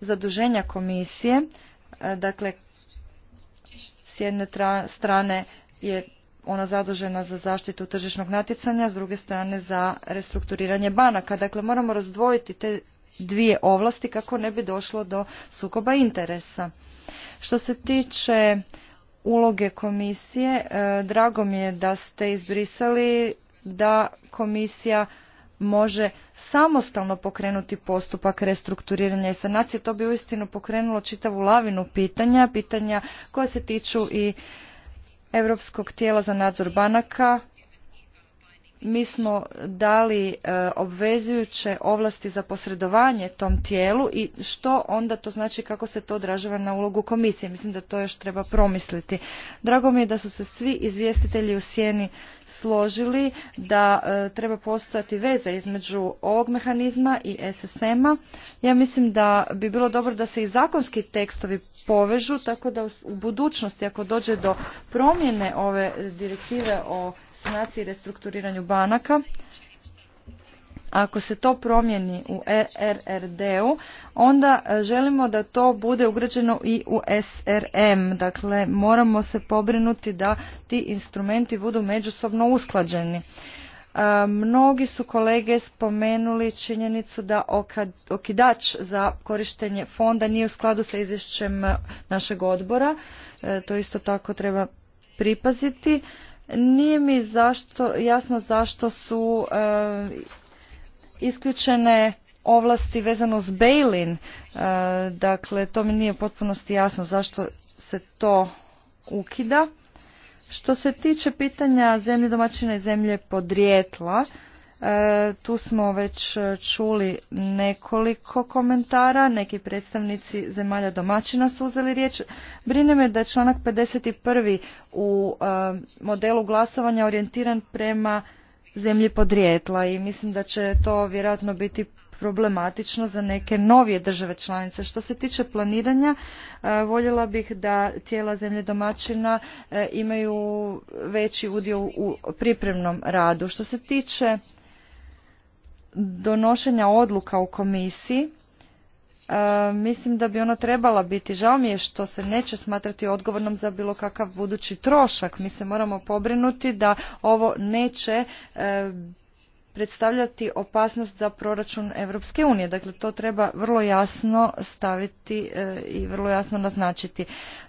C: zaduženja komisije, e, dakle, s jedne strane je ona zadužena za zaštitu tržišnog natjecanja, s druge strane za restrukturiranje banaka. Dakle, moramo razdvojiti te dvije ovlasti kako ne bi došlo do sukoba interesa. Što se tiče uloge komisije, e, drago mi je da ste izbrisali da komisija može samostalno pokrenuti postupak restrukturiranja i sanacije. To bi uistinu pokrenulo čitavu lavinu pitanja, pitanja koja se tiču i Europskog tijela za nadzor banaka, mi smo dali e, obvezujuće ovlasti za posredovanje tom tijelu i što onda to znači kako se to odražava na ulogu komisije. Mislim da to još treba promisliti. Drago mi je da su se svi izvjestitelji u sjeni složili da e, treba postojati veza između ovog mehanizma i SSM-a. Ja mislim da bi bilo dobro da se i zakonski tekstovi povežu tako da u budućnosti ako dođe do promjene ove direktive o sanaciji i restrukturiranju banaka. Ako se to promijeni u e RRD-u, onda e, želimo da to bude ugrađeno i u SRM. Dakle, moramo se pobrinuti da ti instrumenti budu međusobno usklađeni. E, mnogi su kolege spomenuli činjenicu da okidač za korištenje fonda nije u skladu sa izvješćem našeg odbora. To isto tako treba pripaziti. Nije mi zašto, jasno zašto su e, isključene ovlasti vezano s Bejlin. E, dakle, to mi nije potpunosti jasno zašto se to ukida. Što se tiče pitanja zemlje domaćina i zemlje podrijetla, E, tu smo već čuli nekoliko komentara, neki predstavnici zemalja domaćina su uzeli riječ. Brine me da je članak 51. u e, modelu glasovanja orijentiran prema zemlji podrijetla i mislim da će to vjerojatno biti problematično za neke novije države članice. Što se tiče planiranja, e, voljela bih da tijela zemlje domaćina imaju veći udio u pripremnom radu. Što se tiče donošenja odluka u komisiji, e, mislim da bi ona trebala biti. Žao mi je što se neće smatrati odgovornom za bilo kakav budući trošak. Mi se moramo pobrinuti da ovo neće e, predstavljati opasnost za proračun Europske unije. Dakle, to treba vrlo jasno staviti e, i vrlo jasno naznačiti.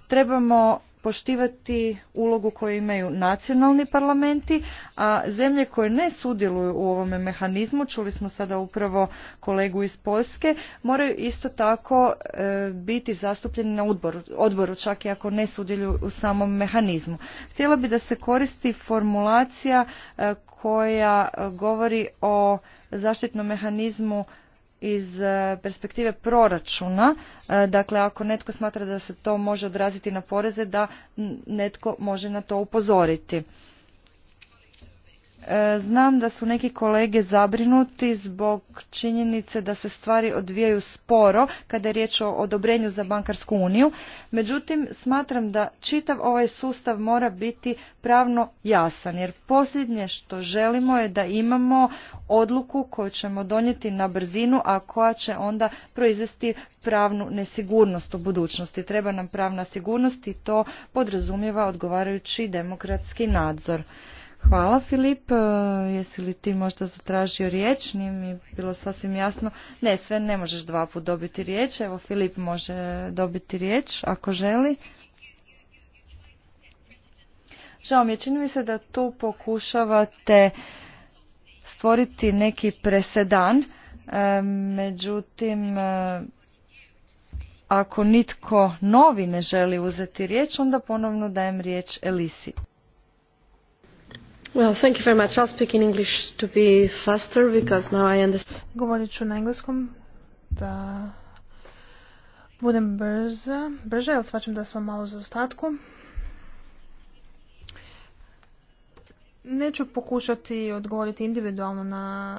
C: Trebamo poštivati ulogu koju imaju nacionalni parlamenti, a zemlje koje ne sudjeluju u ovome mehanizmu, čuli smo sada upravo kolegu iz Poljske, moraju isto tako e, biti zastupljeni na odboru, odboru čak i ako ne sudjeluju u samom mehanizmu. Htjela bi da se koristi formulacija e, koja e, govori o zaštitnom mehanizmu iz e, perspektive proračuna, e, dakle ako netko smatra da se to može odraziti na poreze, da netko može na to upozoriti. E, znam da su neki kolege zabrinuti zbog činjenice da se stvari odvijaju sporo kada je riječ o odobrenju za bankarsku uniju. Međutim, smatram da čitav ovaj sustav mora biti pravno jasan, jer posljednje što želimo je da imamo odluku koju ćemo donijeti na brzinu, a koja će onda proizvesti pravnu nesigurnost u budućnosti. Treba nam pravna sigurnost i to podrazumijeva odgovarajući demokratski nadzor. Hvala Filip, e, jesi li ti možda zatražio riječ, nije mi bilo sasvim jasno. Ne, sve ne možeš dva puta dobiti riječ, evo Filip može dobiti riječ ako želi. Žao mi je, čini mi se da tu pokušavate stvoriti neki presedan, e, međutim e, ako nitko novi ne želi uzeti riječ, onda ponovno dajem riječ Elisi.
B: Well, thank you very much. I'll speak in English to be faster because now I understand. Govorit ću na engleskom da budem brza, brže, ali svačem da smo malo za ostatku. Neću pokušati odgovoriti individualno na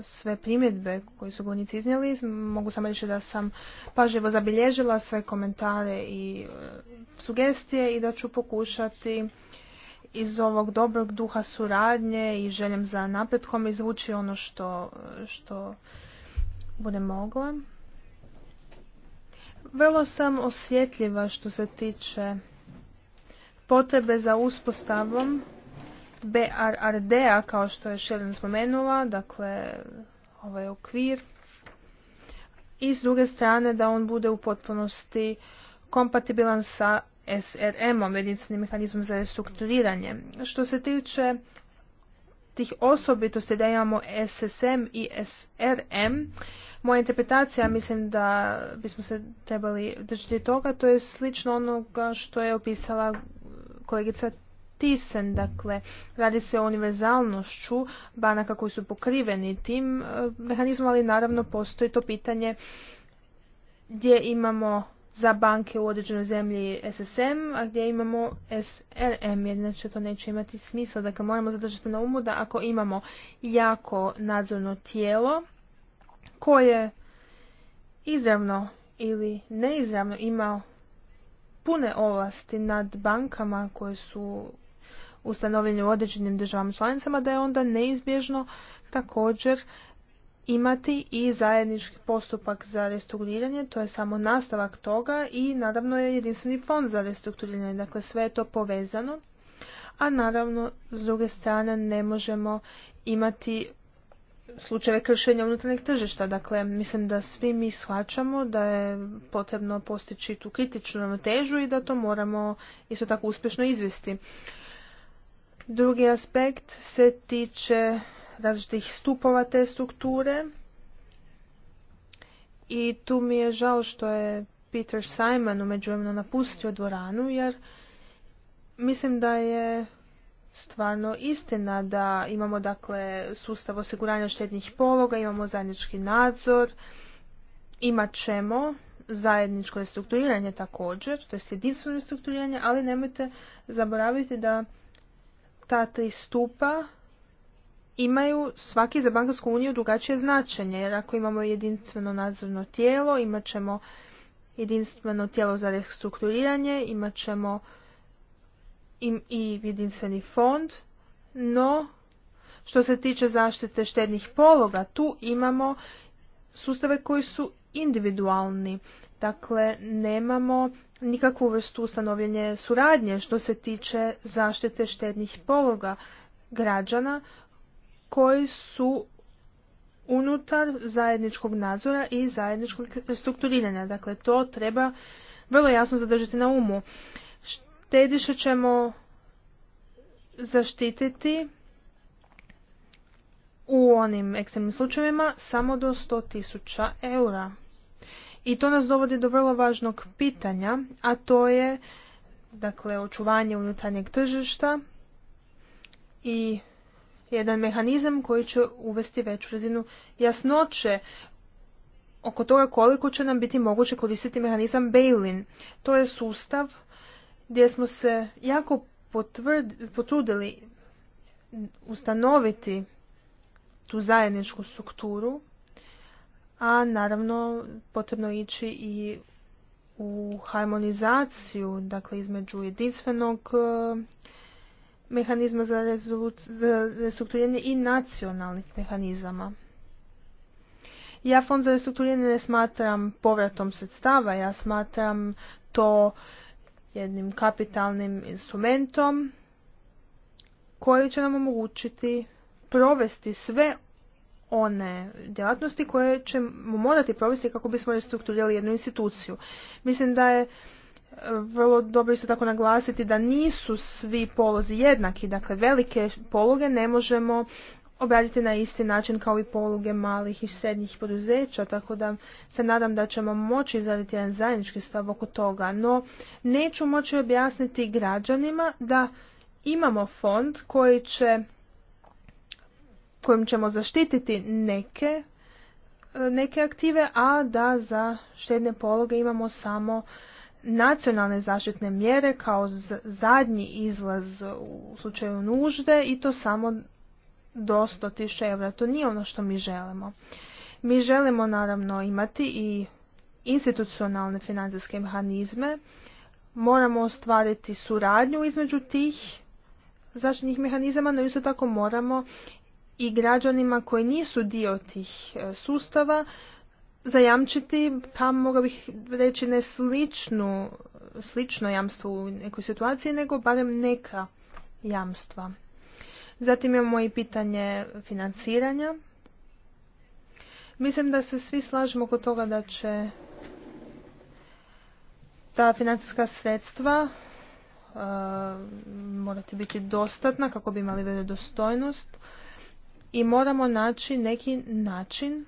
B: sve primjedbe koje su govornici iznijeli. Mogu samo reći da sam pažljivo zabilježila sve komentare i e, sugestije i da ću pokušati iz ovog dobrog duha suradnje i željem za napretkom izvući ono što, što bude mogla. Vrlo sam osjetljiva što se tiče potrebe za uspostavom BRRD-a, kao što je jednom spomenula, dakle ovaj okvir, i s druge strane da on bude u potpunosti kompatibilan sa SRM-om, jedinstvenim mehanizmom za restrukturiranje. Što se tiče tih osobitosti da imamo SSM i SRM, moja interpretacija, mislim da bismo se trebali držati toga, to je slično onoga što je opisala kolegica Tisen, dakle, radi se o univerzalnošću banaka koji su pokriveni tim e, mehanizmom, ali naravno postoji to pitanje gdje imamo za banke u određenoj zemlji SSM, a gdje imamo SRM, jednače inače to neće imati smisla. Dakle, moramo zadržati na umu da ako imamo jako nadzorno tijelo koje izravno ili neizravno ima pune ovlasti nad bankama koje su ustanovljene u određenim državama članicama, da je onda neizbježno također imati i zajednički postupak za restrukturiranje, to je samo nastavak toga i naravno je jedinstveni fond za restrukturiranje, dakle sve je to povezano. A naravno, s druge strane, ne možemo imati slučajeve kršenja unutarnjeg tržišta. Dakle, mislim da svi mi shvaćamo da je potrebno postići tu kritičnu ravnotežu i da to moramo isto tako uspješno izvesti. Drugi aspekt se tiče različitih stupova te strukture. I tu mi je žao što je Peter Simon međuvremenu napustio dvoranu, jer mislim da je stvarno istina da imamo dakle sustav osiguranja štednih pologa, imamo zajednički nadzor, imat ćemo zajedničko restrukturiranje također, to je jedinstveno restrukturiranje, ali nemojte zaboraviti da ta tri stupa imaju svaki za bankarsku uniju drugačije značenje, jer ako imamo jedinstveno nadzorno tijelo, imat ćemo jedinstveno tijelo za restrukturiranje, imat ćemo i jedinstveni fond, no što se tiče zaštite štednih pologa, tu imamo sustave koji su individualni. Dakle, nemamo nikakvu vrstu ustanovljenje suradnje što se tiče zaštite štednih pologa građana koji su unutar zajedničkog nadzora i zajedničkog strukturiranja. Dakle, to treba vrlo jasno zadržati na umu. Štediše ćemo zaštititi u onim ekstremnim slučajevima samo do 100.000 eura. I to nas dovodi do vrlo važnog pitanja, a to je dakle, očuvanje unutarnjeg tržišta i jedan mehanizam koji će uvesti veću razinu jasnoće oko toga koliko će nam biti moguće koristiti mehanizam Bailin. To je sustav gdje smo se jako potrudili ustanoviti tu zajedničku strukturu, a naravno potrebno ići i u harmonizaciju, dakle između jedinstvenog mehanizma za, za restrukturiranje i nacionalnih mehanizama. Ja fond za restrukturiranje ne smatram povratom sredstava, ja smatram to jednim kapitalnim instrumentom koji će nam omogućiti provesti sve one djelatnosti koje ćemo morati provesti kako bismo restrukturirali jednu instituciju. Mislim da je vrlo dobro isto tako naglasiti da nisu svi polozi jednaki, dakle velike pologe ne možemo obraditi na isti način kao i poluge malih i srednjih poduzeća, tako da se nadam da ćemo moći izraditi jedan zajednički stav oko toga, no neću moći objasniti građanima da imamo fond koji će kojim ćemo zaštititi neke neke aktive, a da za štedne pologe imamo samo nacionalne zaštitne mjere kao zadnji izlaz u slučaju nužde i to samo do 100.000 eura. To nije ono što mi želimo. Mi želimo naravno imati i institucionalne financijske mehanizme. Moramo ostvariti suradnju između tih zaštitnih mehanizama, no isto tako moramo i građanima koji nisu dio tih e, sustava zajamčiti, pa mogla bih reći ne sličnu, slično jamstvo u nekoj situaciji, nego barem neka jamstva. Zatim imamo i pitanje financiranja. Mislim da se svi slažemo oko toga da će ta financijska sredstva e, morati biti dostatna kako bi imali vjerodostojnost i moramo naći neki način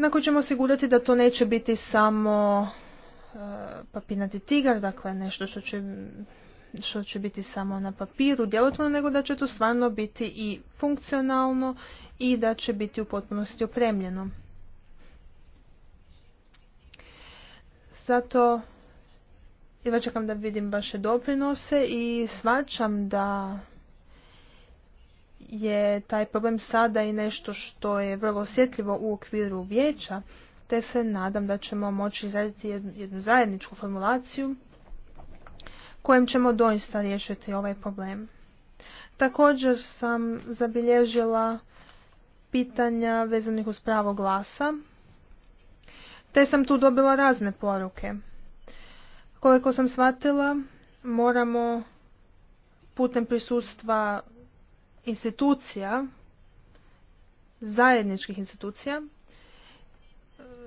B: na koji ćemo osigurati da to neće biti samo e, papinati papirnati tigar, dakle nešto što će, što će biti samo na papiru djelotvorno, nego da će to stvarno biti i funkcionalno i da će biti u potpunosti opremljeno. Zato ja čekam da vidim vaše doprinose i svačam da je taj problem sada i nešto što je vrlo osjetljivo u okviru vijeća, te se nadam da ćemo moći izraditi jednu zajedničku formulaciju kojim ćemo doista riješiti ovaj problem. Također sam zabilježila pitanja vezanih uz pravo glasa, te sam tu dobila razne poruke. Koliko sam shvatila, moramo putem prisustva institucija, zajedničkih institucija,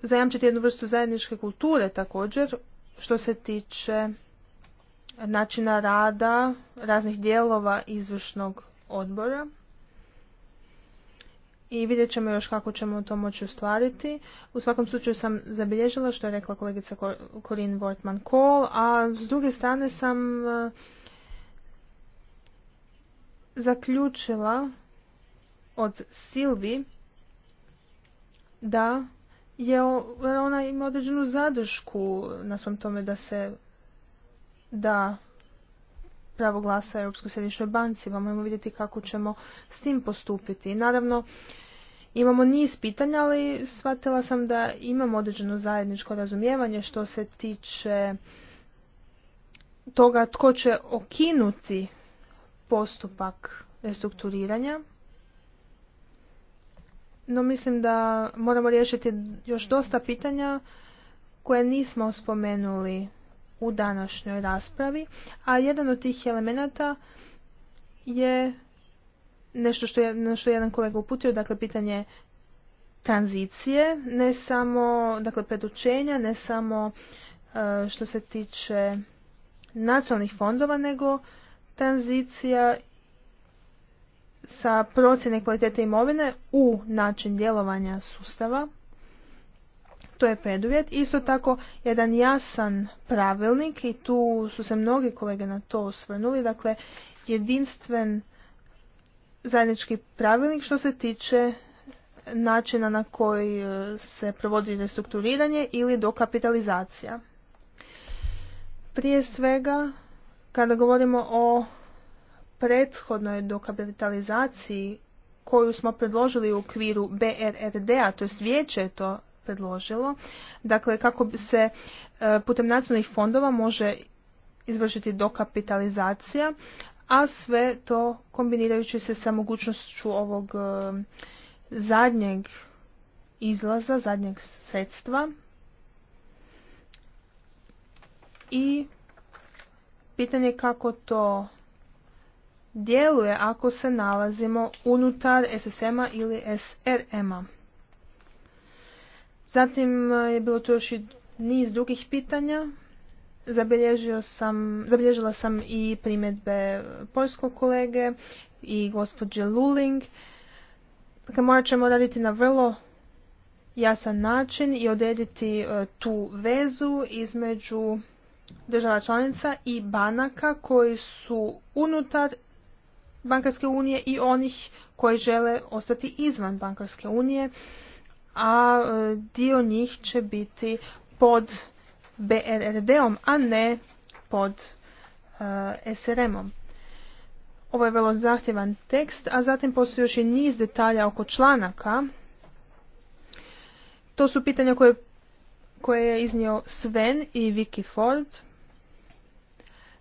B: zajamčiti jednu vrstu zajedničke kulture također što se tiče načina rada raznih dijelova izvršnog odbora i vidjet ćemo još kako ćemo to moći ostvariti. U svakom slučaju sam zabilježila što je rekla kolegica Corinne Wortman-Kohl, a s druge strane sam zaključila od Silvi da je ona ima određenu zadršku na svom tome da se da pravo glasa Europskoj središnjoj banci. Vamo vidjeti kako ćemo s tim postupiti. Naravno, imamo niz pitanja, ali shvatila sam da imamo određeno zajedničko razumijevanje što se tiče toga tko će okinuti postupak restrukturiranja. No mislim da moramo riješiti još dosta pitanja koje nismo spomenuli u današnjoj raspravi, a jedan od tih elemenata je nešto što je, na što je jedan kolega uputio, dakle pitanje tranzicije, ne samo dakle predučenja, ne samo e, što se tiče nacionalnih fondova, nego tranzicija sa procjene kvalitete imovine u način djelovanja sustava. To je preduvjet. Isto tako jedan jasan pravilnik i tu su se mnogi kolege na to osvrnuli. Dakle, jedinstven zajednički pravilnik što se tiče načina na koji e, se provodi restrukturiranje ili dokapitalizacija. Prije svega kada govorimo o prethodnoj dokapitalizaciji koju smo predložili u okviru BRRD-a, to jest vijeće je to predložilo, dakle kako bi se e, putem nacionalnih fondova može izvršiti dokapitalizacija, a sve to kombinirajući se sa mogućnošću ovog e, zadnjeg izlaza, zadnjeg sredstva i Pitanje kako to djeluje ako se nalazimo unutar SSM-a ili SRM-a. Zatim je bilo tu još i niz drugih pitanja. sam, zabilježila sam i primjedbe poljskog kolege i gospođe Luling. Dakle, morat ćemo raditi na vrlo jasan način i odrediti e, tu vezu između država članica i banaka koji su unutar bankarske unije i onih koji žele ostati izvan bankarske unije, a e, dio njih će biti pod BRRD-om, a ne pod e, SRM-om. Ovo je vrlo zahtjevan tekst, a zatim postoji još i niz detalja oko članaka. To su pitanja koje koje je iznio Sven i Vicky Ford.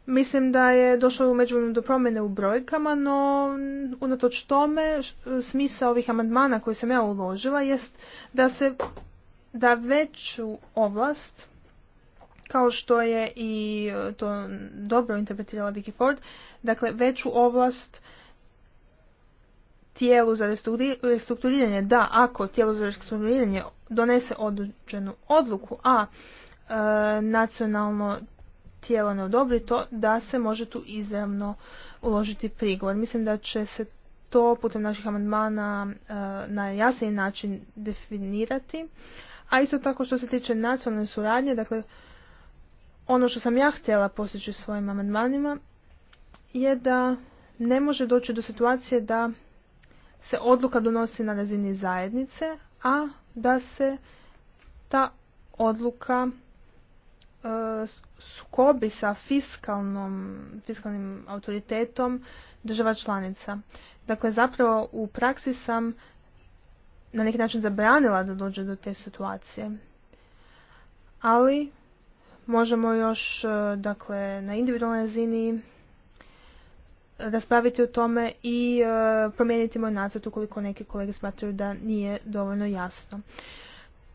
B: Mislim da je došlo u međuvremenu do promjene u brojkama, no unatoč tome smisa ovih amandmana koje sam ja uložila jest da se da veću ovlast kao što je i e, to dobro interpretirala Vicky Ford, dakle veću ovlast tijelu za restrukturiranje da ako tijelo za restrukturiranje donese određenu odluku, a e, nacionalno tijelo ne odobri to, da se može tu izravno uložiti prigovor. Mislim da će se to putem naših amandmana e, na jasniji način definirati. A isto tako što se tiče nacionalne suradnje, dakle, ono što sam ja htjela postići svojim amandmanima je da ne može doći do situacije da se odluka donosi na razini zajednice, a da se ta odluka e, sukobi sa fiskalnom, fiskalnim autoritetom država članica. Dakle, zapravo u praksi sam na neki način zabranila da dođe do te situacije. Ali možemo još e, dakle, na individualnoj razini raspraviti o tome i e, promijeniti moj nacrt ukoliko neki kolege smatraju da nije dovoljno jasno.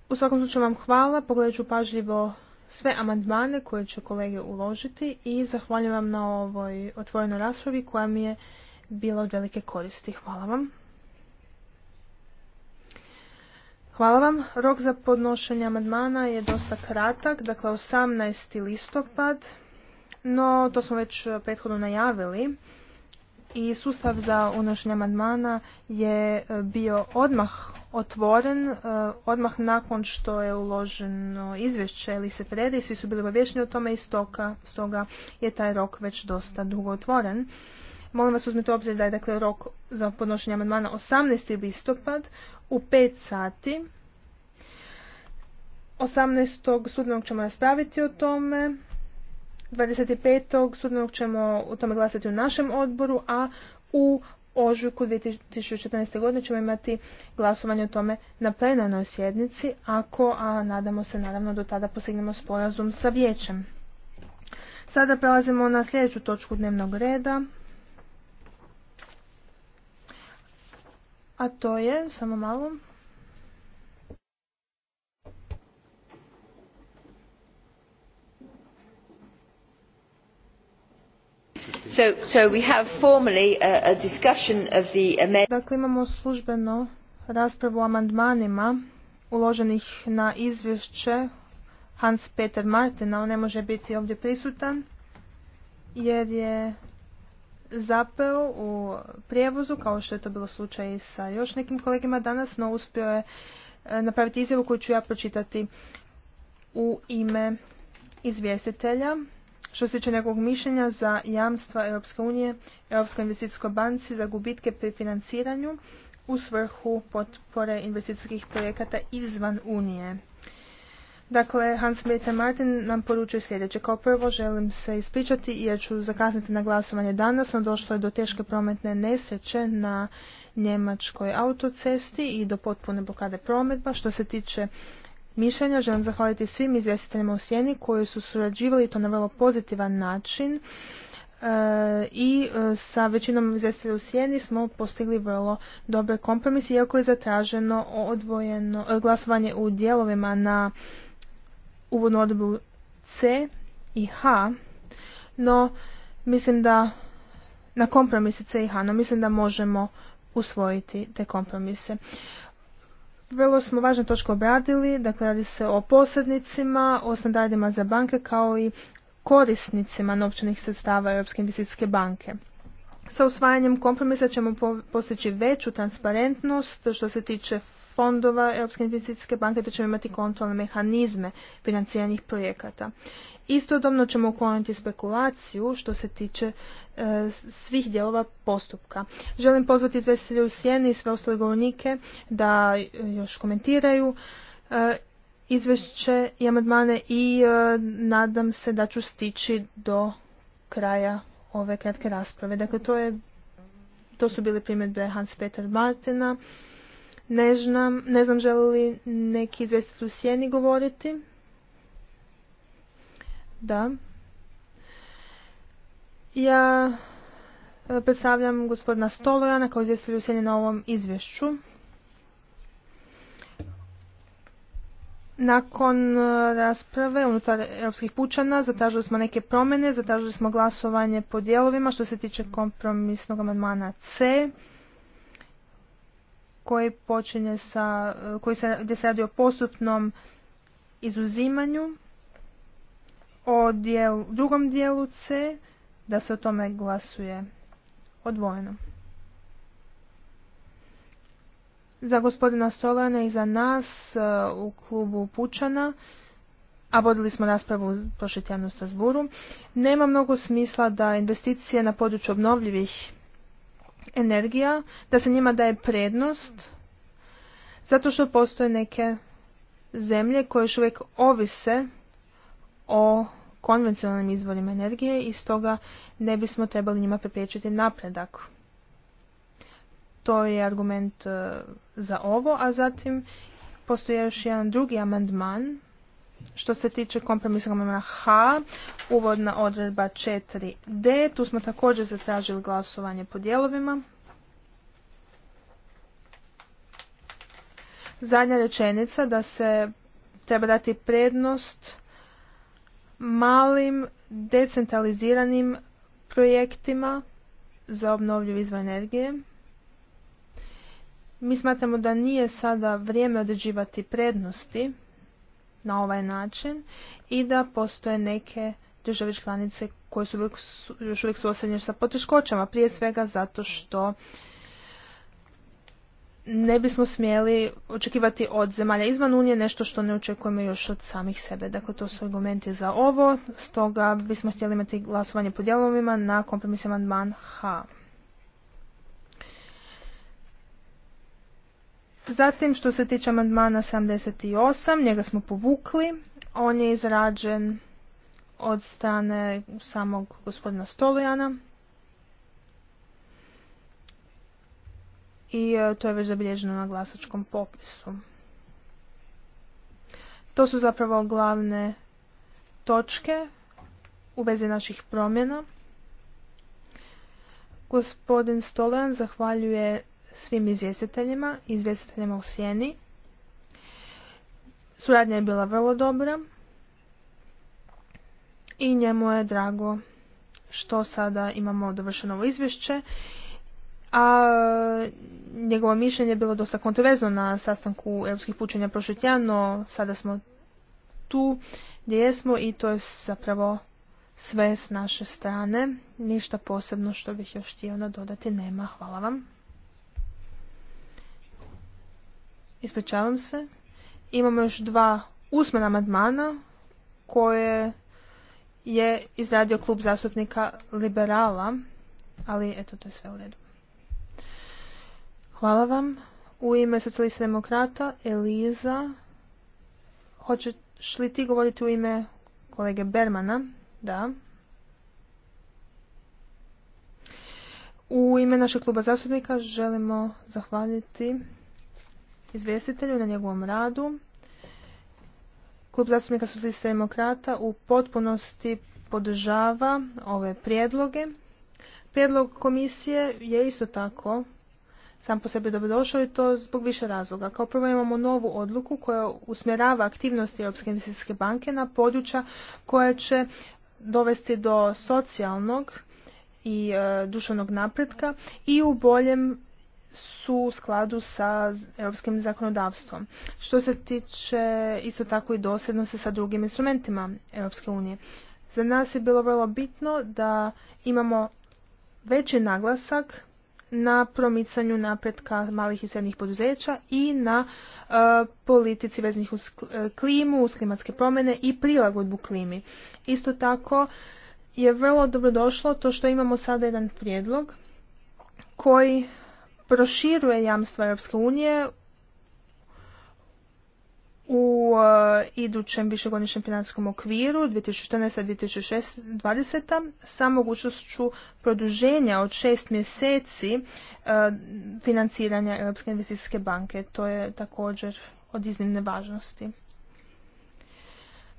B: U svakom slučaju vam hvala, pogledat ću pažljivo sve amandmane koje će kolege uložiti i zahvaljujem vam na ovoj otvorenoj raspravi koja mi je bila od velike koristi. Hvala vam. Hvala vam. Rok za podnošenje amandmana je dosta kratak, dakle 18. listopad, no to smo već prethodno najavili i sustav za unošenje amandmana je e, bio odmah otvoren, e, odmah nakon što je uloženo izvješće ili se predi svi su bili obavješeni o tome i stoga je taj rok već dosta dugo otvoren. Molim vas uzmite obzir da je dakle rok za podnošenje amandmana 18. listopad u 5 sati. 18. sudnog ćemo raspraviti o tome. 25. sudnog ćemo o tome glasati u našem odboru, a u ožujku 2014. godine ćemo imati glasovanje o tome na plenarnoj sjednici, ako, a nadamo se naravno do tada postignemo sporazum sa vijećem. Sada prelazimo na sljedeću točku dnevnog reda. A to je, samo malo, Dakle, imamo službenu raspravu o amandmanima uloženih na izvješće Hans Peter Martina. On ne može biti ovdje prisutan jer je zapeo u prijevozu, kao što je to bilo slučaj i sa još nekim kolegima danas, no uspio je e, napraviti izjavu koju ću ja pročitati u ime izvjestitelja što se tiče nekog mišljenja za jamstva Europske unije, Europskoj investicijskoj banci za gubitke pri financiranju u svrhu potpore investicijskih projekata izvan Unije. Dakle, Hans Mirta Martin nam poručuje sljedeće. Kao prvo želim se ispričati jer ću zakasniti na glasovanje danas, no došlo je do teške prometne nesreće na njemačkoj autocesti i do potpune blokade prometba. Što se tiče mišljenja. Želim zahvaliti svim izvjestiteljima u Sjeni koji su surađivali to na vrlo pozitivan način e, i e, sa većinom izvjestitelja u Sjeni smo postigli vrlo dobre kompromise, iako je zatraženo odvojeno, e, glasovanje u dijelovima na uvodnu odbu C i H, no mislim da na kompromise C i H, no mislim da možemo usvojiti te kompromise. Vrlo smo važnu točku obradili, dakle radi se o posrednicima, o standardima za banke kao i korisnicima novčanih sredstava Europske investicijske banke. Sa usvajanjem kompromisa ćemo postići veću transparentnost što se tiče fondova Europske investicijske banke da ćemo imati kontrolne mehanizme financiranih projekata. Istodobno ćemo ukloniti spekulaciju što se tiče e, svih dijelova postupka. Želim pozvati izvjestitelje u sjeni i sve ostale govornike da e, još komentiraju e, izvješće i amandmane i e, nadam se da ću stići do kraja ove kratke rasprave. Dakle, to je to su bile primjedbe Hans Peter Martina ne znam, ne znam želi li neki izvjestitelj u sjeni govoriti. Da. Ja e, predstavljam gospodina Stolojana kao izvjestitelj u sjeni na ovom izvješću. Nakon e, rasprave unutar europskih pučana zatražili smo neke promjene, zatražili smo glasovanje po dijelovima što se tiče kompromisnog amandmana C koji počinje sa, koji se, gdje se radi o postupnom izuzimanju, o drugom dijelu C, da se o tome glasuje odvojeno. Za gospodina Solana i za nas e, u klubu Pučana, a vodili smo raspravu prošli tjedan nema mnogo smisla da investicije na području obnovljivih energija, da se njima daje prednost, zato što postoje neke zemlje koje još uvijek ovise o konvencionalnim izvorima energije i stoga ne bismo trebali njima prepriječiti napredak. To je argument e, za ovo, a zatim postoji još jedan drugi amandman što se tiče kompromisnog na H, uvodna odredba 4D, tu smo također zatražili glasovanje po dijelovima. Zadnja rečenica da se treba dati prednost malim decentraliziranim projektima za obnovljiv izvor energije. Mi smatramo da nije sada vrijeme određivati prednosti na ovaj način i da postoje neke države članice koje su uvijek, još uvijek suosednje sa poteškoćama, prije svega zato što ne bismo smjeli očekivati od zemalja izvan Unije nešto što ne očekujemo još od samih sebe. Dakle, to su argumenti za ovo, stoga bismo htjeli imati glasovanje po dijelovima na kompromis amandman H. Zatim što se tiče amandmana 78, njega smo povukli. On je izrađen od strane samog gospodina Stolijana. I e, to je već zabilježeno na glasačkom popisu. To su zapravo glavne točke u vezi naših promjena. Gospodin Stolijan zahvaljuje svim izvjestiteljima, izvjestiteljima u sjeni. Suradnja je bila vrlo dobra i njemu je drago što sada imamo dovršeno ovo izvješće a njegovo mišljenje je bilo dosta kontroverzno na sastanku europskih pučenja prošli tjedan, no sada smo tu gdje jesmo i to je zapravo sve s naše strane. Ništa posebno što bih još htio nadodati nema. Hvala vam. Ispričavam se. Imamo još dva usmena amandmana koje je izradio klub zastupnika liberala, ali eto to je sve u redu. Hvala vam. U ime socijalista demokrata Eliza, hoćeš li ti govoriti u ime kolege Bermana? Da. U ime našeg kluba zastupnika želimo zahvaliti izvjestitelju na njegovom radu. Klub zastupnika socijalista demokrata u potpunosti podržava ove prijedloge. Prijedlog komisije je isto tako sam po sebi dobrodošao i to zbog više razloga. Kao prvo imamo novu odluku koja usmjerava aktivnosti Europske investicijske banke na područja koja će dovesti do socijalnog i e, napretka i u boljem su u skladu sa europskim zakonodavstvom. Što se tiče isto tako i dosljednosti sa drugim instrumentima Europske unije. Za nas je bilo vrlo bitno da imamo veći naglasak na promicanju napretka malih i srednjih poduzeća i na e, politici veznih uz e, klimu, uz klimatske promjene i prilagodbu klimi. Isto tako je vrlo došlo to što imamo sada jedan prijedlog koji proširuje jamstva Europske unije u e, idućem višegodišnjem financijskom okviru 2014-2020 sa mogućnošću produženja od šest mjeseci e, financiranja Europske investicijske banke. To je također od iznimne važnosti.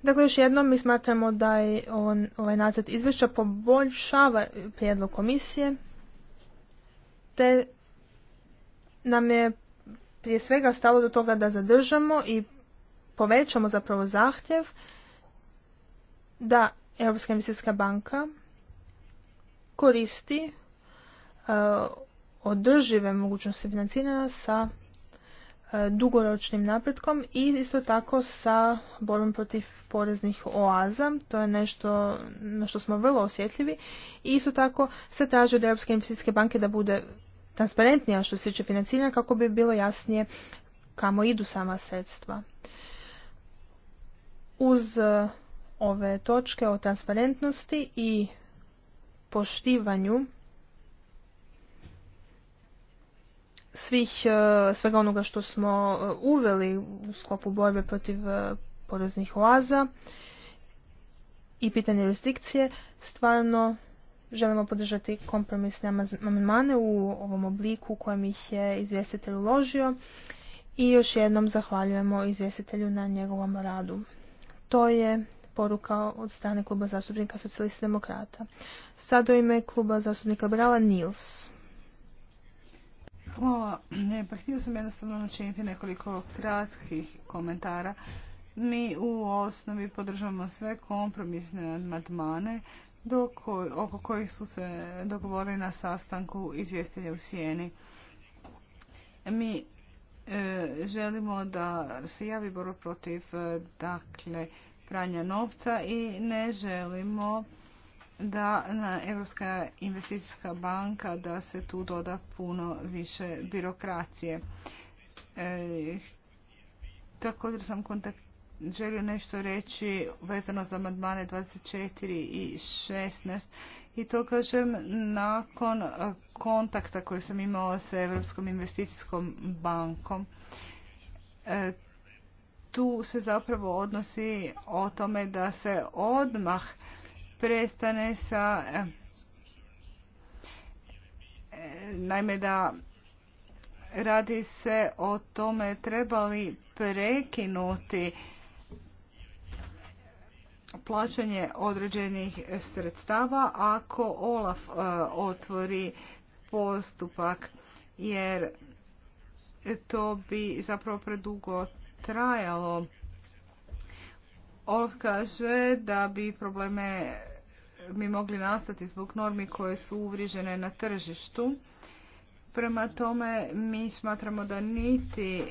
B: Dakle, još jednom mi smatramo da je on, ovaj nazad izvješća poboljšava prijedlog komisije te nam je prije svega stalo do toga da zadržamo i povećamo zapravo zahtjev da Europska investicijska banka koristi e, održive mogućnosti financiranja sa e, dugoročnim napretkom i isto tako sa borbom protiv poreznih oaza. To je nešto na što smo vrlo osjetljivi. I isto tako se traži od Europske investicijske banke da bude transparentnija što se tiče financiranja kako bi bilo jasnije kamo idu sama sredstva. Uz e, ove točke o transparentnosti i poštivanju svih, e, svega onoga što smo e, uveli u sklopu borbe protiv poreznih oaza i pitanje jurisdikcije, stvarno Želimo podržati kompromisne amandmane u ovom obliku u kojem ih je izvjestitelj uložio i još jednom zahvaljujemo izvjestitelju na njegovom radu. To je poruka od strane kluba zastupnika socijalista demokrata. Sad u ime kluba zastupnika Brala Nils.
D: Hvala. Ne, pa htio sam jednostavno načiniti nekoliko kratkih komentara. Mi u osnovi podržavamo sve kompromisne amandmane do oko kojih su se dogovorili na sastanku izvjestelja u Sijeni. Mi e, želimo da se javi borba protiv e, dakle, pranja novca i ne želimo da na Europska investicijska banka da se tu doda puno više birokracije. E, također sam kontakt želio nešto reći vezano za amandmane 24 i 16 i to kažem nakon e, kontakta koji sam imao sa Europskom investicijskom bankom. E, tu se zapravo odnosi o tome da se odmah prestane sa e, naime da radi se o tome treba li prekinuti plaćanje određenih sredstava ako Olaf e, otvori postupak jer to bi zapravo predugo trajalo. Olaf kaže da bi probleme mi mogli nastati zbog normi koje su uvrižene na tržištu. Prema tome mi smatramo da niti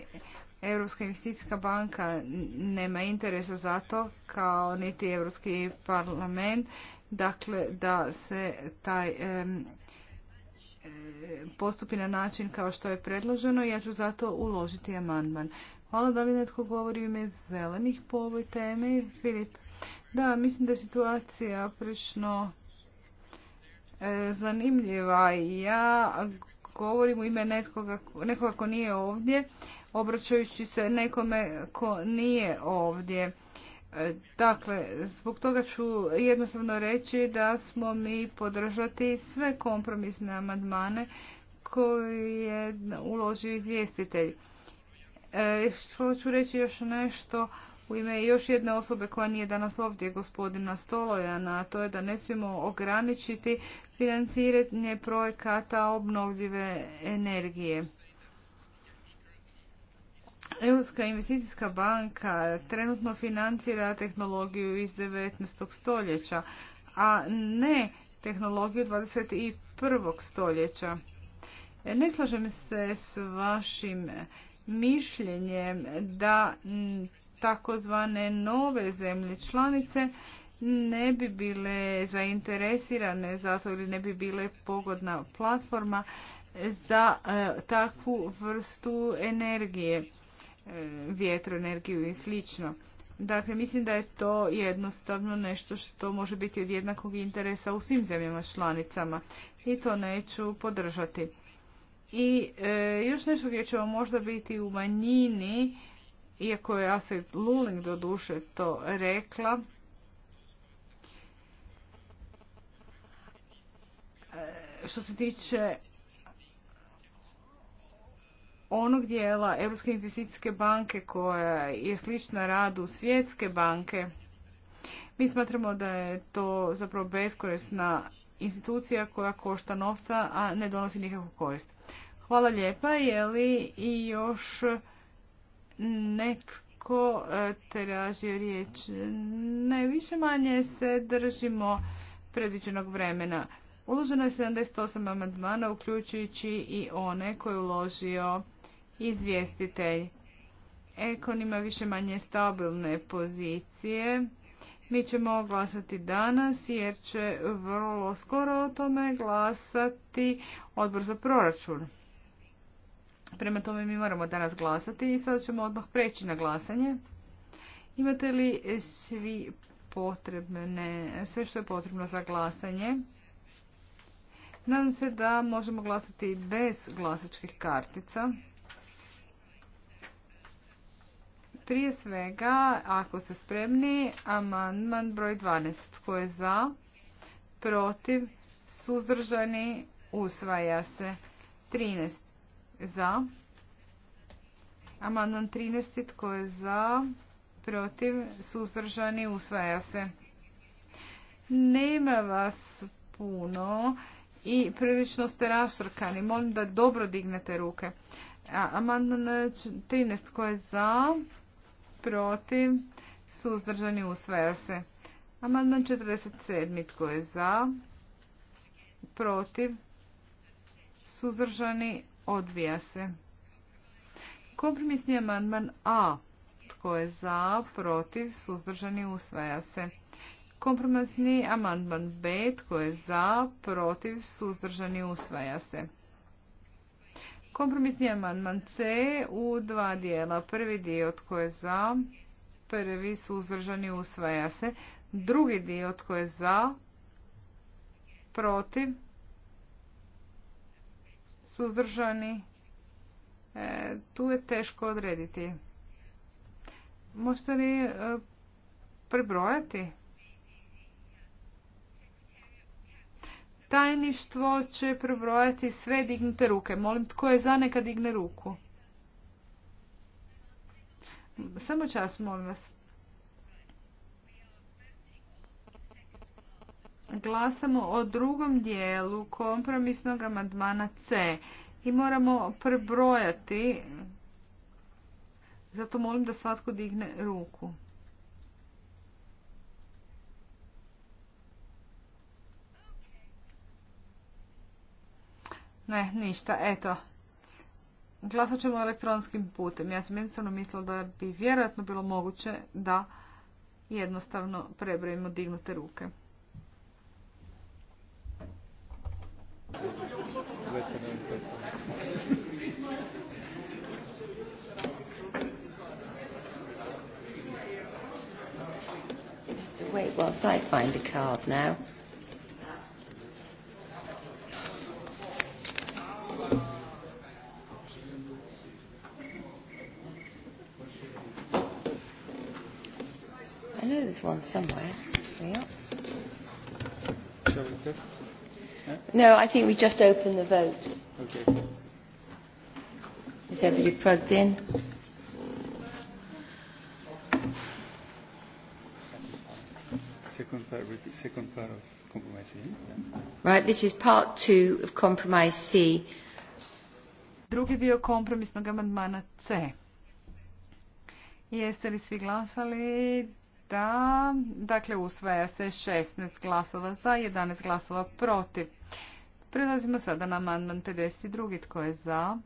D: Europska investicijska banka nema interesa za to, kao niti Europski parlament, dakle da se taj postupi na način kao što je predloženo. Ja ću zato uložiti amandman. Hvala da li netko govori u ime zelenih po ovoj temi. Filip. Da, mislim da je situacija prilično e, zanimljiva. I Ja govorim u ime netkoga, nekoga ko nije ovdje, obraćajući se nekome ko nije ovdje. E, dakle, zbog toga ću jednostavno reći da smo mi podržati sve kompromisne amandmane koje je uložio izvjestitelj. E, što ću reći još nešto u ime još jedne osobe koja nije danas ovdje, gospodina Stolojana, a to je da ne smijemo ograničiti financiranje projekata obnovljive energije. Europska investicijska banka trenutno financira tehnologiju iz 19. stoljeća, a ne tehnologiju 21. stoljeća. Ne slažem se s vašim mišljenjem da takozvane nove zemlje članice ne bi bile zainteresirane zato ili ne bi bile pogodna platforma za e, takvu vrstu energije vjetroenergiju i sl. Dakle, mislim da je to jednostavno nešto što može biti od jednakog interesa u svim zemljama članicama i to neću podržati. I e, još nešto gdje ćemo možda biti u manjini, iako je se Luling do duše to rekla, e, što se tiče onog dijela Europske investicijske banke koja je slična radu Svjetske banke. Mi smatramo da je to zapravo beskorisna institucija koja košta novca, a ne donosi nikakvu korist. Hvala lijepa. Je li i još netko e, tražio riječ? Ne, manje se držimo predviđenog vremena. Uloženo je 78 amandmana, uključujući i one koje je uložio izvjestitelj. Ekon ima više manje stabilne pozicije. Mi ćemo glasati danas jer će vrlo skoro o tome glasati odbor za proračun. Prema tome mi moramo danas glasati i sada ćemo odmah preći na glasanje. Imate li svi potrebne, sve što je potrebno za glasanje? Nadam se da možemo glasati bez glasačkih kartica. Prije svega, ako ste spremni, amandman broj 12. Tko je za? Protiv? Suzdržani? Usvaja se. 13. Za? Amandman 13. Tko je za? Protiv? Suzdržani? Usvaja se. Nema vas puno i prilično ste rašrkani. Molim da dobro dignete ruke. Amandman 13. Tko je za? protiv, suzdržani, usvaja se. Amandman 47. Tko je za? Protiv? Suzdržani? Odbija se. Kompromisni amandman A. Tko je za? Protiv? Suzdržani? Usvaja se. Kompromisni amandman B. Tko je za? Protiv? Suzdržani? Usvaja se. Kompromisni amandman C u dva dijela. Prvi dio tko je za, prvi suzdržani usvaja se. Drugi dio tko je za, protiv, suzdržani, e, tu je teško odrediti. Možete li e, prebrojati? Tajništvo će prebrojati sve dignute ruke. Molim, tko je za neka digne ruku? Samo čas, molim vas. Glasamo o drugom dijelu kompromisnog amandmana C i moramo prebrojati. Zato molim da svatko digne ruku. Ne, ništa, eto. Glasat ćemo elektronskim putem. Ja sam jednostavno mislila da bi vjerojatno bilo moguće da jednostavno prebrojimo dignute ruke.
A: there's one somewhere. There we Shall we test? No, I think we just open the vote. Okay. Is everybody plugged in? Second part, second part of compromise C. Yeah.
C: Right, this is part two of compromise C.
D: Drugi dio kompromisnog amandmana C. Jeste li svi glasali? da, dakle usvaja se 16 glasova za, 11 glasova protiv. Prelazimo sada na amandman 52. Tko je za?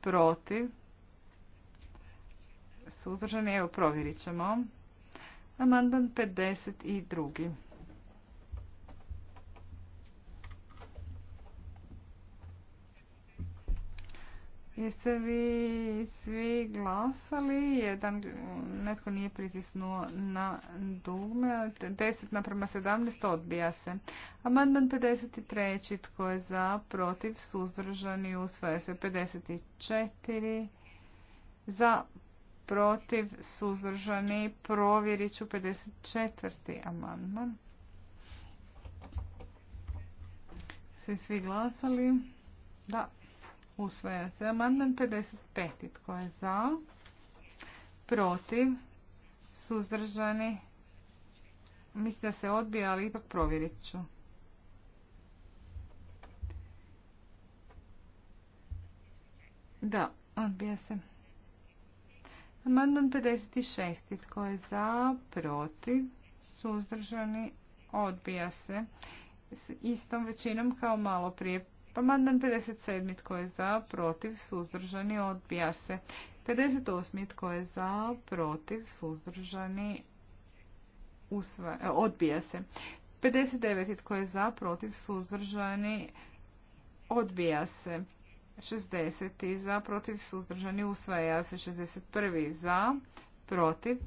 D: Protiv? Suzdržani? Evo, provjerit ćemo. Amandman 52. Jeste vi svi glasali? Jedan, netko nije pritisnuo na dugme. 10 naprema 17 odbija se. Amandman 53. Tko je za? Protiv? Suzdržani? Usvaja se. 54. Za? Protiv? Suzdržani? Provjerit ću 54. amandman. Svi svi glasali? Da. Usvaja se. Amandman 55. Tko je za? Protiv? Suzdržani? Mislim da se odbija, ali ipak provjerit ću. Da, odbija se. Amandman 56. Tko je za? Protiv? Suzdržani? Odbija se. S istom većinom kao malo prije pa mandan 57. Tko je za? Protiv? Suzdržani? Odbija se. 58. E, tko je za? Protiv? Suzdržani? odbija se. 59. Tko je za? Protiv? Suzdržani? Odbija se. 60. Za? Protiv? Suzdržani? Usvaja se. 61. Za? Protiv?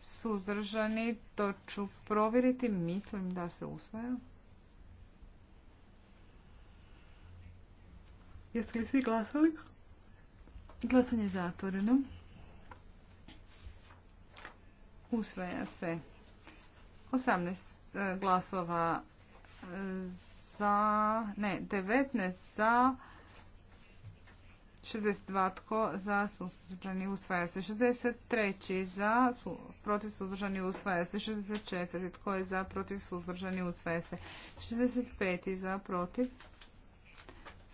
D: Suzdržani? To ću provjeriti. Mislim da se usvaja. Jeste li svi glasali? Glasanje je zatvoreno. Usvaja se 18 e, glasova e, za, ne, 19 za, 62 tko za suzdržani usvaja se, 63 za protiv suzdržani usvaja se, 64 tko je za protiv suzdržani usvaja se, 65 za protiv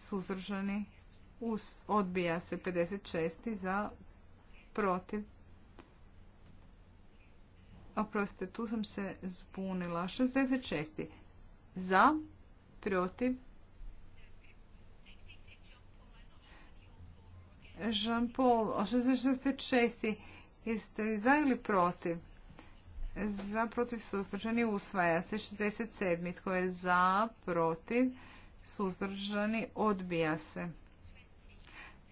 D: suzdržani, odbija se 56. za, protiv. Oprostite, tu sam se zbunila. 66. za, protiv. Jean-Paul, 66. Jeste za ili protiv? Za protiv suzdržani usvaja se 67. Tko je za, protiv, suzdržani, odbija se.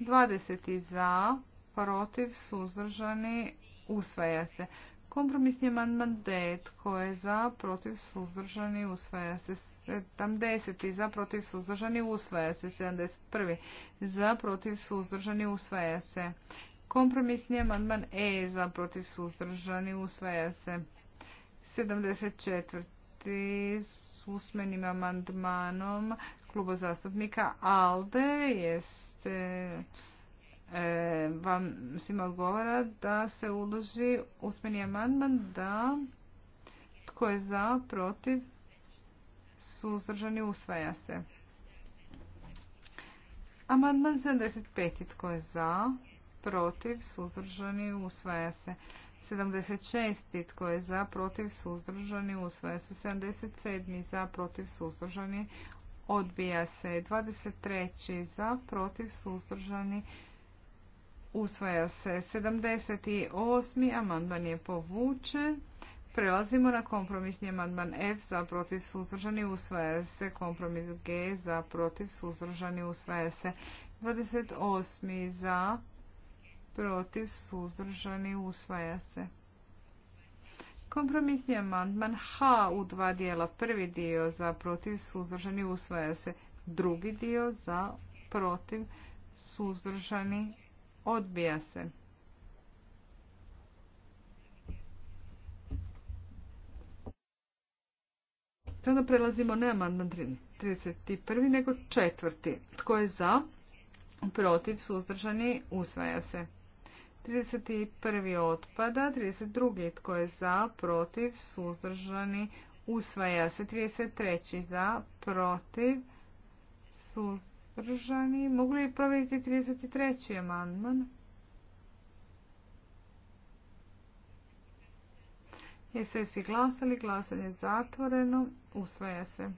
D: 20 za, protiv, suzdržani, usvaja se. Kompromisni amandman D, tko je za, protiv, suzdržani, usvaja se. 70. za protiv suzdržani usvaja se. 71. za protiv suzdržani usvaja se. Kompromisni amandman E za protiv suzdržani usvaja se. 74. s usmenim amandmanom kluba zastupnika ALDE jeste e, vam svima odgovara da se uloži usmeni amandman da tko je za, protiv, suzdržani usvaja se. Amandman 75. Tko je za, protiv, suzdržani usvaja se. 76. Tko je za, protiv, suzdržani, usvaja se. 77. Za, protiv, suzdržani, odbija se 23. za protiv suzdržani usvaja se 78. amandman je povučen Prelazimo na kompromisni amandman F za protiv suzdržani usvaja se kompromis G za protiv suzdržani usvaja se 28. za protiv suzdržani usvaja se Kompromisni amandman H u dva dijela. Prvi dio za protiv suzdržani usvaja se. Drugi dio za protiv suzdržani odbija se. Sada prelazimo ne amandman 31. nego četvrti. Tko je za? Protiv suzdržani usvaja se. 31. otpada, 32. tko je za, protiv, suzdržani, usvaja se. 33. za, protiv, suzdržani. Mogu li provjeriti 33. amandman? Jeste svi glasali? Glasanje je zatvoreno. Usvaja se.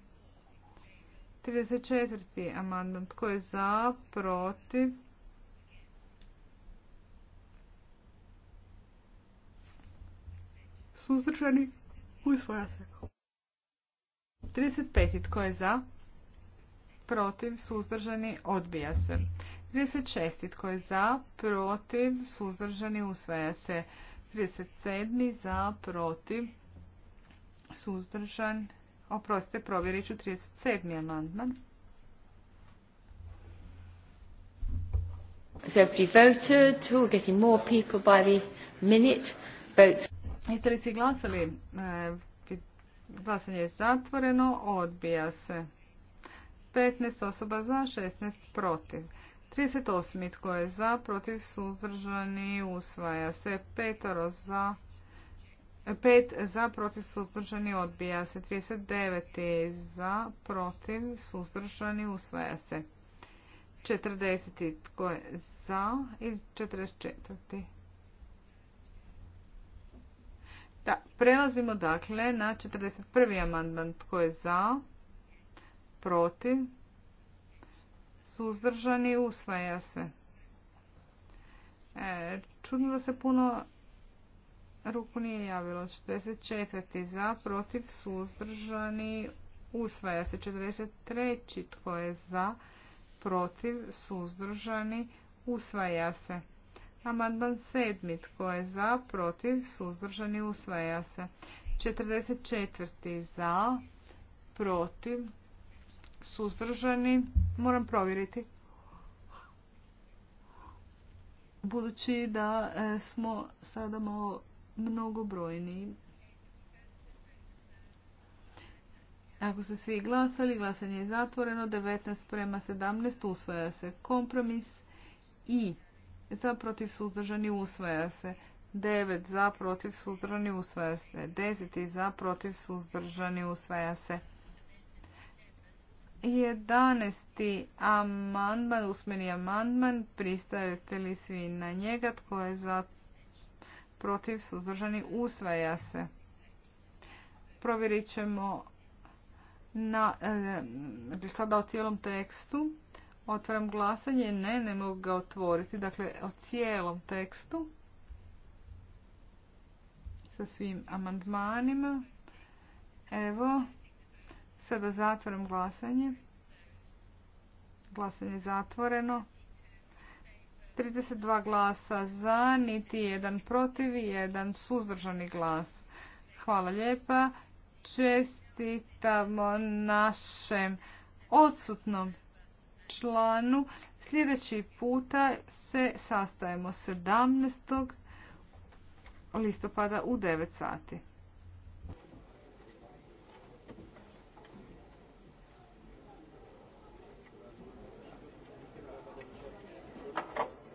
D: 34. amandman. Tko je za, protiv, suzdržani, usvaja se. 35. Tko je za? Protiv, suzdržani, odbija se. 36. Tko je za? Protiv, suzdržani, usvaja se. 37. Za, protiv, suzdržan. Oprostite, provjerit ću 37. amandman.
C: So if you voted, we're getting more people by the minute.
D: Votes Jeste li si glasali? E, glasanje je zatvoreno, odbija se. 15 osoba za, 16 protiv. 38. Tko je za, protiv, suzdržani, usvaja se. Petoro za, 5 e, za, protiv, suzdržani, odbija se. 39. za, protiv, suzdržani, usvaja se. 40. Tko je za i 44. Da, prelazimo dakle na 41. amandman. Tko je za? Protiv? Suzdržani? Usvaja se. E, čudno da se puno ruku nije javilo. 44. za, protiv, suzdržani, usvaja se. 43. tko je za, protiv, suzdržani, usvaja se. Amandman sedmi. Tko je za? Protiv? Suzdržani? Usvaja se. 44. Za? Protiv? Suzdržani? Moram provjeriti. Budući da e, smo sada malo mnogobrojniji. Ako ste svi glasali, glasanje je zatvoreno. 19 prema 17 usvaja se kompromis i za protiv suzdržani usvaja se. 9 za protiv suzdržani usvaja se. 10 za protiv suzdržani usvaja se. 11. amandman, usmeni amandman, pristajete li svi na njega, tko je za protiv suzdržani usvaja se. Provjerit ćemo eh, sada o cijelom tekstu. Otvaram glasanje. Ne, ne mogu ga otvoriti. Dakle, o cijelom tekstu. Sa svim amandmanima. Evo. Sada zatvaram glasanje. Glasanje je zatvoreno. 32 glasa za, niti jedan protiv i jedan suzdržani glas. Hvala lijepa. Čestitamo našem odsutnom članu. Sljedeći puta se sastajemo 17. listopada u 9 sati.